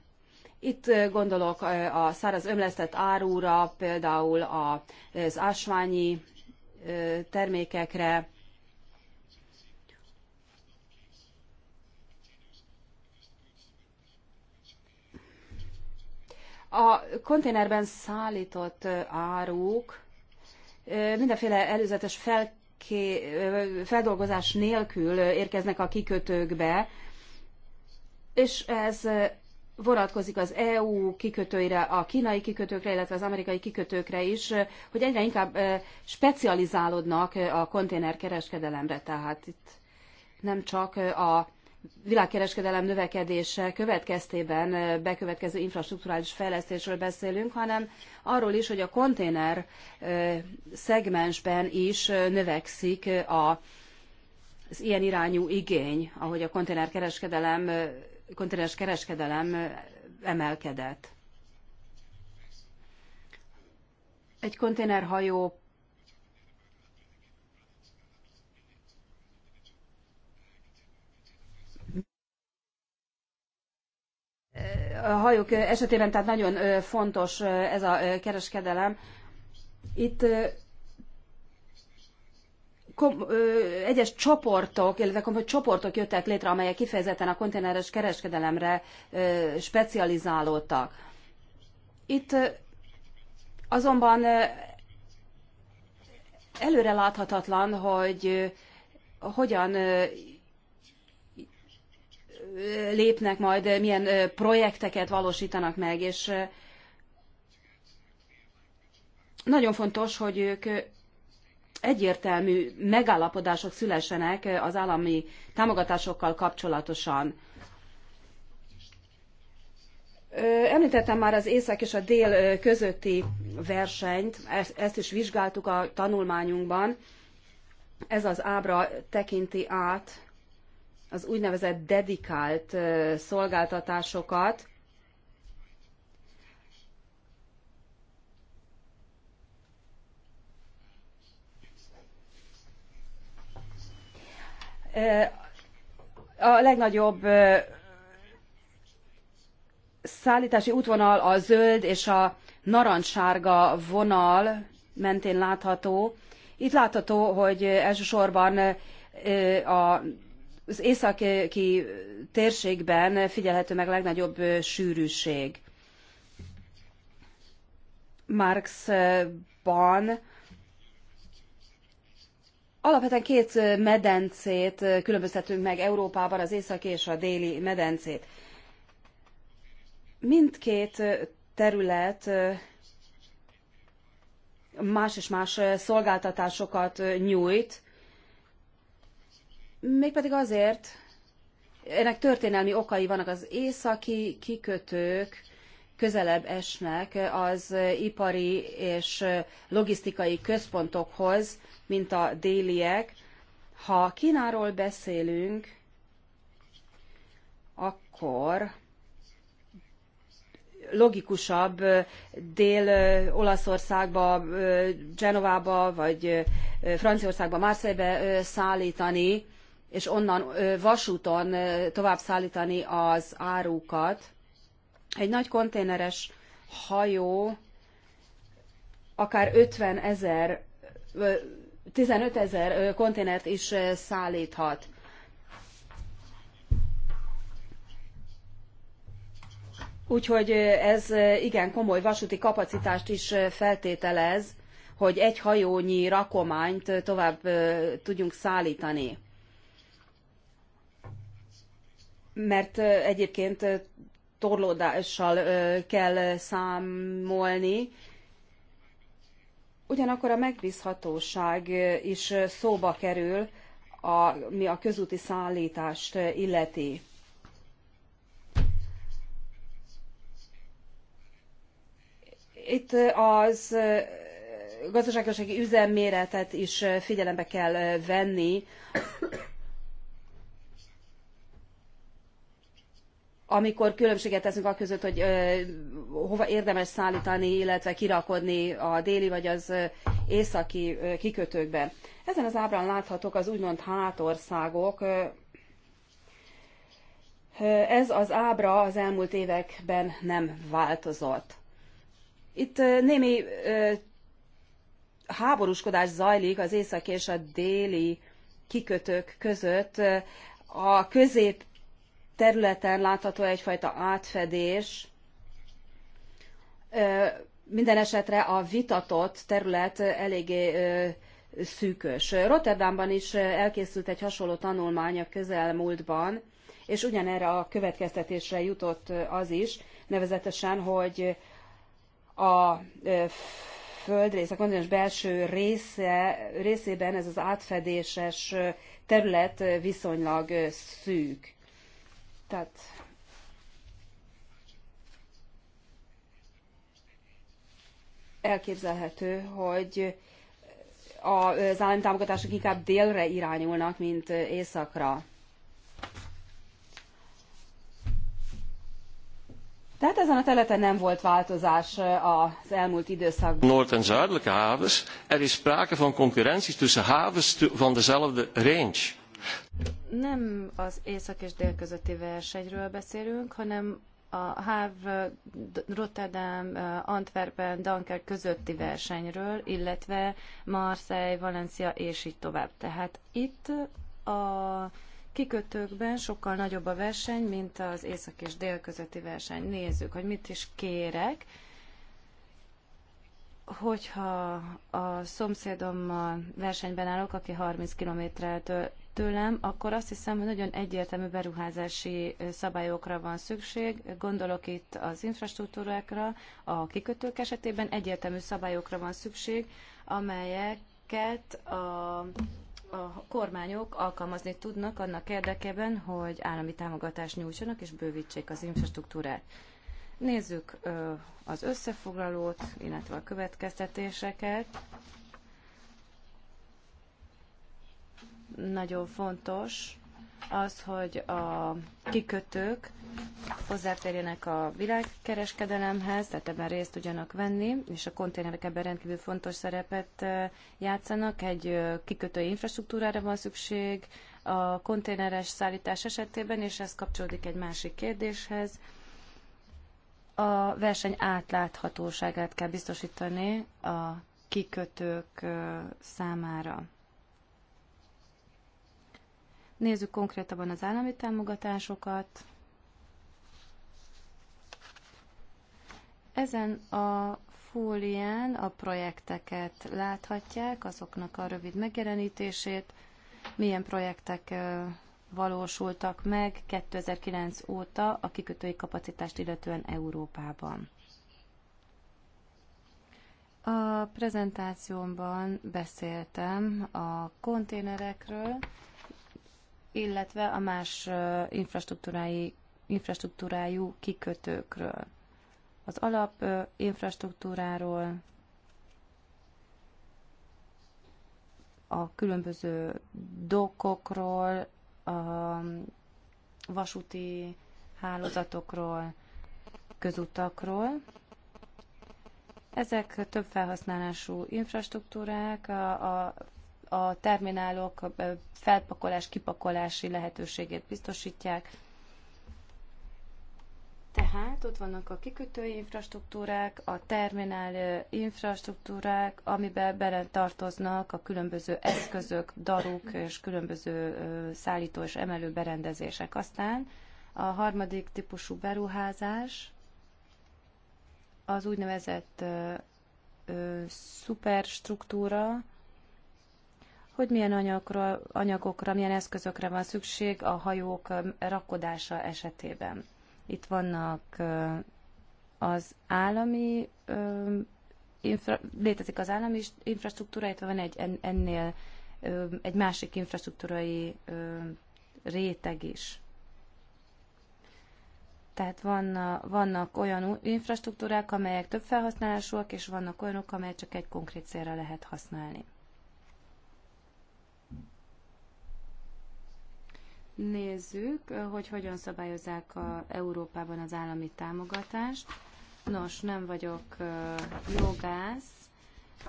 Itt gondolok a száraz ömlesztett árúra, például az ásványi termékekre, A konténerben szállított áruk mindenféle előzetes felké, feldolgozás nélkül érkeznek a kikötőkbe, és ez vonatkozik az EU kikötőire, a kínai kikötőkre, illetve az amerikai kikötőkre is, hogy egyre inkább specializálódnak a konténerkereskedelemre. Tehát itt nem csak a világkereskedelem növekedése következtében bekövetkező infrastruktúrális fejlesztésről beszélünk, hanem arról is, hogy a konténer szegmensben is növekszik a, az ilyen irányú igény, ahogy a konténerkereskedelem, konténeres kereskedelem emelkedett. Egy konténerhajó a hajók esetében tehát nagyon fontos ez a kereskedelem. Itt egyes csoportok, illetve csoportok jöttek létre, amelyek kifejezetten a konténeres kereskedelemre specializálódtak. Itt azonban előreláthatatlan, előre láthatatlan, hogy hogyan lépnek majd, milyen projekteket valósítanak meg, és nagyon fontos, hogy ők egyértelmű megállapodások szülessenek az állami támogatásokkal kapcsolatosan. Említettem már az észak és a dél közötti versenyt, ezt is vizsgáltuk a tanulmányunkban. Ez az ábra tekinti át az úgynevezett dedikált szolgáltatásokat, A legnagyobb szállítási útvonal a zöld és a narancssárga vonal mentén látható. Itt látható, hogy elsősorban a az északi térségben figyelhető meg legnagyobb sűrűség. Marxban alapvetően két medencét különböztetünk meg Európában, az északi és a déli medencét. Mindkét terület más és más szolgáltatásokat nyújt, Mégpedig azért, ennek történelmi okai vannak az északi kikötők, közelebb esnek az ipari és logisztikai központokhoz, mint a déliek. Ha Kínáról beszélünk, akkor logikusabb Dél-Olaszországba, Genovába vagy Franciaországba, Marseille-be szállítani és onnan vasúton tovább szállítani az árukat. Egy nagy konténeres hajó akár 50 ezer, 15 ezer konténert is szállíthat. Úgyhogy ez igen komoly vasúti kapacitást is feltételez, hogy egy hajónyi rakományt tovább tudjunk szállítani mert egyébként torlódással kell számolni. Ugyanakkor a megbízhatóság is szóba kerül, a, mi a közúti szállítást illeti. Itt az gazdaságosági üzemméretet is figyelembe kell venni amikor különbséget teszünk a között, hogy ö, hova érdemes szállítani, illetve kirakodni a déli vagy az északi ö, kikötőkben. Ezen az ábrán láthatók az úgymond hátországok. Ö, ez az ábra az elmúlt években nem változott. Itt némi ö, háborúskodás zajlik az északi és a déli kikötők között. A közép területen látható egyfajta átfedés. Minden esetre a vitatott terület eléggé szűkös. Rotterdamban is elkészült egy hasonló tanulmány a közelmúltban, és ugyanerre a következtetésre jutott az is, nevezetesen, hogy a földrész, a kontinens belső része, részében ez az átfedéses terület viszonylag szűk. Tehát elképzelhető, hogy az államtámogatások inkább délre irányulnak, mint északra. Tehát ezen a területen nem volt változás az elmúlt időszakban. Noord- en zuidelijke havens. Er is sprake van concurrentie tussen havens van dezelfde range. Nem az észak és dél közötti versenyről beszélünk, hanem a Hav, Rotterdam, Antwerpen, Dunker közötti versenyről, illetve Marseille, Valencia és így tovább. Tehát itt a kikötőkben sokkal nagyobb a verseny, mint az észak és dél közötti verseny. Nézzük, hogy mit is kérek. Hogyha a szomszédommal versenyben állok, aki 30 kilométertől tőlem, akkor azt hiszem, hogy nagyon egyértelmű beruházási szabályokra van szükség. Gondolok itt az infrastruktúrákra, a kikötők esetében egyértelmű szabályokra van szükség, amelyeket a, a kormányok alkalmazni tudnak annak érdekében, hogy állami támogatást nyújtsanak és bővítsék az infrastruktúrát. Nézzük az összefoglalót, illetve a következtetéseket. Nagyon fontos az, hogy a kikötők hozzáférjenek a világkereskedelemhez, tehát ebben részt tudjanak venni, és a konténerek ebben rendkívül fontos szerepet játszanak. Egy kikötői infrastruktúrára van szükség a konténeres szállítás esetében, és ez kapcsolódik egy másik kérdéshez. A verseny átláthatóságát kell biztosítani a kikötők számára. Nézzük konkrétabban az állami támogatásokat. Ezen a fólián a projekteket láthatják, azoknak a rövid megjelenítését, milyen projektek valósultak meg 2009 óta a kikötői kapacitást illetően Európában. A prezentációmban beszéltem a konténerekről, illetve a más infrastruktúrái, infrastruktúrájú kikötőkről. Az alap infrastruktúráról, a különböző dokokról, a vasúti hálózatokról, közutakról. Ezek több felhasználású infrastruktúrák, a, a a terminálok felpakolás, kipakolási lehetőségét biztosítják. Tehát ott vannak a kikötői infrastruktúrák, a terminál infrastruktúrák, amiben bele tartoznak a különböző eszközök, daruk és különböző szállító és emelő berendezések. Aztán a harmadik típusú beruházás az úgynevezett ö, szuperstruktúra, hogy milyen anyagokra, anyagokra, milyen eszközökre van szükség a hajók rakodása esetében. Itt vannak az állami, infra, létezik az állami infrastruktúra, itt van egy ennél egy másik infrastruktúrai réteg is. Tehát vannak olyan infrastruktúrák, amelyek több felhasználásúak, és vannak olyanok, amelyek csak egy konkrét célra lehet használni. nézzük, hogy hogyan szabályozzák a Európában az állami támogatást. Nos, nem vagyok jogász,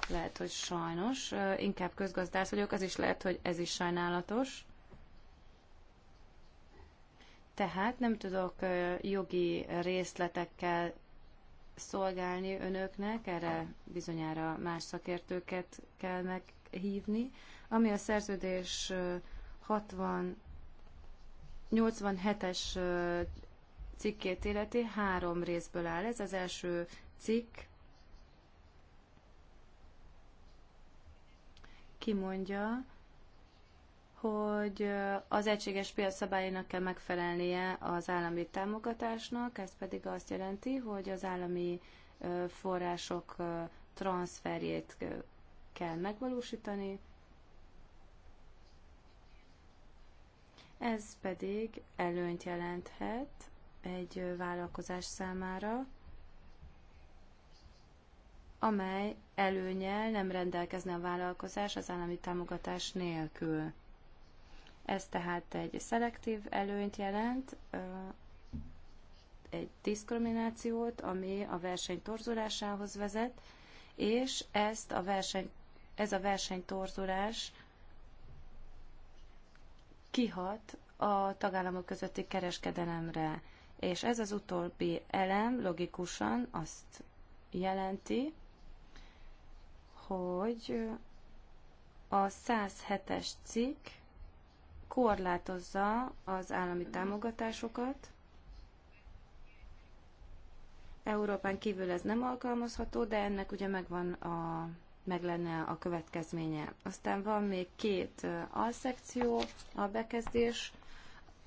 lehet, hogy sajnos, inkább közgazdász vagyok, az is lehet, hogy ez is sajnálatos. Tehát nem tudok jogi részletekkel szolgálni önöknek, erre bizonyára más szakértőket kell meghívni. Ami a szerződés 60 87-es cikkét életi három részből áll ez. Az első cikk kimondja, hogy az egységes piac szabályainak kell megfelelnie az állami támogatásnak, ez pedig azt jelenti, hogy az állami források transferjét kell megvalósítani, Ez pedig előnyt jelenthet egy vállalkozás számára, amely előnyel nem rendelkezne a vállalkozás az állami támogatás nélkül. Ez tehát egy szelektív előnyt jelent, egy diszkriminációt, ami a verseny torzulásához vezet, és ezt a verseny, ez a verseny torzulás kihat a tagállamok közötti kereskedelemre. És ez az utóbbi elem logikusan azt jelenti, hogy a 107-es cikk korlátozza az állami támogatásokat. Európán kívül ez nem alkalmazható, de ennek ugye megvan a meg lenne a következménye. Aztán van még két alszekció, a bekezdés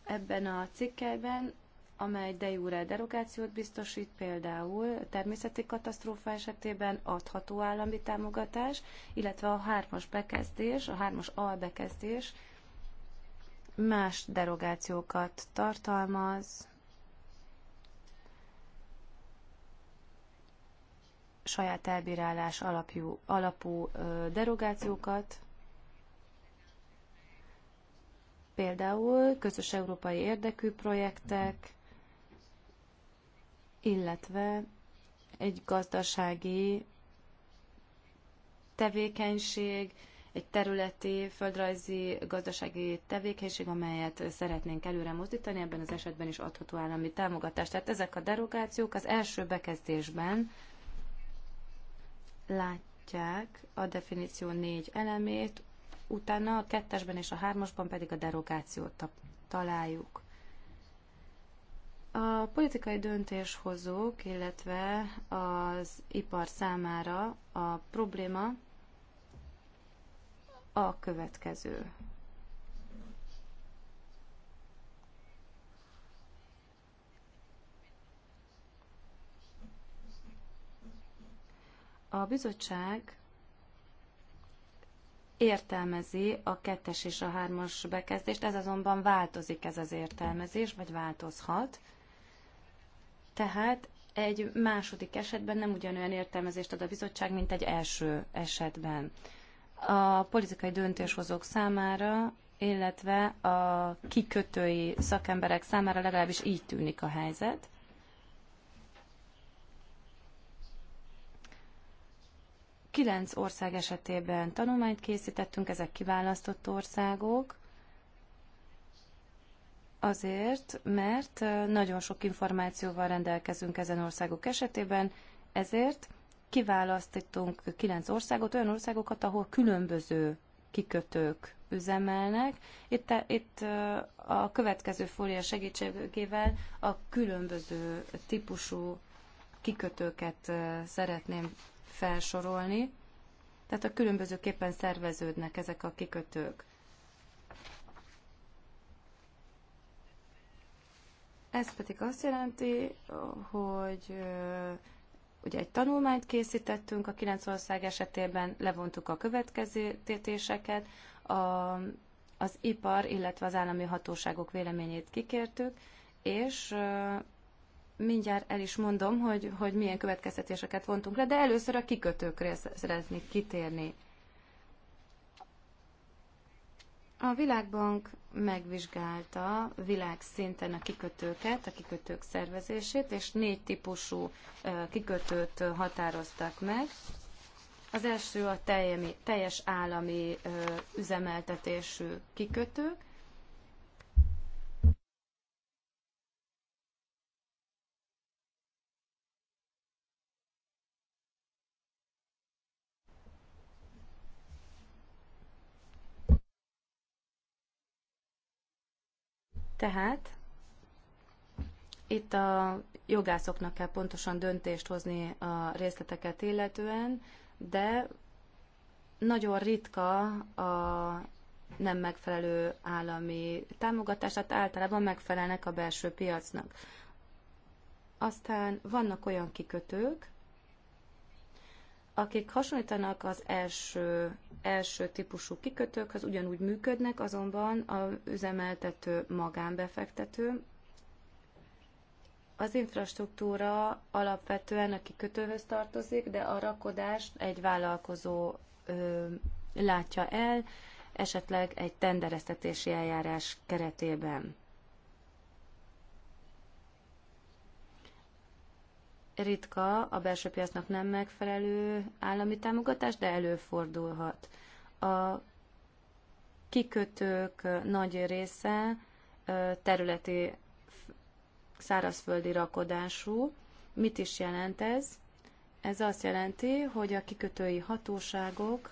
ebben a cikkelyben, amely de jure derogációt biztosít, például természeti katasztrófa esetében adható állami támogatás, illetve a hármas bekezdés, a hármas albekezdés más derogációkat tartalmaz, saját elbírálás alapjú, alapú derogációkat, például közös európai érdekű projektek, illetve egy gazdasági tevékenység, egy területi, földrajzi, gazdasági tevékenység, amelyet szeretnénk előre mozdítani, ebben az esetben is adható állami támogatást. Tehát ezek a derogációk az első bekezdésben látják a definíció négy elemét, utána a kettesben és a hármasban pedig a derogációt találjuk. A politikai döntéshozók, illetve az ipar számára a probléma a következő. A bizottság értelmezi a kettes és a hármas bekezdést, ez azonban változik ez az értelmezés, vagy változhat. Tehát egy második esetben nem ugyanolyan értelmezést ad a bizottság, mint egy első esetben. A politikai döntéshozók számára, illetve a kikötői szakemberek számára legalábbis így tűnik a helyzet. Kilenc ország esetében tanulmányt készítettünk, ezek kiválasztott országok, azért, mert nagyon sok információval rendelkezünk ezen országok esetében, ezért kiválasztítunk kilenc országot, olyan országokat, ahol különböző kikötők üzemelnek. Itt, e, itt a következő fólia segítségével a különböző típusú kikötőket szeretném felsorolni. Tehát a különbözőképpen szerveződnek ezek a kikötők. Ez pedig azt jelenti, hogy ugye egy tanulmányt készítettünk a kilenc ország esetében, levontuk a következtetéseket, az ipar, illetve az állami hatóságok véleményét kikértük, és mindjárt el is mondom, hogy, hogy milyen következtetéseket vontunk le, de először a kikötőkre szeretnék kitérni. A Világbank megvizsgálta világszinten a kikötőket, a kikötők szervezését, és négy típusú kikötőt határoztak meg. Az első a teljemi, teljes állami üzemeltetésű kikötők, Tehát itt a jogászoknak kell pontosan döntést hozni a részleteket illetően, de nagyon ritka a nem megfelelő állami támogatás, tehát általában megfelelnek a belső piacnak. Aztán vannak olyan kikötők, akik hasonlítanak az első, első típusú kikötőkhöz, ugyanúgy működnek, azonban a üzemeltető magánbefektető. Az infrastruktúra alapvetően a kikötőhöz tartozik, de a rakodást egy vállalkozó ö, látja el, esetleg egy tendereztetési eljárás keretében. ritka a belső piacnak nem megfelelő állami támogatás, de előfordulhat. A kikötők nagy része területi szárazföldi rakodású. Mit is jelent ez? Ez azt jelenti, hogy a kikötői hatóságok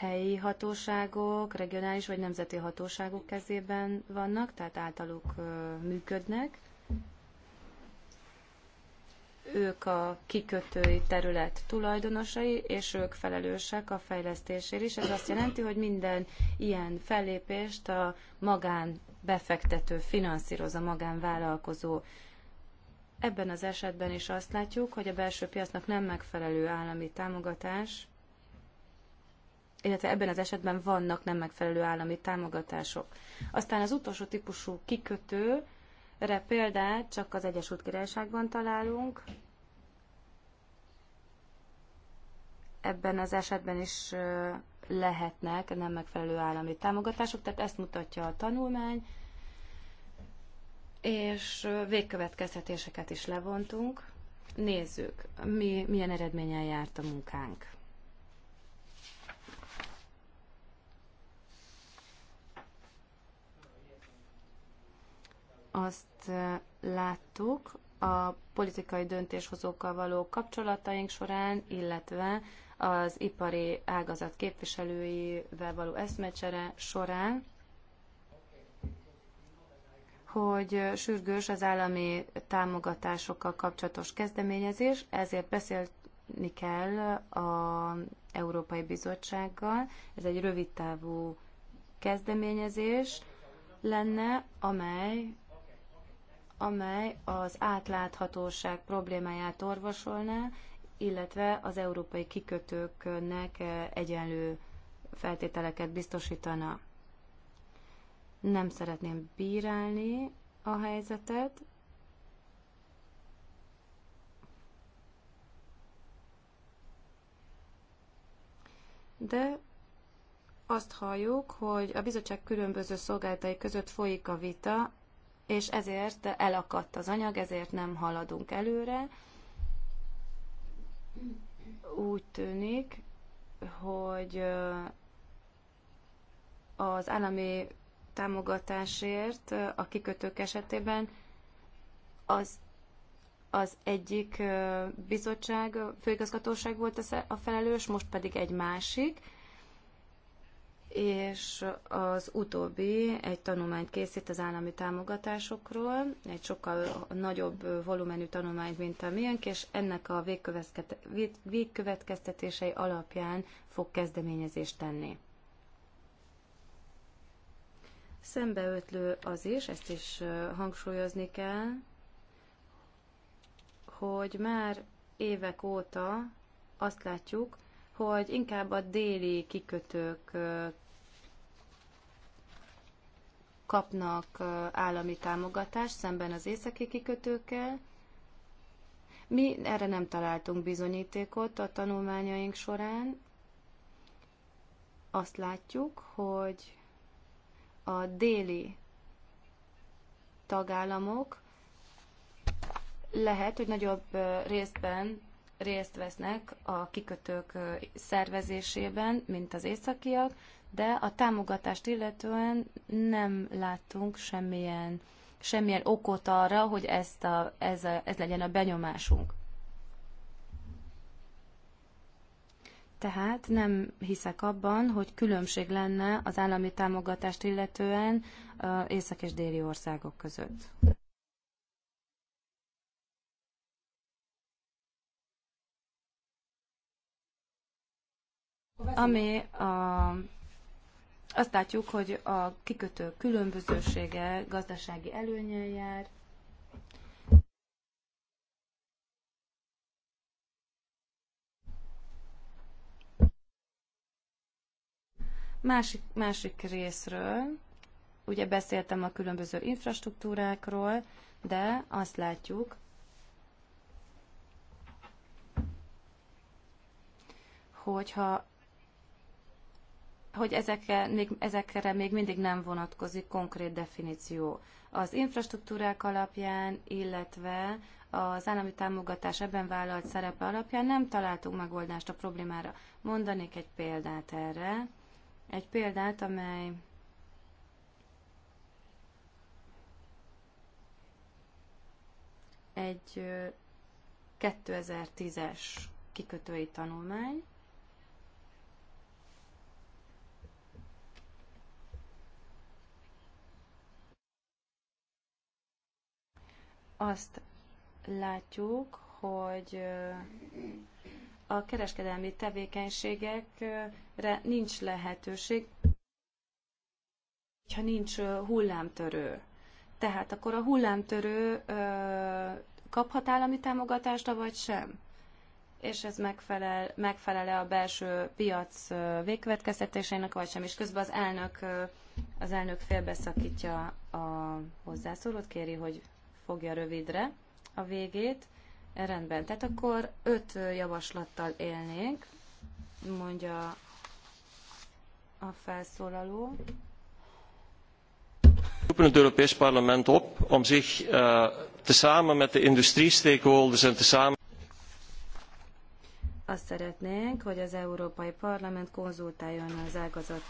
helyi hatóságok, regionális vagy nemzeti hatóságok kezében vannak, tehát általuk működnek. Ők a kikötői terület tulajdonosai, és ők felelősek a fejlesztésért is. Ez azt jelenti, hogy minden ilyen fellépést a magán befektető finanszíroz a magánvállalkozó. Ebben az esetben is azt látjuk, hogy a belső piacnak nem megfelelő állami támogatás illetve ebben az esetben vannak nem megfelelő állami támogatások. Aztán az utolsó típusú kikötőre példát csak az Egyesült Királyságban találunk. Ebben az esetben is lehetnek nem megfelelő állami támogatások, tehát ezt mutatja a tanulmány, és végkövetkeztetéseket is levontunk. Nézzük, mi, milyen eredménnyel járt a munkánk. azt láttuk a politikai döntéshozókkal való kapcsolataink során, illetve az ipari ágazat képviselőivel való eszmecsere során, hogy sürgős az állami támogatásokkal kapcsolatos kezdeményezés, ezért beszélni kell az Európai Bizottsággal. Ez egy rövidtávú kezdeményezés lenne, amely amely az átláthatóság problémáját orvosolná, illetve az európai kikötőknek eh, egyenlő feltételeket biztosítana. Nem szeretném bírálni a helyzetet, de azt halljuk, hogy a bizottság különböző szolgálatai között folyik a vita és ezért elakadt az anyag, ezért nem haladunk előre. Úgy tűnik, hogy az állami támogatásért a kikötők esetében az, az egyik bizottság, főigazgatóság volt a felelős, most pedig egy másik és az utóbbi egy tanulmányt készít az állami támogatásokról, egy sokkal nagyobb volumenű tanulmányt, mint a miénk, és ennek a végkövetkeztetései alapján fog kezdeményezést tenni. Szembeötlő az is, ezt is hangsúlyozni kell, hogy már évek óta azt látjuk, hogy inkább a déli kikötők kapnak állami támogatást szemben az északi kikötőkkel. Mi erre nem találtunk bizonyítékot a tanulmányaink során. Azt látjuk, hogy a déli tagállamok lehet, hogy nagyobb részben részt vesznek a kikötők szervezésében, mint az északiak, de a támogatást illetően nem láttunk semmilyen, semmilyen okot arra, hogy ezt a, ez, a, ez legyen a benyomásunk. Tehát nem hiszek abban, hogy különbség lenne az állami támogatást illetően észak és déli országok között. Ami a, azt látjuk, hogy a kikötő különbözősége gazdasági előnyel jár, Másik, másik részről, ugye beszéltem a különböző infrastruktúrákról, de azt látjuk, hogyha hogy ezekre még, ezekre még mindig nem vonatkozik konkrét definíció. Az infrastruktúrák alapján, illetve az állami támogatás ebben vállalt szerepe alapján nem találtunk megoldást a problémára. Mondanék egy példát erre. Egy példát, amely egy 2010-es kikötői tanulmány, azt látjuk, hogy a kereskedelmi tevékenységekre nincs lehetőség, ha nincs hullámtörő. Tehát akkor a hullámtörő kaphat állami támogatást, vagy sem? és ez megfelel, megfelele a belső piac végkövetkeztetéseinek, vagy sem. És közben az elnök, az elnök félbeszakítja a hozzászólót, kéri, hogy fogja rövidre a végét. E, rendben, tehát akkor öt javaslattal élnénk, mondja a felszólaló. roepen het Europees Parlement op om zich uh, tezamen met de industrie stakeholders en tezamen azt szeretnénk, hogy az Európai Parlament konzultáljon az ágazat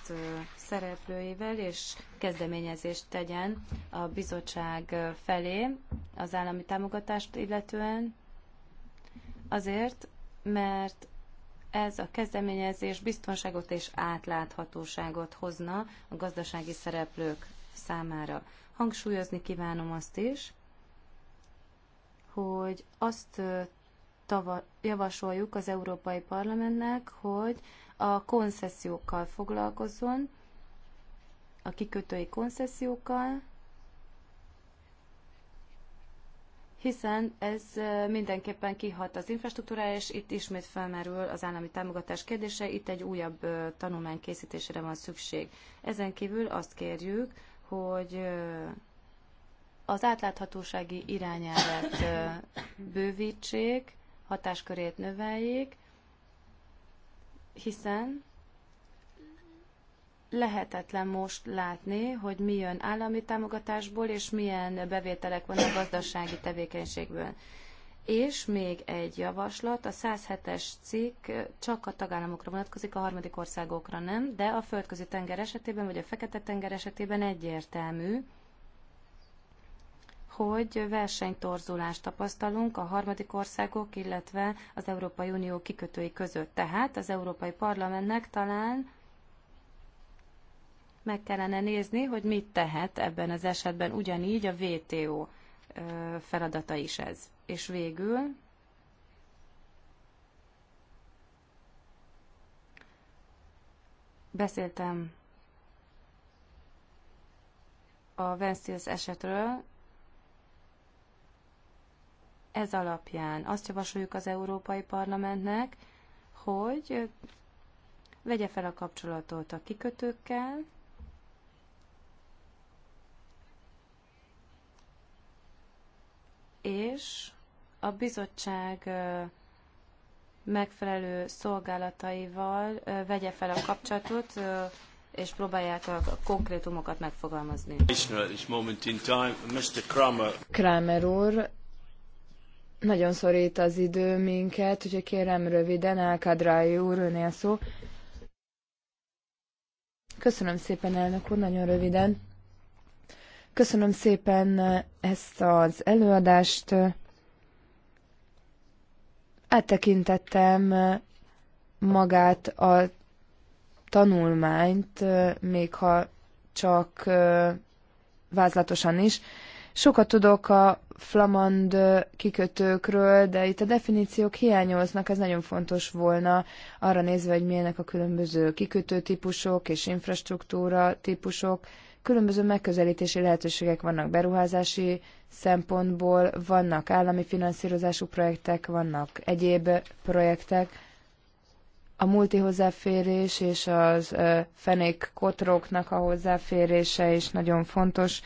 szereplőivel, és kezdeményezést tegyen a bizottság felé az állami támogatást illetően, azért, mert ez a kezdeményezés biztonságot és átláthatóságot hozna a gazdasági szereplők számára. Hangsúlyozni kívánom azt is, hogy azt tava, javasoljuk az Európai Parlamentnek, hogy a koncesziókkal foglalkozzon, a kikötői koncesziókkal, hiszen ez mindenképpen kihat az infrastruktúrára, és itt ismét felmerül az állami támogatás kérdése, itt egy újabb tanulmány készítésére van szükség. Ezen kívül azt kérjük, hogy az átláthatósági irányelvet bővítsék, hatáskörét növeljék, hiszen lehetetlen most látni, hogy mi jön állami támogatásból, és milyen bevételek a gazdasági tevékenységből. És még egy javaslat, a 107-es cikk csak a tagállamokra vonatkozik, a harmadik országokra nem, de a földközi tenger esetében, vagy a fekete tenger esetében egyértelmű, hogy versenytorzulást tapasztalunk a harmadik országok, illetve az Európai Unió kikötői között. Tehát az Európai Parlamentnek talán meg kellene nézni, hogy mit tehet ebben az esetben ugyanígy a WTO feladata is ez. És végül beszéltem a Vencius esetről, ez alapján azt javasoljuk az Európai Parlamentnek, hogy vegye fel a kapcsolatot a kikötőkkel, és a bizottság megfelelő szolgálataival vegye fel a kapcsolatot, és próbálják a konkrétumokat megfogalmazni. Kramer úr, nagyon szorít az idő minket, úgyhogy kérem röviden, Elkadrái úr, önél szó. Köszönöm szépen, elnök úr, nagyon röviden. Köszönöm szépen ezt az előadást. Áttekintettem magát a tanulmányt, még ha csak vázlatosan is. Sokat tudok a flamand kikötőkről, de itt a definíciók hiányoznak, ez nagyon fontos volna arra nézve, hogy milyenek a különböző kikötőtípusok és infrastruktúra típusok. Különböző megközelítési lehetőségek vannak beruházási szempontból, vannak állami finanszírozású projektek, vannak egyéb projektek. A multi hozzáférés és az fenék kotroknak a hozzáférése is nagyon fontos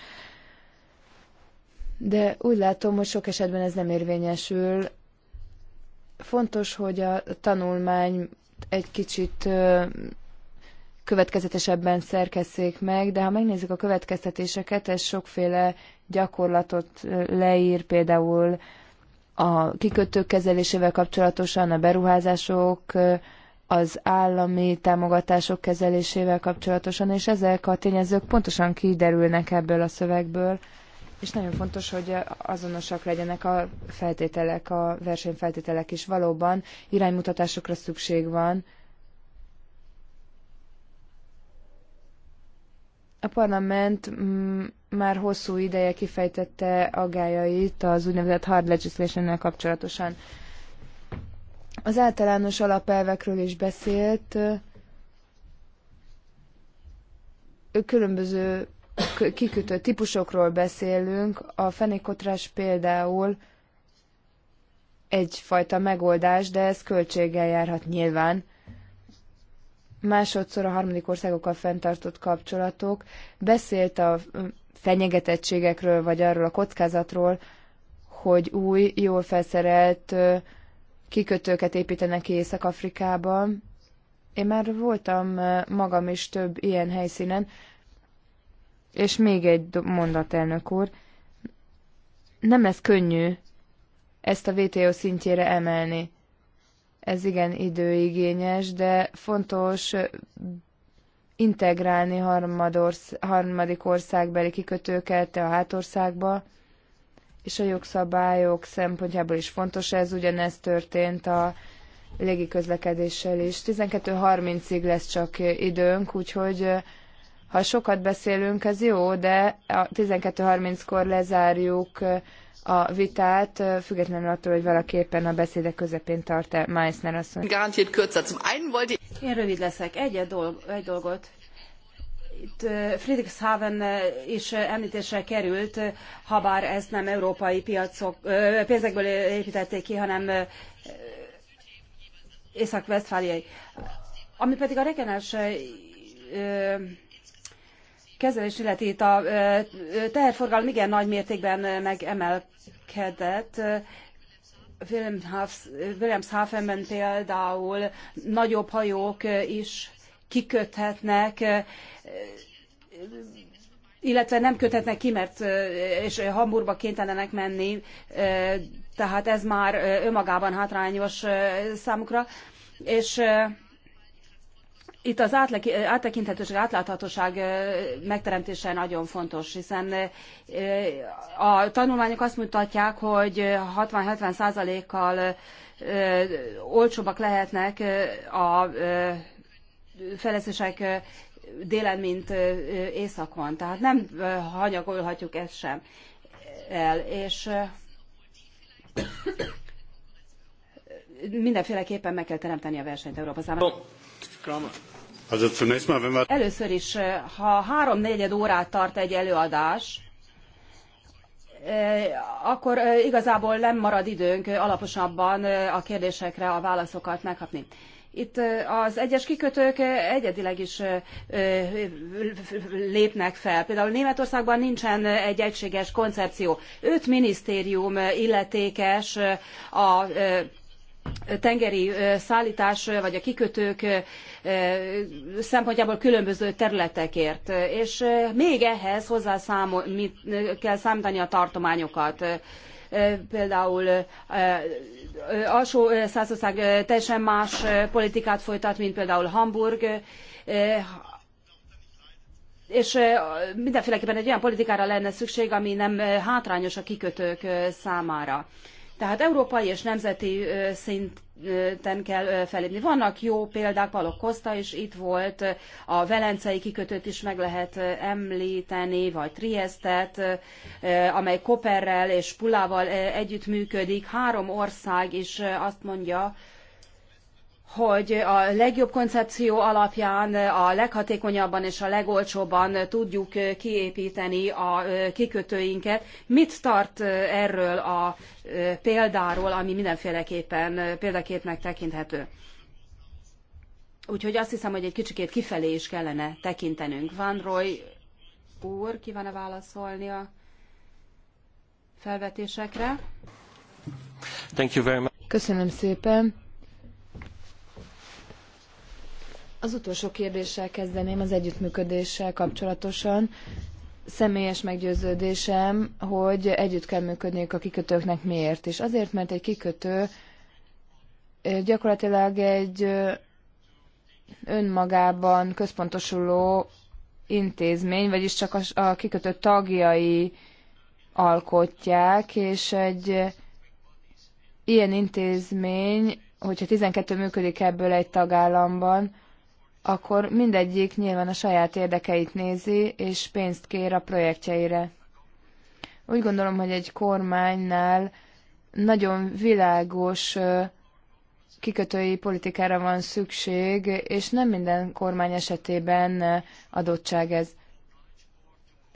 de úgy látom, hogy sok esetben ez nem érvényesül. Fontos, hogy a tanulmány egy kicsit következetesebben szerkeszék meg, de ha megnézzük a következtetéseket, ez sokféle gyakorlatot leír, például a kikötők kezelésével kapcsolatosan, a beruházások, az állami támogatások kezelésével kapcsolatosan, és ezek a tényezők pontosan kiderülnek ebből a szövegből és nagyon fontos, hogy azonosak legyenek a feltételek, a versenyfeltételek is. Valóban iránymutatásokra szükség van. A parlament mm, már hosszú ideje kifejtette aggájait az úgynevezett hard legislation kapcsolatosan. Az általános alapelvekről is beszélt, különböző kikötő típusokról beszélünk, a fenékotrás például egyfajta megoldás, de ez költséggel járhat nyilván. Másodszor a harmadik országokkal fenntartott kapcsolatok. Beszélt a fenyegetettségekről, vagy arról a kockázatról, hogy új, jól felszerelt kikötőket építenek Észak-Afrikában. Én már voltam magam is több ilyen helyszínen, és még egy mondat, elnök úr. Nem lesz könnyű ezt a VTO szintjére emelni. Ez igen időigényes, de fontos integrálni harmadorsz, harmadik országbeli kikötőket a hátországba, és a jogszabályok szempontjából is fontos ez, ugyanez történt a légiközlekedéssel is. 12.30-ig lesz csak időnk, úgyhogy ha sokat beszélünk, ez jó, de a 12.30-kor lezárjuk a vitát, függetlenül attól, hogy valaki éppen a beszédek közepén tart-e Meissner asszony. Én rövid leszek. Egy, dolg, egy dolgot itt Friedrichshafen is említésre került, ha bár ezt nem európai piacok, pénzekből építették ki, hanem észak-vesztfáliai. Ami pedig a regionális kezelés a teherforgalom igen nagy mértékben megemelkedett. Wilhelmshavenben például nagyobb hajók is kiköthetnek, illetve nem köthetnek ki, mert és Hamburgba kénytelenek menni, tehát ez már önmagában hátrányos számukra. És itt az áttekinthetőség, átláthatóság megteremtése nagyon fontos, hiszen a tanulmányok azt mutatják, hogy 60-70 százalékkal olcsóbbak lehetnek a fejlesztések délen, mint északon. Tehát nem hanyagolhatjuk ezt sem el. És mindenféleképpen meg kell teremteni a versenyt Európa számára. Kramer. Először is, eh, ha háromnegyed órát tart egy előadás, eh, akkor eh, igazából nem marad időnk alaposabban a kérdésekre a válaszokat megkapni. Itt az egyes kikötők egyedileg is lépnek fel. Például Németországban nincsen egy egységes koncepció. Öt minisztérium illetékes a tengeri szállítás vagy a kikötők szempontjából különböző területekért. És még ehhez hozzá kell számítani a tartományokat. Például alsó százország teljesen más politikát folytat, mint például Hamburg, és mindenféleképpen egy olyan politikára lenne szükség, ami nem hátrányos a kikötők számára. Tehát európai és nemzeti szinten kell felépni. Vannak jó példák, Palok Koszta is itt volt, a velencei kikötőt is meg lehet említeni, vagy Triestet, amely Koperrel és Pulával együttműködik. Három ország is azt mondja, hogy a legjobb koncepció alapján a leghatékonyabban és a legolcsóbban tudjuk kiépíteni a kikötőinket. Mit tart erről a példáról, ami mindenféleképpen példaképnek tekinthető? Úgyhogy azt hiszem, hogy egy kicsikét kifelé is kellene tekintenünk. Van Roy úr, kívánna válaszolni a felvetésekre? Thank you very much. Köszönöm szépen. Az utolsó kérdéssel kezdeném az együttműködéssel kapcsolatosan. Személyes meggyőződésem, hogy együtt kell működniük a kikötőknek miért is. Azért, mert egy kikötő gyakorlatilag egy önmagában központosuló intézmény, vagyis csak a kikötő tagjai alkotják, és egy ilyen intézmény, hogyha 12 működik ebből egy tagállamban, akkor mindegyik nyilván a saját érdekeit nézi, és pénzt kér a projektjeire. Úgy gondolom, hogy egy kormánynál nagyon világos kikötői politikára van szükség, és nem minden kormány esetében adottság ez.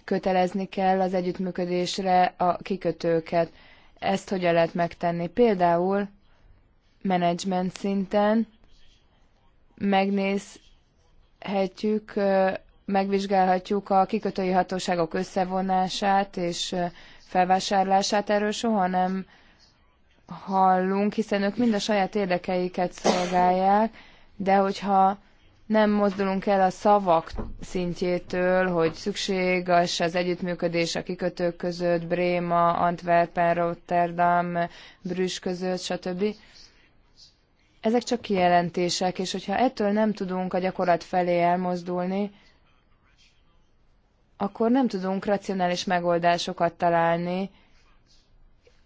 Kötelezni kell az együttműködésre a kikötőket. Ezt hogyan lehet megtenni? Például menedzsment szinten megnéz, megnézhetjük, megvizsgálhatjuk a kikötői hatóságok összevonását és felvásárlását. Erről soha nem hallunk, hiszen ők mind a saját érdekeiket szolgálják, de hogyha nem mozdulunk el a szavak szintjétől, hogy szükséges az együttműködés a kikötők között, Bréma, Antwerpen, Rotterdam, Brüssz között, stb. Ezek csak kijelentések, és hogyha ettől nem tudunk a gyakorlat felé elmozdulni, akkor nem tudunk racionális megoldásokat találni,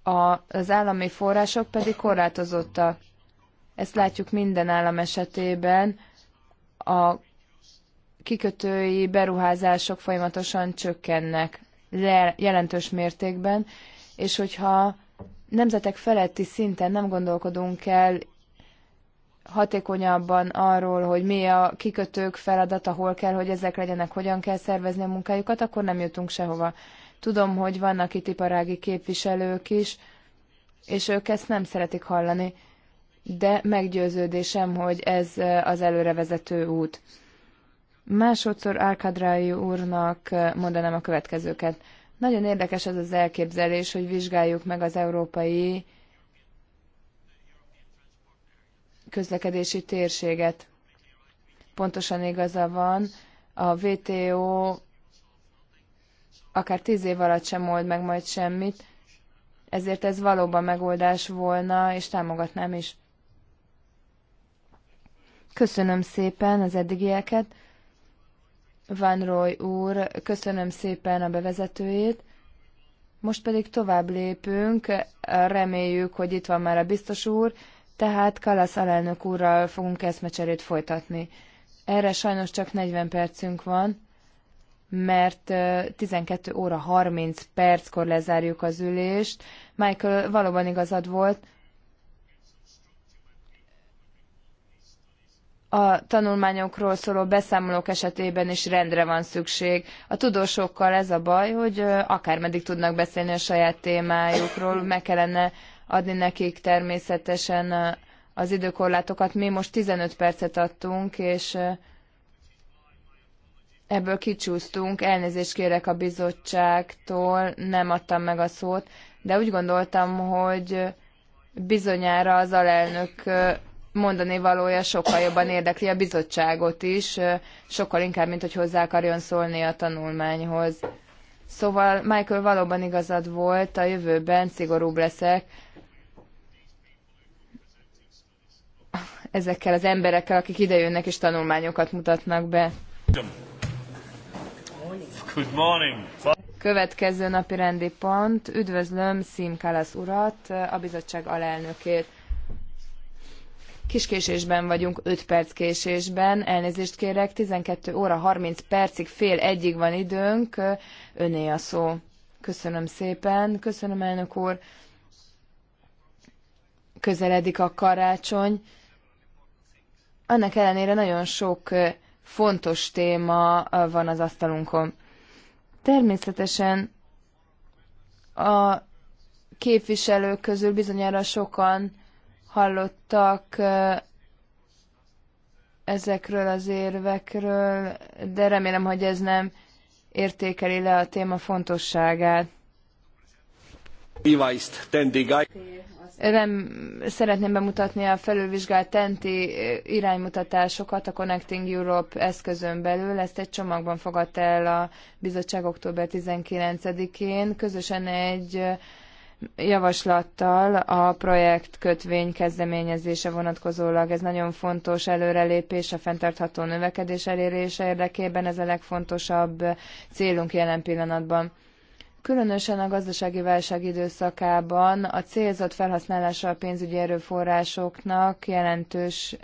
a, az állami források pedig korlátozottak. Ezt látjuk minden állam esetében, a kikötői beruházások folyamatosan csökkennek le, jelentős mértékben, és hogyha nemzetek feletti szinten nem gondolkodunk el hatékonyabban arról, hogy mi a kikötők feladata, hol kell, hogy ezek legyenek, hogyan kell szervezni a munkájukat, akkor nem jutunk sehova. Tudom, hogy vannak itt iparági képviselők is, és ők ezt nem szeretik hallani, de meggyőződésem, hogy ez az előrevezető út. Másodszor Árkadrái úrnak mondanám a következőket. Nagyon érdekes ez az elképzelés, hogy vizsgáljuk meg az európai közlekedési térséget. Pontosan igaza van, a WTO akár tíz év alatt sem old meg majd semmit, ezért ez valóban megoldás volna, és támogatnám is. Köszönöm szépen az eddigieket. Van Roy úr, köszönöm szépen a bevezetőjét. Most pedig tovább lépünk, reméljük, hogy itt van már a biztos úr, tehát Kalasz alelnök úrral fogunk eszmecserét folytatni. Erre sajnos csak 40 percünk van, mert 12 óra 30 perckor lezárjuk az ülést. Michael, valóban igazad volt, a tanulmányokról szóló beszámolók esetében is rendre van szükség. A tudósokkal ez a baj, hogy akármeddig tudnak beszélni a saját témájukról, meg kellene adni nekik természetesen az időkorlátokat. Mi most 15 percet adtunk, és ebből kicsúsztunk. Elnézést kérek a bizottságtól, nem adtam meg a szót, de úgy gondoltam, hogy bizonyára az alelnök mondani valója sokkal jobban érdekli a bizottságot is, sokkal inkább, mint hogy hozzá akarjon szólni a tanulmányhoz. Szóval Michael valóban igazad volt, a jövőben szigorúbb leszek, ezekkel az emberekkel, akik idejönnek és tanulmányokat mutatnak be. Good morning. Következő napi rendi pont. Üdvözlöm Szim Kalasz urat, a bizottság alelnökét. Kis késésben vagyunk, 5 perc késésben. Elnézést kérek, 12 óra 30 percig, fél egyig van időnk. Öné a szó. Köszönöm szépen. Köszönöm, elnök úr. Közeledik a karácsony annak ellenére nagyon sok fontos téma van az asztalunkon. Természetesen a képviselők közül bizonyára sokan hallottak ezekről az érvekről, de remélem, hogy ez nem értékeli le a téma fontosságát. Nem szeretném bemutatni a felülvizsgált tenti eh, iránymutatásokat a Connecting Europe eszközön belül. Ezt egy csomagban fogadta el a bizottság október 19-én. Közösen egy eh, javaslattal a projekt kötvény kezdeményezése vonatkozólag. Ez nagyon fontos előrelépés a fenntartható növekedés elérése érdekében. Ez a legfontosabb eh, célunk jelen pillanatban. Különösen a gazdasági válság időszakában a célzott felhasználása a pénzügyi erőforrásoknak jelentős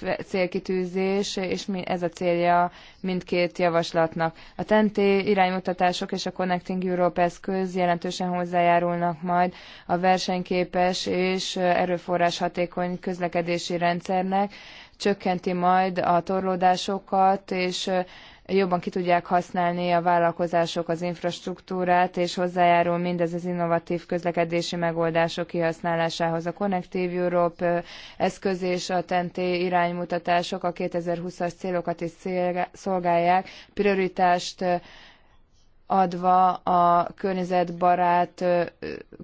eh, célkitűzés, és ez a célja mindkét javaslatnak. A TNT iránymutatások és a Connecting Europe eszköz jelentősen hozzájárulnak majd a versenyképes és erőforrás hatékony közlekedési rendszernek, csökkenti majd a torlódásokat, és eh, jobban ki tudják használni a vállalkozások az infrastruktúrát, és hozzájárul mindez az innovatív közlekedési megoldások kihasználásához. A Connective Europe eszköz és a TNT iránymutatások a 2020-as célokat is szolgálják, prioritást adva a környezetbarát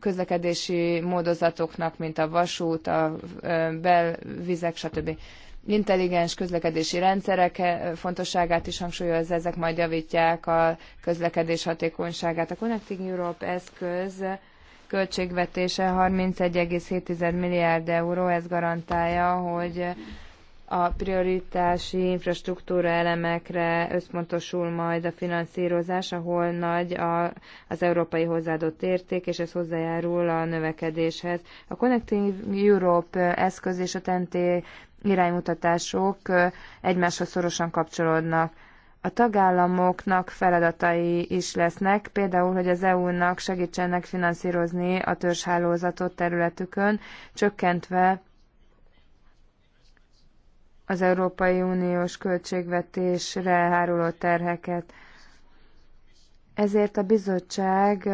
közlekedési módozatoknak, mint a vasút, a belvizek, stb intelligens közlekedési rendszerek eh, fontosságát is hangsúlyozza, ezek majd javítják a közlekedés hatékonyságát. A Connecting Europe eszköz költségvetése 31,7 milliárd euró, ez garantálja, hogy a prioritási infrastruktúra elemekre összpontosul majd a finanszírozás, ahol nagy a, az európai hozzáadott érték, és ez hozzájárul a növekedéshez. A Connecting Europe eszköz és a TNT iránymutatások egymáshoz szorosan kapcsolódnak. A tagállamoknak feladatai is lesznek, például, hogy az EU-nak segítsenek finanszírozni a törzshálózatot területükön, csökkentve az Európai Uniós költségvetésre háruló terheket. Ezért a bizottság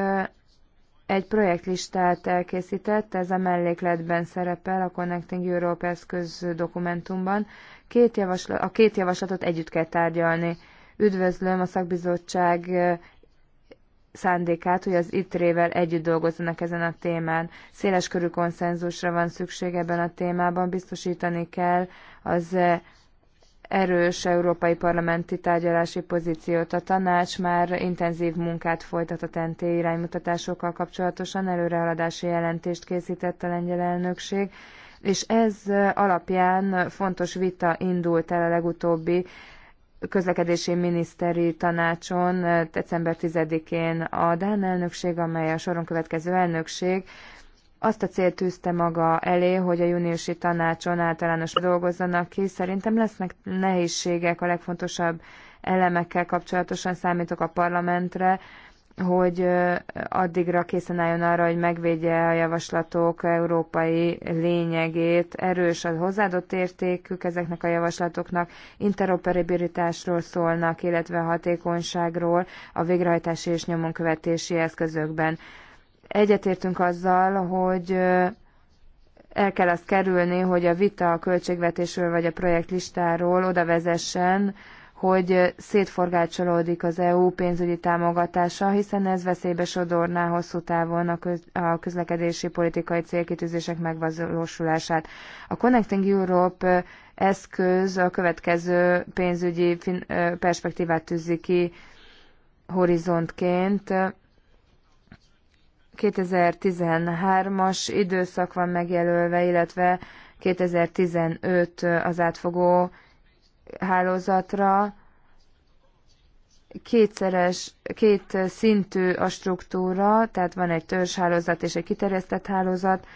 egy projektlistát elkészített, ez a mellékletben szerepel a Connecting Europe eszköz dokumentumban. Két javaslat, a két javaslatot együtt kell tárgyalni. Üdvözlöm a szakbizottság szándékát, hogy az itre vel együtt dolgozzanak ezen a témán. Széleskörű konszenzusra van szükség ebben a témában, biztosítani kell az erős európai parlamenti tárgyalási pozíciót. A tanács már intenzív munkát folytat a TNT iránymutatásokkal kapcsolatosan, előrehaladási jelentést készített a lengyel elnökség, és ez alapján fontos vita indult el a legutóbbi közlekedési miniszteri tanácson december 10-én a Dán elnökség, amely a soron következő elnökség, azt a célt tűzte maga elé, hogy a júniusi tanácson általános dolgozzanak ki. Szerintem lesznek nehézségek a legfontosabb elemekkel kapcsolatosan, számítok a parlamentre, hogy addigra készen álljon arra, hogy megvédje a javaslatok európai lényegét, erős az hozzáadott értékük ezeknek a javaslatoknak, interoperabilitásról szólnak, illetve hatékonyságról a végrehajtási és nyomonkövetési eszközökben. Egyetértünk azzal, hogy el kell azt kerülni, hogy a vita a költségvetésről vagy a projektlistáról oda vezessen, hogy szétforgácsolódik az EU pénzügyi támogatása, hiszen ez veszélybe sodorná hosszú távon a, köz, a közlekedési politikai célkitűzések megvalósulását. A Connecting Europe eszköz a következő pénzügyi perspektívát tűzi ki horizontként. 2013-as időszak van megjelölve, illetve 2015 az átfogó hálózatra. Kétszeres, két szintű a struktúra, tehát van egy törzshálózat és egy kiterjesztett hálózat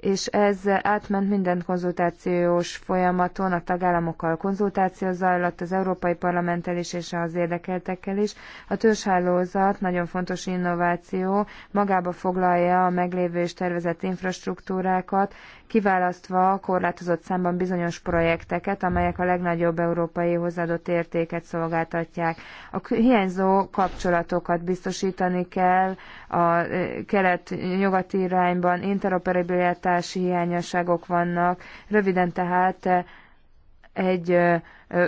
és ez átment minden konzultációs folyamaton, a tagállamokkal konzultáció zajlott, az Európai Parlamenttel is és az érdekeltekkel is. A törzshálózat nagyon fontos innováció, magába foglalja a meglévő és tervezett infrastruktúrákat, kiválasztva korlátozott számban bizonyos projekteket, amelyek a legnagyobb európai hozzáadott értéket szolgáltatják. A hiányzó kapcsolatokat biztosítani kell a kelet-nyugati irányban, interoperabilitási hiányosságok vannak. Röviden tehát egy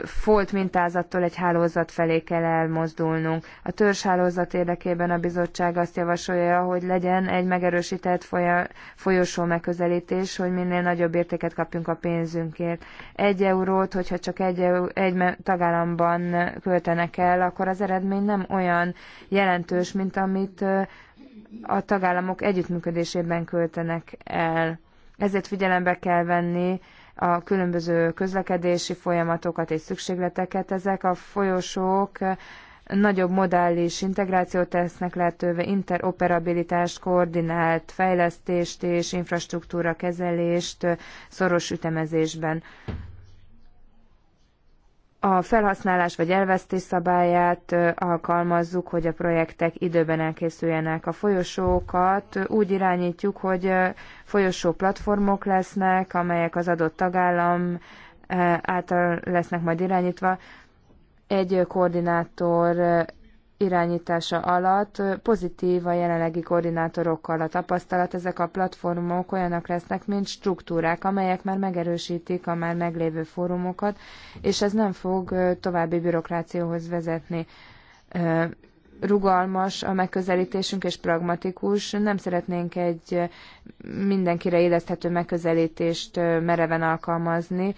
folt mintázattól egy hálózat felé kell elmozdulnunk. A törzshálózat érdekében a bizottság azt javasolja, hogy legyen egy megerősített folyosó megközelítés, hogy minél nagyobb értéket kapjunk a pénzünkért. Egy eurót, hogyha csak egy, egy tagállamban költenek el, akkor az eredmény nem olyan jelentős, mint amit a tagállamok együttműködésében költenek el. Ezért figyelembe kell venni, a különböző közlekedési folyamatokat és szükségleteket. Ezek a folyosók nagyobb modális integrációt tesznek lehetővé, interoperabilitást, koordinált fejlesztést és infrastruktúra kezelést szoros ütemezésben a felhasználás vagy elvesztés szabályát alkalmazzuk, hogy a projektek időben elkészüljenek. A folyosókat úgy irányítjuk, hogy folyosó platformok lesznek, amelyek az adott tagállam által lesznek majd irányítva. Egy koordinátor irányítása alatt pozitív a jelenlegi koordinátorokkal a tapasztalat. Ezek a platformok olyanok lesznek, mint struktúrák, amelyek már megerősítik a már meglévő fórumokat, és ez nem fog további bürokrációhoz vezetni rugalmas a megközelítésünk és pragmatikus. Nem szeretnénk egy mindenkire érezhető megközelítést mereven alkalmazni.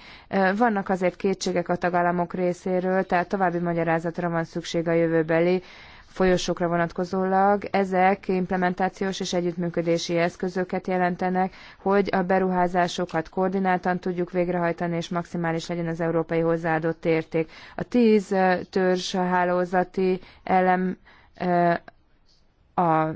Vannak azért kétségek a tagállamok részéről, tehát további magyarázatra van szükség a jövőbeli folyosókra vonatkozólag. Ezek implementációs és együttműködési eszközöket jelentenek, hogy a beruházásokat koordináltan tudjuk végrehajtani, és maximális legyen az európai hozzáadott érték. A tíz törzs hálózati elem a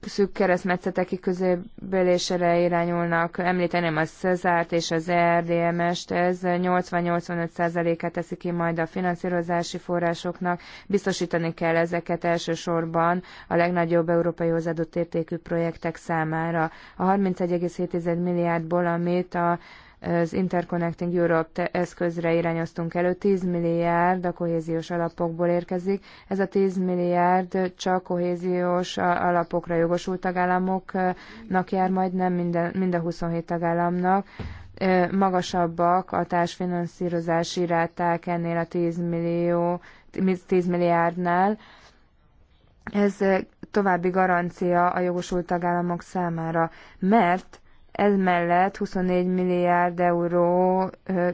szűk keresztmetszetek közébölésére irányulnak. Említeném a Szezárt és az ERDMS-t, ez 80-85%-át teszi ki majd a finanszírozási forrásoknak. Biztosítani kell ezeket elsősorban a legnagyobb európai hozzáadott értékű projektek számára. A 31,7 milliárdból, amit a az Interconnecting Europe eszközre irányoztunk elő, 10 milliárd a kohéziós alapokból érkezik. Ez a 10 milliárd csak kohéziós alapokra jogosult tagállamoknak jár majd, nem minden, mind a 27 tagállamnak. Magasabbak a társfinanszírozási ráták ennél a 10, millió, 10 milliárdnál. Ez további garancia a jogosult tagállamok számára, mert ez mellett 24 milliárd euró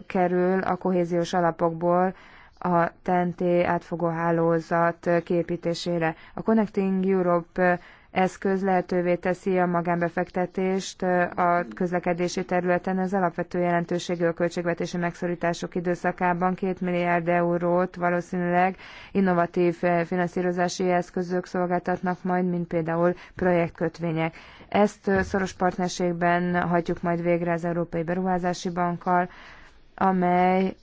kerül a kohéziós alapokból a TNT átfogó hálózat képítésére. A Connecting Europe eszköz lehetővé teszi a magánbefektetést a közlekedési területen. Ez alapvető jelentőségű a költségvetési megszorítások időszakában. Két milliárd eurót valószínűleg innovatív finanszírozási eszközök szolgáltatnak majd, mint például projektkötvények. Ezt szoros partnerségben hagyjuk majd végre az Európai Beruházási Bankkal, amely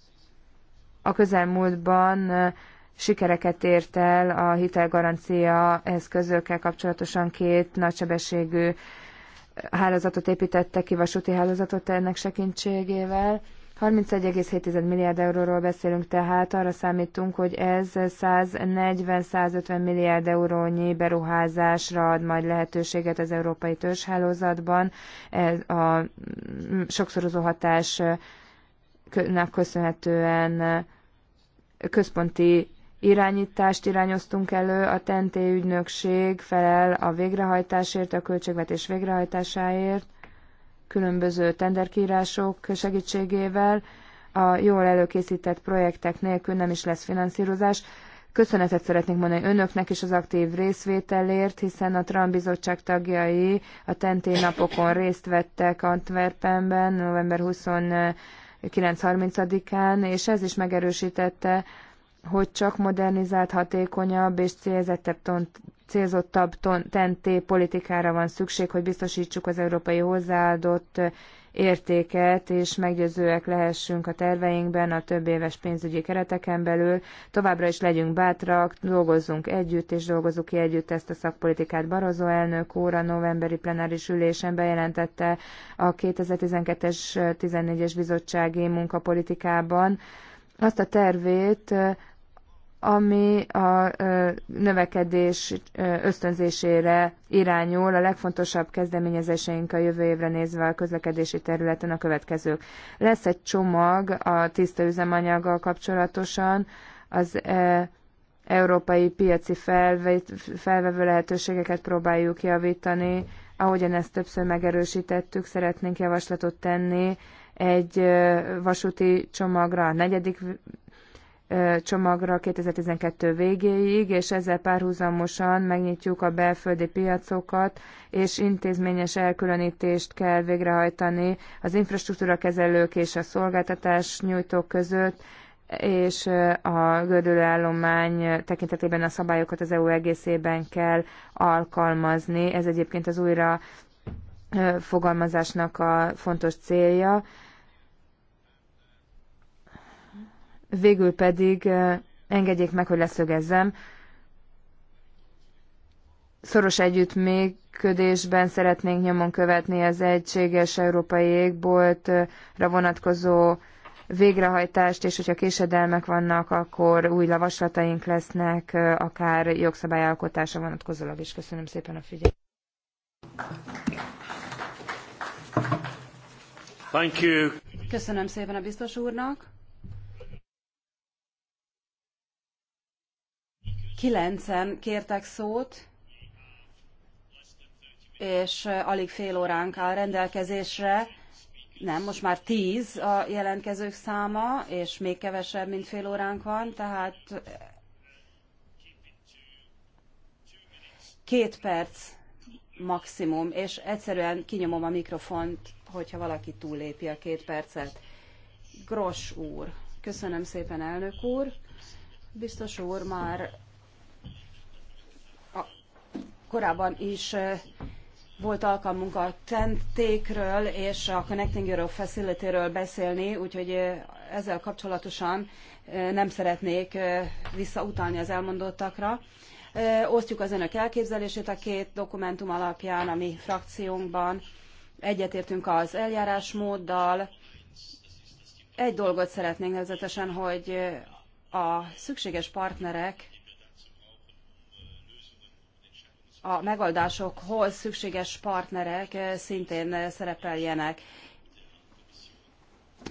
a közelmúltban sikereket ért el a hitelgarancia eszközökkel kapcsolatosan két nagysebességű hálózatot építettek ki, vasúti hálózatot ennek segítségével. 31,7 milliárd euróról beszélünk, tehát arra számítunk, hogy ez 140-150 milliárd eurónyi beruházásra ad majd lehetőséget az európai törzshálózatban. Ez a sokszorozó hatásnak köszönhetően központi irányítást irányoztunk elő, a TNT ügynökség felel a végrehajtásért, a költségvetés végrehajtásáért, különböző tenderkírások segítségével, a jól előkészített projektek nélkül nem is lesz finanszírozás. Köszönetet szeretnék mondani önöknek is az aktív részvételért, hiszen a Trump bizottság tagjai a TNT napokon részt vettek Antwerpenben november 29-30-án, és ez is megerősítette hogy csak modernizált, hatékonyabb és célzettebb tont, célzottabb politikára van szükség, hogy biztosítsuk az európai hozzáadott értéket, és meggyőzőek lehessünk a terveinkben, a több éves pénzügyi kereteken belül. Továbbra is legyünk bátrak, dolgozzunk együtt, és dolgozzuk ki együtt ezt a szakpolitikát. Barozó elnök óra novemberi plenáris ülésen bejelentette a 2012-es 14-es bizottsági munkapolitikában, azt a tervét, ami a növekedés ösztönzésére irányul. A legfontosabb kezdeményezéseink a jövő évre nézve a közlekedési területen a következők. Lesz egy csomag a tiszta üzemanyaggal kapcsolatosan, az európai piaci felvevő lehetőségeket próbáljuk javítani. Ahogyan ezt többször megerősítettük, szeretnénk javaslatot tenni egy vasúti csomagra, a negyedik csomagra 2012 végéig, és ezzel párhuzamosan megnyitjuk a belföldi piacokat, és intézményes elkülönítést kell végrehajtani az infrastruktúra kezelők és a szolgáltatás nyújtók között, és a gödölőállomány tekintetében a szabályokat az EU egészében kell alkalmazni. Ez egyébként az újra fogalmazásnak a fontos célja Végül pedig engedjék meg, hogy leszögezzem. Szoros együttműködésben szeretnénk nyomon követni az egységes európai égboltra vonatkozó végrehajtást, és hogyha késedelmek vannak, akkor új javaslataink lesznek, akár jogszabályalkotása vonatkozólag is. Köszönöm szépen a figyelmet. Thank you. Köszönöm szépen a biztos úrnak. Kilencen kértek szót, és alig fél óránk áll rendelkezésre. Nem, most már tíz a jelentkezők száma, és még kevesebb, mint fél óránk van, tehát két perc maximum, és egyszerűen kinyomom a mikrofont, hogyha valaki túlépi a két percet. Gros úr, köszönöm szépen, elnök úr. Biztos úr már korábban is volt alkalmunk a tentékről és a Connecting Europe Facility-ről beszélni, úgyhogy ezzel kapcsolatosan nem szeretnék visszautalni az elmondottakra. Osztjuk az önök elképzelését a két dokumentum alapján, a mi frakciónkban. Egyetértünk az eljárásmóddal. Egy dolgot szeretnénk nevezetesen, hogy a szükséges partnerek a megoldásokhoz szükséges partnerek eh, szintén eh, szerepeljenek.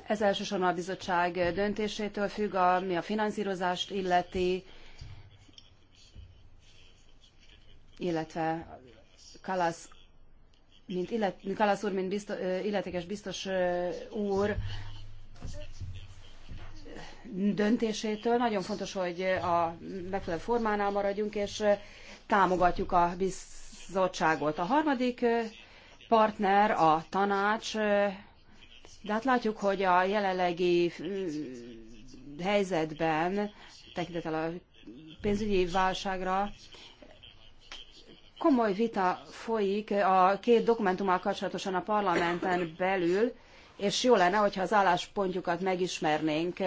Ez elsősorban a bizottság eh, döntésétől függ, ami a finanszírozást illeti, illetve Kalasz, mint illet, Kalasz úr, mint biztos, illetékes biztos úr döntésétől. Nagyon fontos, hogy a megfelelő formánál maradjunk, és támogatjuk a bizottságot. A harmadik partner a tanács, de hát látjuk, hogy a jelenlegi helyzetben, tekintettel a pénzügyi válságra, komoly vita folyik a két dokumentummal kapcsolatosan a parlamenten belül, és jó lenne, hogyha az álláspontjukat megismernénk.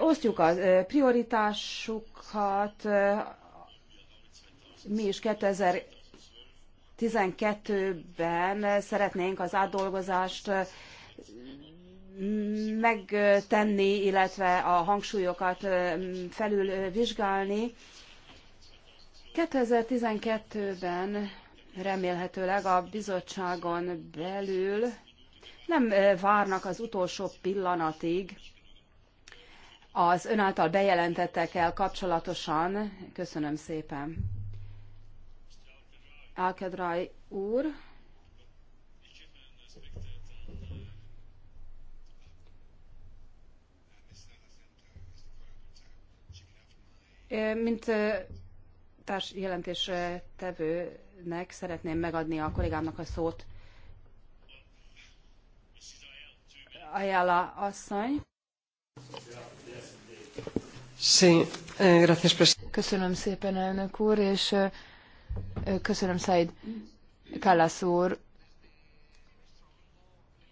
Osztjuk a prioritásukat, mi is 2012-ben szeretnénk az átdolgozást megtenni, illetve a hangsúlyokat felülvizsgálni. 2012-ben remélhetőleg a bizottságon belül nem várnak az utolsó pillanatig az önáltal bejelentettekkel kapcsolatosan. Köszönöm szépen. Alkedraj úr. Mint társ jelentés tevőnek szeretném megadni a kollégámnak a szót. Ayala asszony. Eh, Köszönöm szépen, elnök úr, és Köszönöm, Said Kallász úr.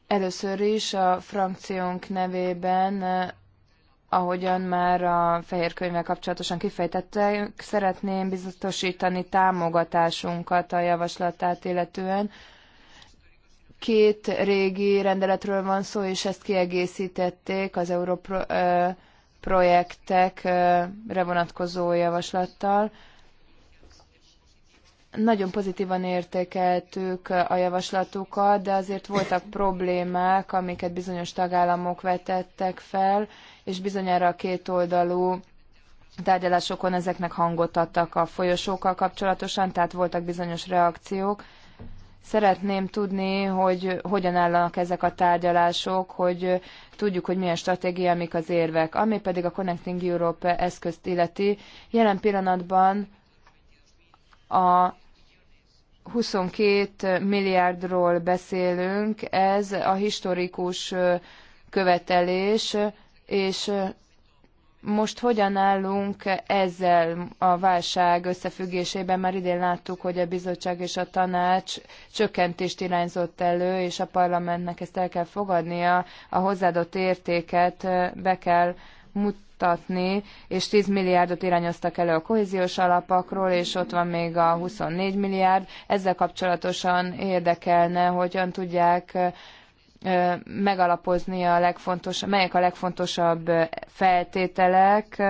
Először is a frakciónk nevében, ahogyan már a fehér könyvvel kapcsolatosan kifejtettek, szeretném biztosítani támogatásunkat a javaslatát illetően. Két régi rendeletről van szó, és ezt kiegészítették az Európro projektekre vonatkozó javaslattal. Nagyon pozitívan értékeltük a javaslatukat, de azért voltak problémák, amiket bizonyos tagállamok vetettek fel, és bizonyára a kétoldalú tárgyalásokon ezeknek hangot adtak a folyosókkal kapcsolatosan, tehát voltak bizonyos reakciók. Szeretném tudni, hogy hogyan állnak ezek a tárgyalások, hogy tudjuk, hogy milyen stratégia, mik az érvek. Ami pedig a Connecting Europe eszközt illeti, jelen pillanatban a 22 milliárdról beszélünk, ez a historikus követelés, és most hogyan állunk ezzel a válság összefüggésében? Már idén láttuk, hogy a bizottság és a tanács csökkentést irányzott elő, és a parlamentnek ezt el kell fogadnia, a hozzáadott értéket be kell mutatni, és 10 milliárdot irányoztak elő a kohéziós alapakról, és ott van még a 24 milliárd. Ezzel kapcsolatosan érdekelne, hogyan tudják megalapozni a legfontos, melyek a legfontosabb feltételek,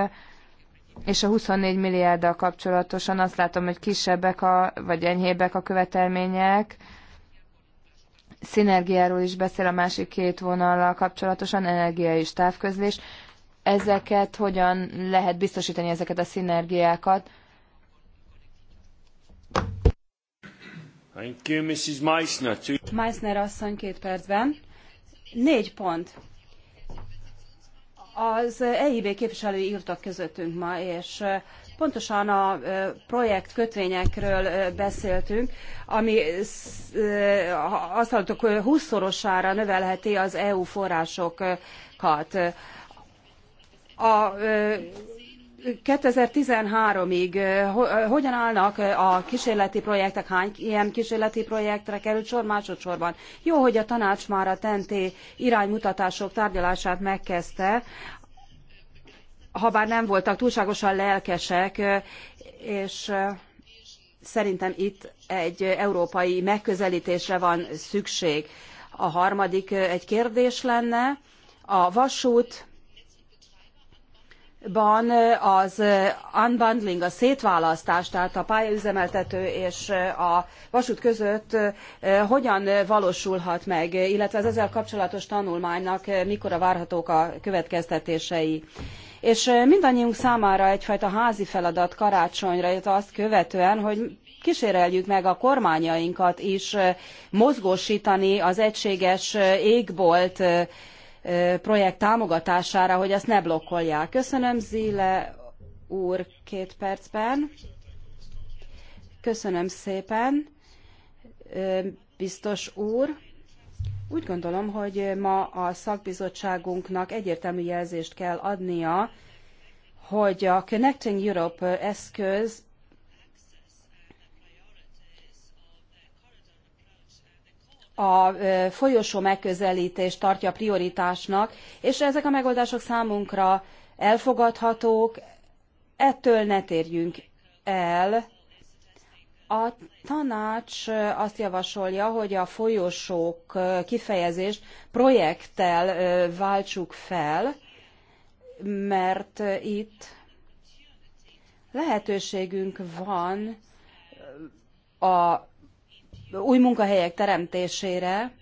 és a 24 milliárddal kapcsolatosan azt látom, hogy kisebbek a, vagy enyhébbek a követelmények. Szinergiáról is beszél a másik két vonallal kapcsolatosan, energia és távközlés ezeket hogyan lehet biztosítani ezeket a szinergiákat. Thank you, Mrs. Meissner. Meissner asszony két percben. Négy pont. Az EIB képviselői írtak közöttünk ma, és pontosan a projekt kötvényekről beszéltünk, ami azt hallottuk, hogy 20-szorosára növelheti az EU forrásokat a 2013-ig hogyan állnak a kísérleti projektek, hány ilyen kísérleti projektre került sor másodszorban? Jó, hogy a tanács már a TNT iránymutatások tárgyalását megkezdte, habár nem voltak túlságosan lelkesek, és szerintem itt egy európai megközelítésre van szükség. A harmadik egy kérdés lenne, a vasút ban eh, az eh, unbundling, a szétválasztás, tehát a pályaüzemeltető és eh, a vasút között hogyan valósulhat meg, illetve az ezzel kapcsolatos tanulmánynak mikor a várhatók a következtetései. És mindannyiunk számára egyfajta házi feladat karácsonyra, illetve azt követően, hogy kíséreljük meg a kormányainkat is mozgósítani az egységes égbolt projekt támogatására, hogy ezt ne blokkolják. Köszönöm Zile úr két percben. Köszönöm szépen, biztos úr. Úgy gondolom, hogy ma a szakbizottságunknak egyértelmű jelzést kell adnia, hogy a Connecting Europe eszköz a folyosó megközelítést tartja prioritásnak, és ezek a megoldások számunkra elfogadhatók, ettől ne térjünk el. A tanács azt javasolja, hogy a folyosók kifejezést projekttel váltsuk fel, mert itt lehetőségünk van a új munkahelyek teremtésére,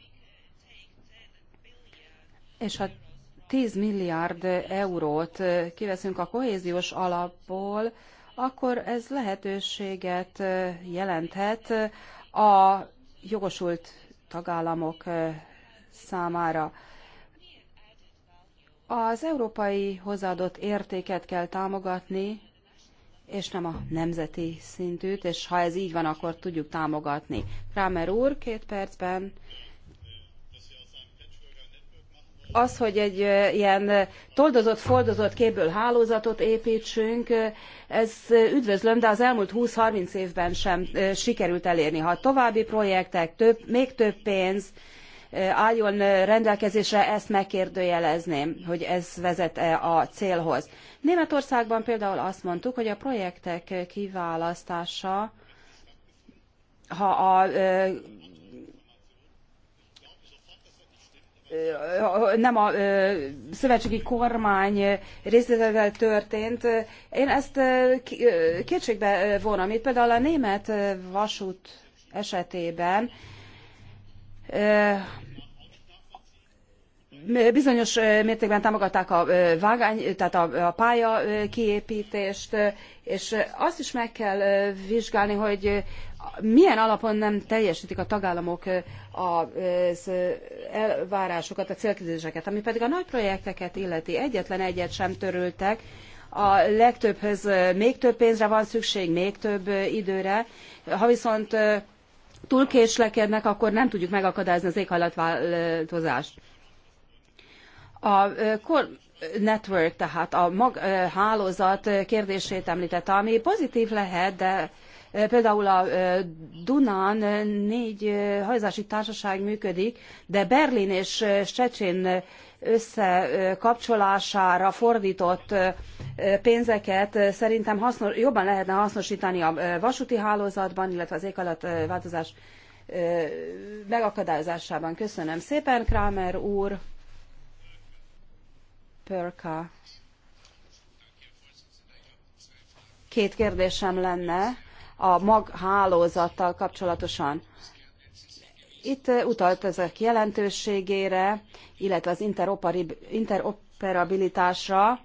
és ha 10 milliárd eurót kiveszünk a kohéziós alapból, akkor ez lehetőséget jelenthet a jogosult tagállamok számára. Az európai hozzáadott értéket kell támogatni, és nem a nemzeti szintűt, és ha ez így van, akkor tudjuk támogatni. Kramer úr, két percben. Az, hogy egy ilyen toldozott, foldozott képből hálózatot építsünk, ez üdvözlöm, de az elmúlt 20-30 évben sem sikerült elérni. Ha további projektek, több, még több pénz, álljon rendelkezésre, ezt megkérdőjelezném, hogy ez vezet-e a célhoz. Németországban például azt mondtuk, hogy a projektek kiválasztása, ha a nem a szövetségi kormány részletevel történt. Én ezt kétségbe vonom. Itt például a német vasút esetében bizonyos mértékben támogatták a vágány, tehát a, a pálya kiépítést, és azt is meg kell vizsgálni, hogy milyen alapon nem teljesítik a tagállamok az elvárásokat, a célkitűzéseket, ami pedig a nagy projekteket illeti. Egyetlen egyet sem törültek, a legtöbbhöz még több pénzre van szükség, még több időre. Ha viszont túl késlekednek, akkor nem tudjuk megakadályozni az éghajlatváltozást. A kor network, tehát a mag, hálózat kérdését említette, ami pozitív lehet, de például a Dunán négy hajózási társaság működik, de Berlin és Szczecin összekapcsolására fordított pénzeket szerintem hasznos, jobban lehetne hasznosítani a vasúti hálózatban, illetve az éghajlatváltozás megakadályozásában. Köszönöm szépen, Kramer úr. Pörka. Két kérdésem lenne a maghálózattal kapcsolatosan. Itt eh, utalt ezek jelentőségére, illetve az interoperabilitásra,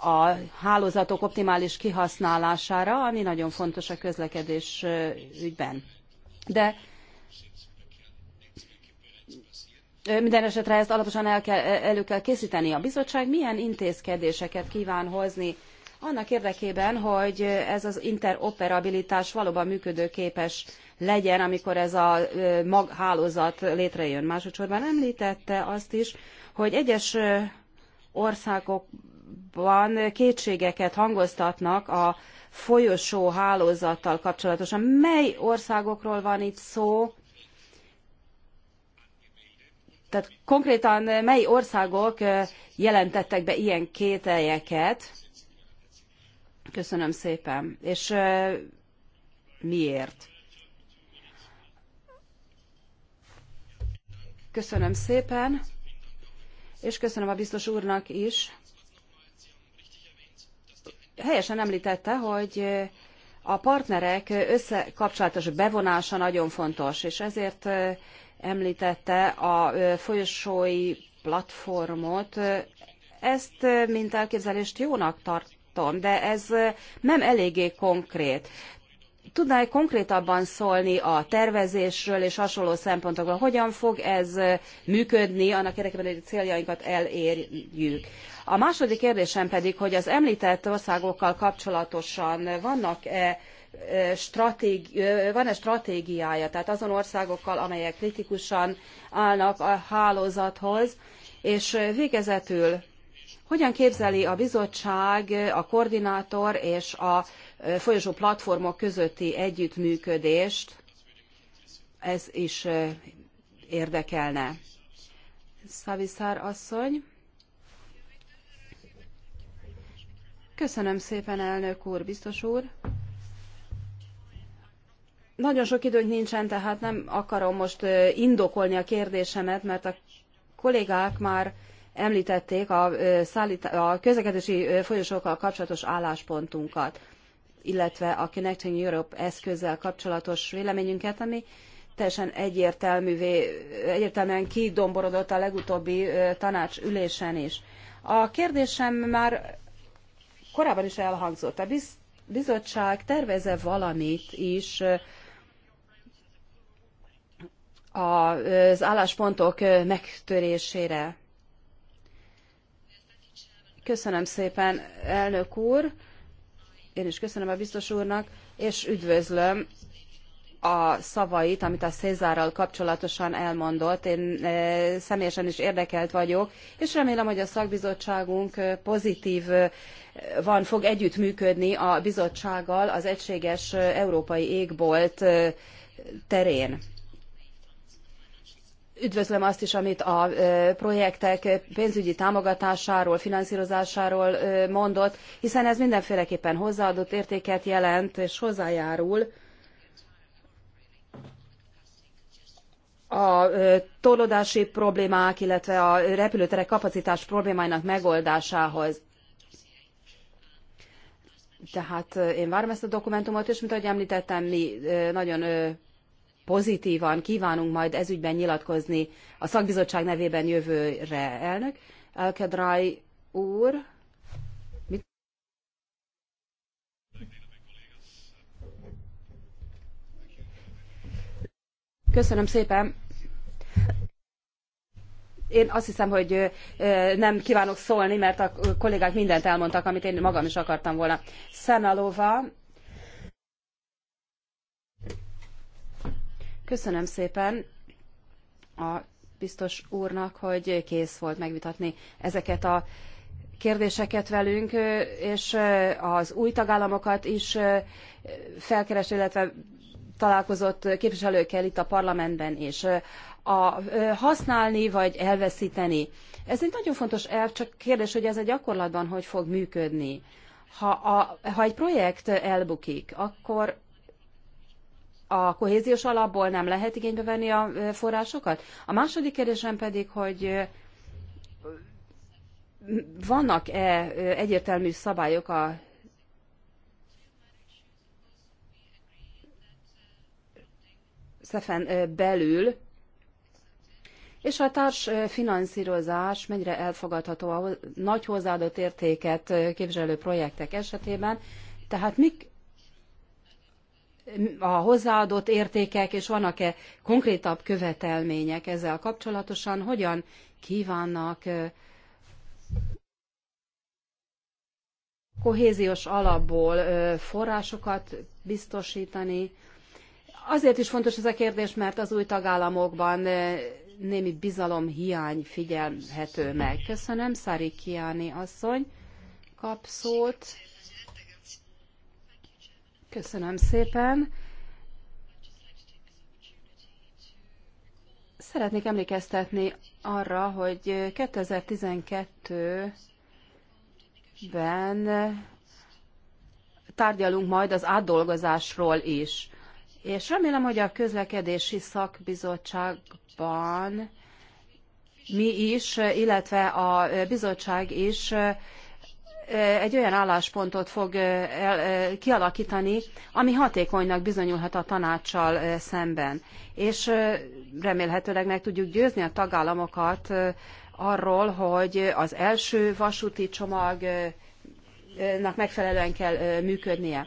a hálózatok optimális kihasználására, ami nagyon fontos a közlekedés eh, ügyben. De eh, minden esetre ezt alaposan el kell, elő kell készíteni. A bizottság milyen intézkedéseket kíván hozni annak érdekében, hogy ez az interoperabilitás valóban működőképes legyen, amikor ez a maghálózat létrejön. Másodszorban említette azt is, hogy egyes országokban kétségeket hangoztatnak a folyosó hálózattal kapcsolatosan. Mely országokról van itt szó? Tehát konkrétan mely országok jelentettek be ilyen kételjeket? Köszönöm szépen. És miért? Köszönöm szépen, és köszönöm a biztos úrnak is. Helyesen említette, hogy a partnerek összekapcsolatos bevonása nagyon fontos, és ezért említette a folyosói platformot. Ezt, mint elképzelést jónak tart, tartom, de ez nem eléggé konkrét. Tudná -e konkrétabban szólni a tervezésről és hasonló szempontokról? Hogyan fog ez működni annak érdekében, hogy a céljainkat elérjük? A második kérdésem pedig, hogy az említett országokkal kapcsolatosan vannak-e stratégi, van-e stratégiája, tehát azon országokkal, amelyek kritikusan állnak a hálózathoz, és végezetül hogyan képzeli a bizottság, a koordinátor és a folyosó platformok közötti együttműködést? Ez is érdekelne. Szaviszár asszony. Köszönöm szépen, elnök úr, biztos úr. Nagyon sok időnk nincsen, tehát nem akarom most indokolni a kérdésemet, mert a kollégák már említették a, a közlekedési folyosókkal kapcsolatos álláspontunkat, illetve a Connecting Europe eszközzel kapcsolatos véleményünket, ami teljesen egyértelművé, egyértelműen kidomborodott a legutóbbi tanács ülésén is. A kérdésem már korábban is elhangzott. A bizottság terveze valamit is az álláspontok megtörésére Köszönöm szépen, elnök úr. Én is köszönöm a biztos úrnak, és üdvözlöm a szavait, amit a Cézárral kapcsolatosan elmondott. Én e, személyesen is érdekelt vagyok, és remélem, hogy a szakbizottságunk e, pozitív e, van, fog együttműködni a bizottsággal az egységes európai égbolt terén. Üdvözlöm azt is, amit a projektek pénzügyi támogatásáról, finanszírozásáról mondott, hiszen ez mindenféleképpen hozzáadott értéket jelent és hozzájárul a torlódási problémák, illetve a repülőterek kapacitás problémáinak megoldásához. Tehát én várom ezt a dokumentumot, és mint ahogy említettem, mi nagyon pozitívan kívánunk majd ezügyben nyilatkozni a szakbizottság nevében jövőre elnök. Elkedraj úr, Köszönöm szépen. Én azt hiszem, hogy nem kívánok szólni, mert a kollégák mindent elmondtak, amit én magam is akartam volna. Szenalova Köszönöm szépen a biztos úrnak, hogy kész volt megvitatni ezeket a kérdéseket velünk, és az új tagállamokat is felkeres, illetve találkozott képviselőkkel itt a parlamentben is. A használni vagy elveszíteni. Ez egy nagyon fontos elv, csak kérdés, hogy ez a gyakorlatban hogy fog működni. Ha, a, ha egy projekt elbukik, akkor a kohéziós alapból nem lehet igénybe venni a forrásokat? A második kérdésem pedig, hogy vannak-e egyértelmű szabályok a szefen belül, és a társfinanszírozás mennyire elfogadható a nagy hozzáadott értéket képzelő projektek esetében, tehát mik a hozzáadott értékek, és vannak-e konkrétabb követelmények ezzel kapcsolatosan, hogyan kívánnak kohéziós alapból forrásokat biztosítani. Azért is fontos ez a kérdés, mert az új tagállamokban némi bizalom hiány figyelhető meg. Köszönöm, Szari Kiáni asszony kap szót. Köszönöm szépen. Szeretnék emlékeztetni arra, hogy 2012-ben tárgyalunk majd az átdolgozásról is. És remélem, hogy a közlekedési szakbizottságban mi is, illetve a bizottság is egy olyan álláspontot fog el, kialakítani, ami hatékonynak bizonyulhat a tanácssal szemben. És remélhetőleg meg tudjuk győzni a tagállamokat arról, hogy az első vasúti csomagnak megfelelően kell működnie.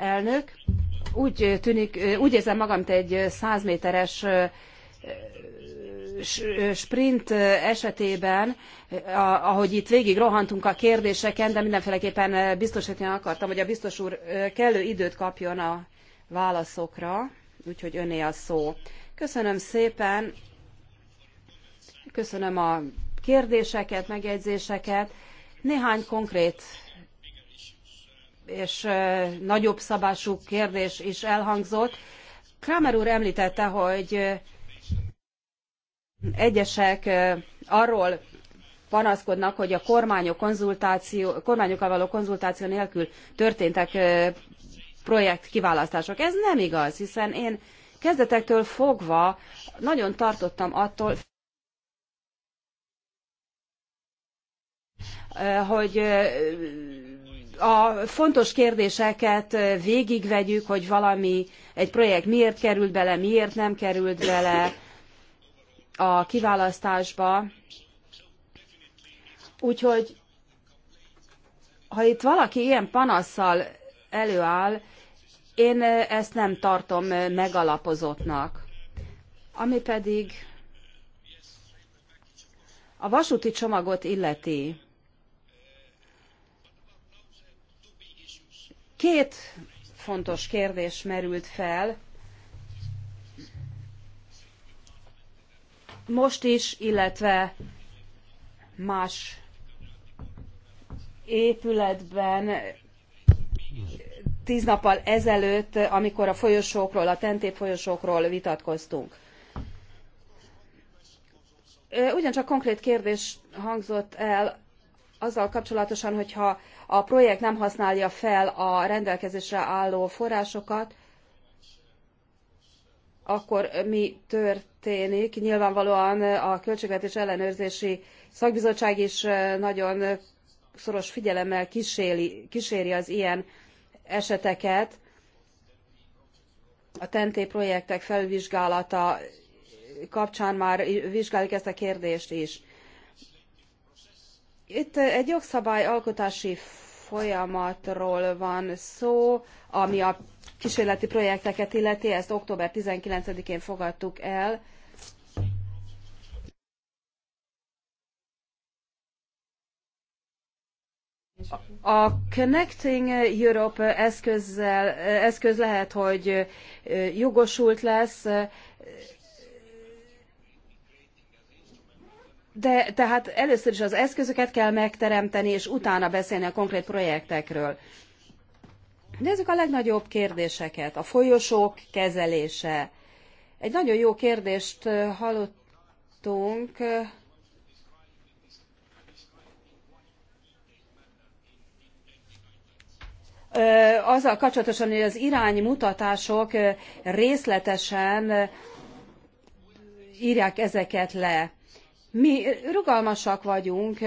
Elnök, úgy tűnik, úgy érzem magam, mint egy 100 méteres sprint esetében, ahogy itt végig rohantunk a kérdéseken, de mindenféleképpen biztosítani akartam, hogy a biztos úr kellő időt kapjon a válaszokra, úgyhogy öné a szó. Köszönöm szépen, köszönöm a kérdéseket, megjegyzéseket. Néhány konkrét és nagyobb szabású kérdés is elhangzott. Kramer úr említette, hogy Egyesek arról panaszkodnak, hogy a kormányok konzultáció, kormányokkal való konzultáció nélkül történtek projektkiválasztások. Ez nem igaz, hiszen én kezdetektől fogva nagyon tartottam attól, hogy a fontos kérdéseket végigvegyük, hogy valami, egy projekt miért került bele, miért nem került bele, a kiválasztásba. Úgyhogy, ha itt valaki ilyen panasszal előáll, én ezt nem tartom megalapozottnak. Ami pedig a vasúti csomagot illeti. Két fontos kérdés merült fel. most is, illetve más épületben tíz nappal ezelőtt, amikor a folyosókról, a tentép folyosókról vitatkoztunk. Ugyancsak konkrét kérdés hangzott el azzal kapcsolatosan, hogyha a projekt nem használja fel a rendelkezésre álló forrásokat, akkor mi történik. Nyilvánvalóan a Költségvetés Ellenőrzési Szakbizottság is nagyon szoros figyelemmel kíséri, kíséri az ilyen eseteket. A TNT projektek felvizsgálata kapcsán már vizsgáljuk ezt a kérdést is. Itt egy alkotási folyamatról van szó, ami a kísérleti projekteket illeti, ezt október 19-én fogadtuk el. A Connecting Europe eszközzel, eszköz lehet, hogy jogosult lesz, de tehát először is az eszközöket kell megteremteni, és utána beszélni a konkrét projektekről. Nézzük a legnagyobb kérdéseket. A folyosók kezelése. Egy nagyon jó kérdést hallottunk. Azzal kapcsolatosan, hogy az iránymutatások részletesen írják ezeket le. Mi rugalmasak vagyunk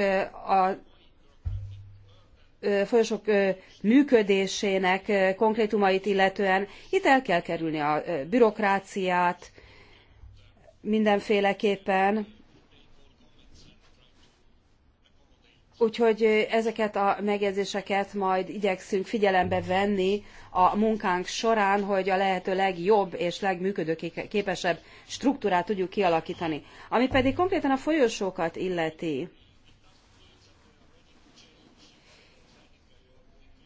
a folyosók működésének konkrétumait illetően itt el kell kerülni a bürokráciát mindenféleképpen. Úgyhogy ezeket a megjegyzéseket majd igyekszünk figyelembe venni a munkánk során, hogy a lehető legjobb és legműködőképesebb struktúrát tudjuk kialakítani. Ami pedig konkrétan a folyosókat illeti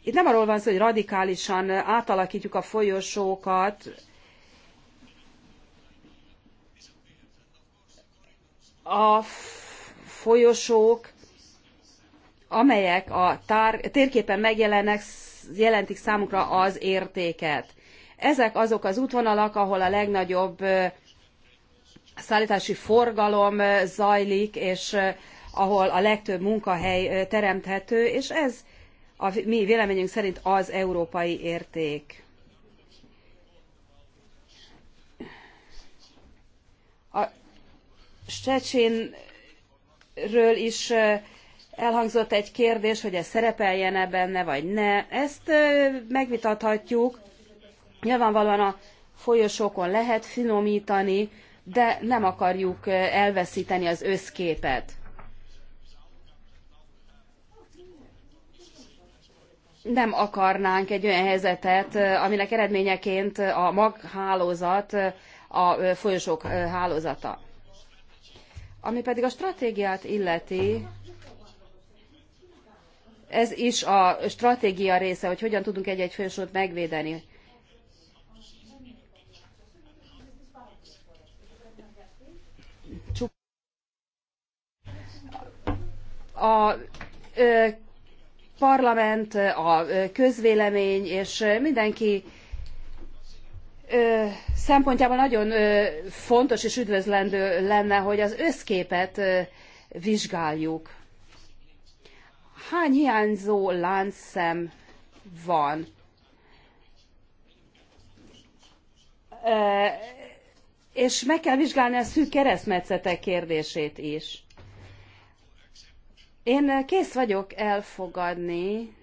Itt nem arról van szó, hogy radikálisan átalakítjuk a folyosókat, a folyosók, amelyek a tár, térképen megjelennek, jelentik számukra az értéket. Ezek azok az útvonalak, ahol a legnagyobb szállítási forgalom zajlik, és ahol a legtöbb munkahely teremthető, és ez a mi véleményünk szerint az európai érték. A Stecsinről is elhangzott egy kérdés, hogy ez szerepeljen-e benne, vagy ne. Ezt megvitathatjuk. Nyilvánvalóan a folyosókon lehet finomítani, de nem akarjuk elveszíteni az összképet. nem akarnánk egy olyan helyzetet, aminek eredményeként a maghálózat a folyosók hálózata. Ami pedig a stratégiát illeti, ez is a stratégia része, hogy hogyan tudunk egy-egy folyosót megvédeni. A parlament, a közvélemény és mindenki szempontjából nagyon fontos és üdvözlendő lenne, hogy az összképet vizsgáljuk. Hány hiányzó láncszem van? És meg kell vizsgálni a szűk keresztmetszetek kérdését is. Én eh, kész vagyok elfogadni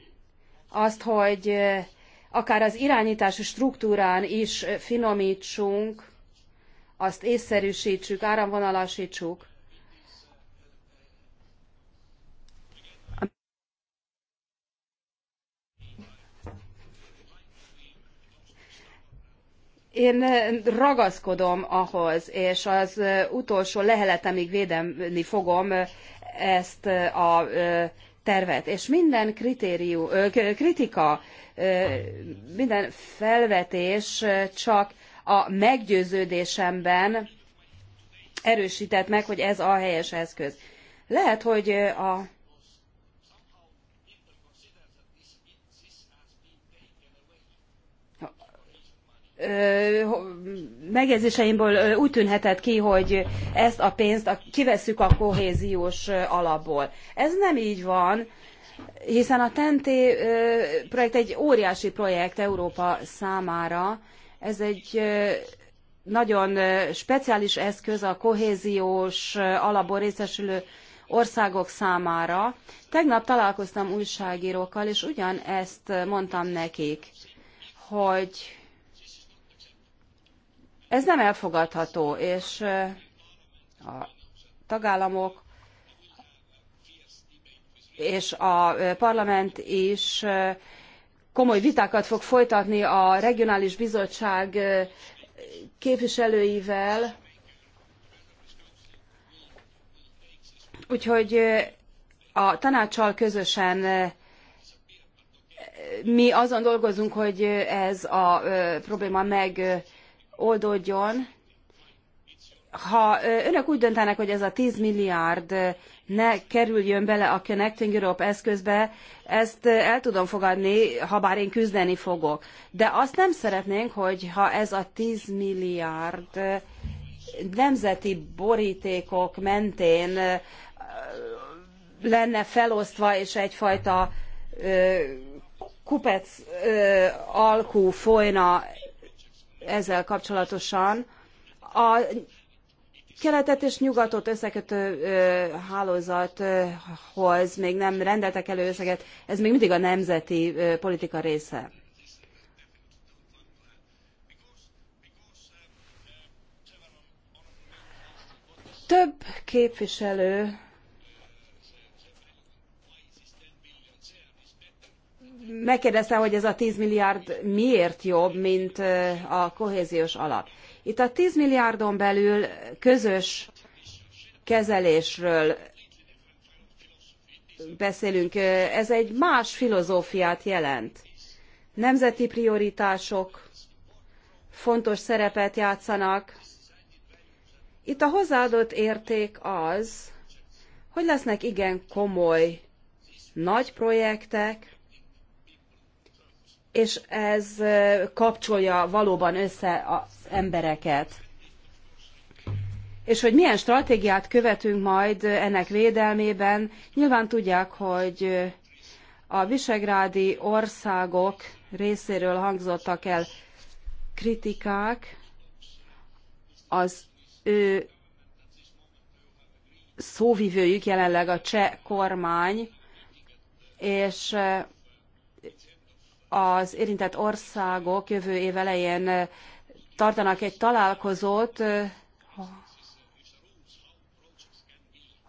azt, hogy eh, akár az irányítási struktúrán is eh, finomítsunk, azt észszerűsítsük, áramvonalasítsuk. Én ragaszkodom ahhoz, és az utolsó leheletemig védeni fogom ezt a tervet. És minden kritérium, kritika, minden felvetés csak a meggyőződésemben erősített meg, hogy ez a helyes eszköz. Lehet, hogy a megjegyzéseimből úgy tűnhetett ki, hogy ezt a pénzt kivesszük a kohéziós alapból. Ez nem így van, hiszen a TNT projekt egy óriási projekt Európa számára. Ez egy nagyon speciális eszköz a kohéziós alapból részesülő országok számára. Tegnap találkoztam újságírókkal, és ugyanezt mondtam nekik, hogy ez nem elfogadható, és a tagállamok és a parlament is komoly vitákat fog folytatni a regionális bizottság képviselőivel, úgyhogy a tanácssal közösen mi azon dolgozunk, hogy ez a probléma meg oldódjon. Ha önök úgy döntenek, hogy ez a 10 milliárd ne kerüljön bele a Connecting Europe eszközbe, ezt el tudom fogadni, ha bár én küzdeni fogok. De azt nem szeretnénk, hogy ha ez a 10 milliárd nemzeti borítékok mentén lenne felosztva, és egyfajta kupec alkú folyna ezzel kapcsolatosan. A keletet és nyugatot összekötő hálózathoz még nem rendeltek elő összeget, ez még mindig a nemzeti politika része. Több képviselő megkérdezte, hogy ez a 10 milliárd miért jobb, mint a kohéziós alap. Itt a 10 milliárdon belül közös kezelésről beszélünk. Ez egy más filozófiát jelent. Nemzeti prioritások fontos szerepet játszanak. Itt a hozzáadott érték az, hogy lesznek igen komoly nagy projektek, és ez kapcsolja valóban össze az embereket. És hogy milyen stratégiát követünk majd ennek védelmében, nyilván tudják, hogy a visegrádi országok részéről hangzottak el kritikák az ő szóvivőjük jelenleg a cseh kormány, és az érintett országok jövő év elején tartanak egy találkozót,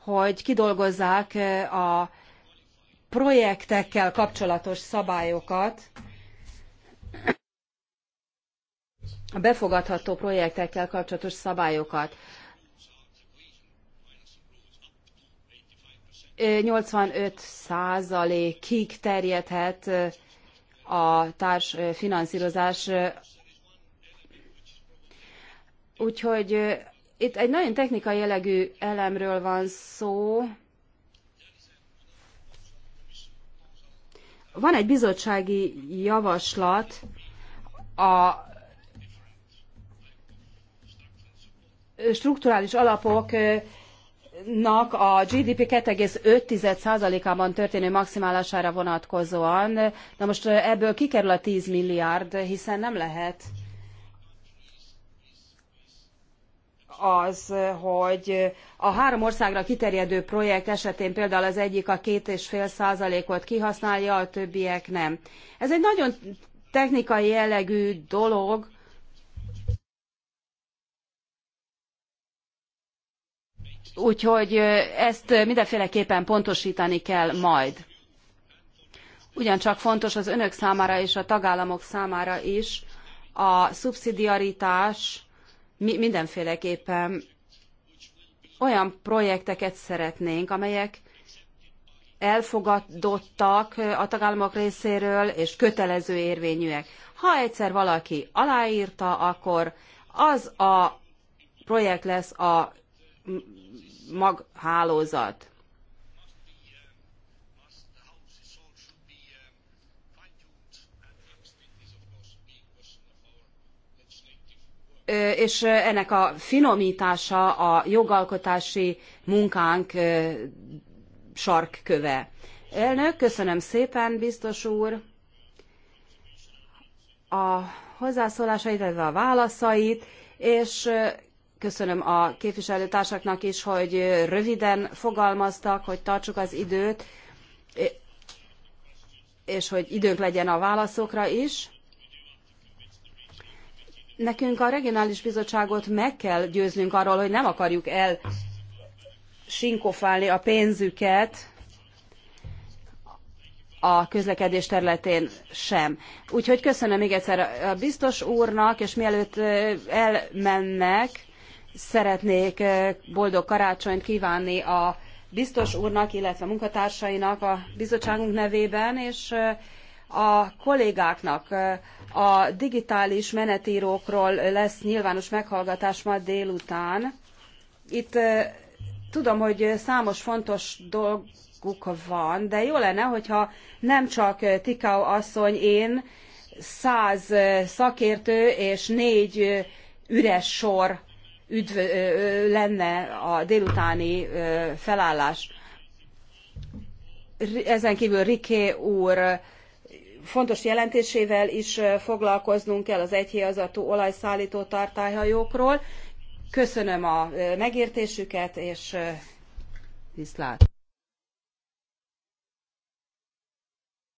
hogy kidolgozzák a projektekkel kapcsolatos szabályokat, a befogadható projektekkel kapcsolatos szabályokat. 85 százalékig terjedhet a finanszírozás. Úgyhogy itt egy nagyon technikai jellegű elemről van szó. Van egy bizottsági javaslat a strukturális alapok nak a GDP 2,5%-ában történő maximálására vonatkozóan. Na most ebből kikerül a 10 milliárd, hiszen nem lehet az, hogy a három országra kiterjedő projekt esetén például az egyik a két és fél százalékot kihasználja, a többiek nem. Ez egy nagyon technikai jellegű dolog, Úgyhogy ezt mindenféleképpen pontosítani kell majd. Ugyancsak fontos az önök számára és a tagállamok számára is a szubszidiaritás mindenféleképpen olyan projekteket szeretnénk, amelyek elfogadottak a tagállamok részéről, és kötelező érvényűek. Ha egyszer valaki aláírta, akkor az a projekt lesz a maghálózat. és ennek a finomítása a jogalkotási munkánk sarkköve. Elnök, köszönöm szépen, biztos úr. A hozzászólásait, illetve a válaszait, és köszönöm a képviselőtársaknak is, hogy röviden fogalmaztak, hogy tartsuk az időt, és hogy időnk legyen a válaszokra is. Nekünk a regionális bizottságot meg kell győznünk arról, hogy nem akarjuk el sinkofálni a pénzüket a közlekedés területén sem. Úgyhogy köszönöm még egyszer a biztos úrnak, és mielőtt eh, elmennek, szeretnék eh, boldog karácsonyt kívánni a biztos úrnak, illetve munkatársainak a bizottságunk nevében, és eh, a kollégáknak eh, a digitális menetírókról lesz nyilvános meghallgatás ma délután. Itt tudom, hogy számos fontos dolguk van, de jó lenne, hogyha nem csak Tikau asszony, én, száz szakértő és négy üres sor üdv lenne a délutáni felállás. Ezen kívül Riké úr fontos jelentésével is foglalkoznunk kell az egyhéjazatú olajszállító tartályhajókról. Köszönöm a megértésüket, és viszlát!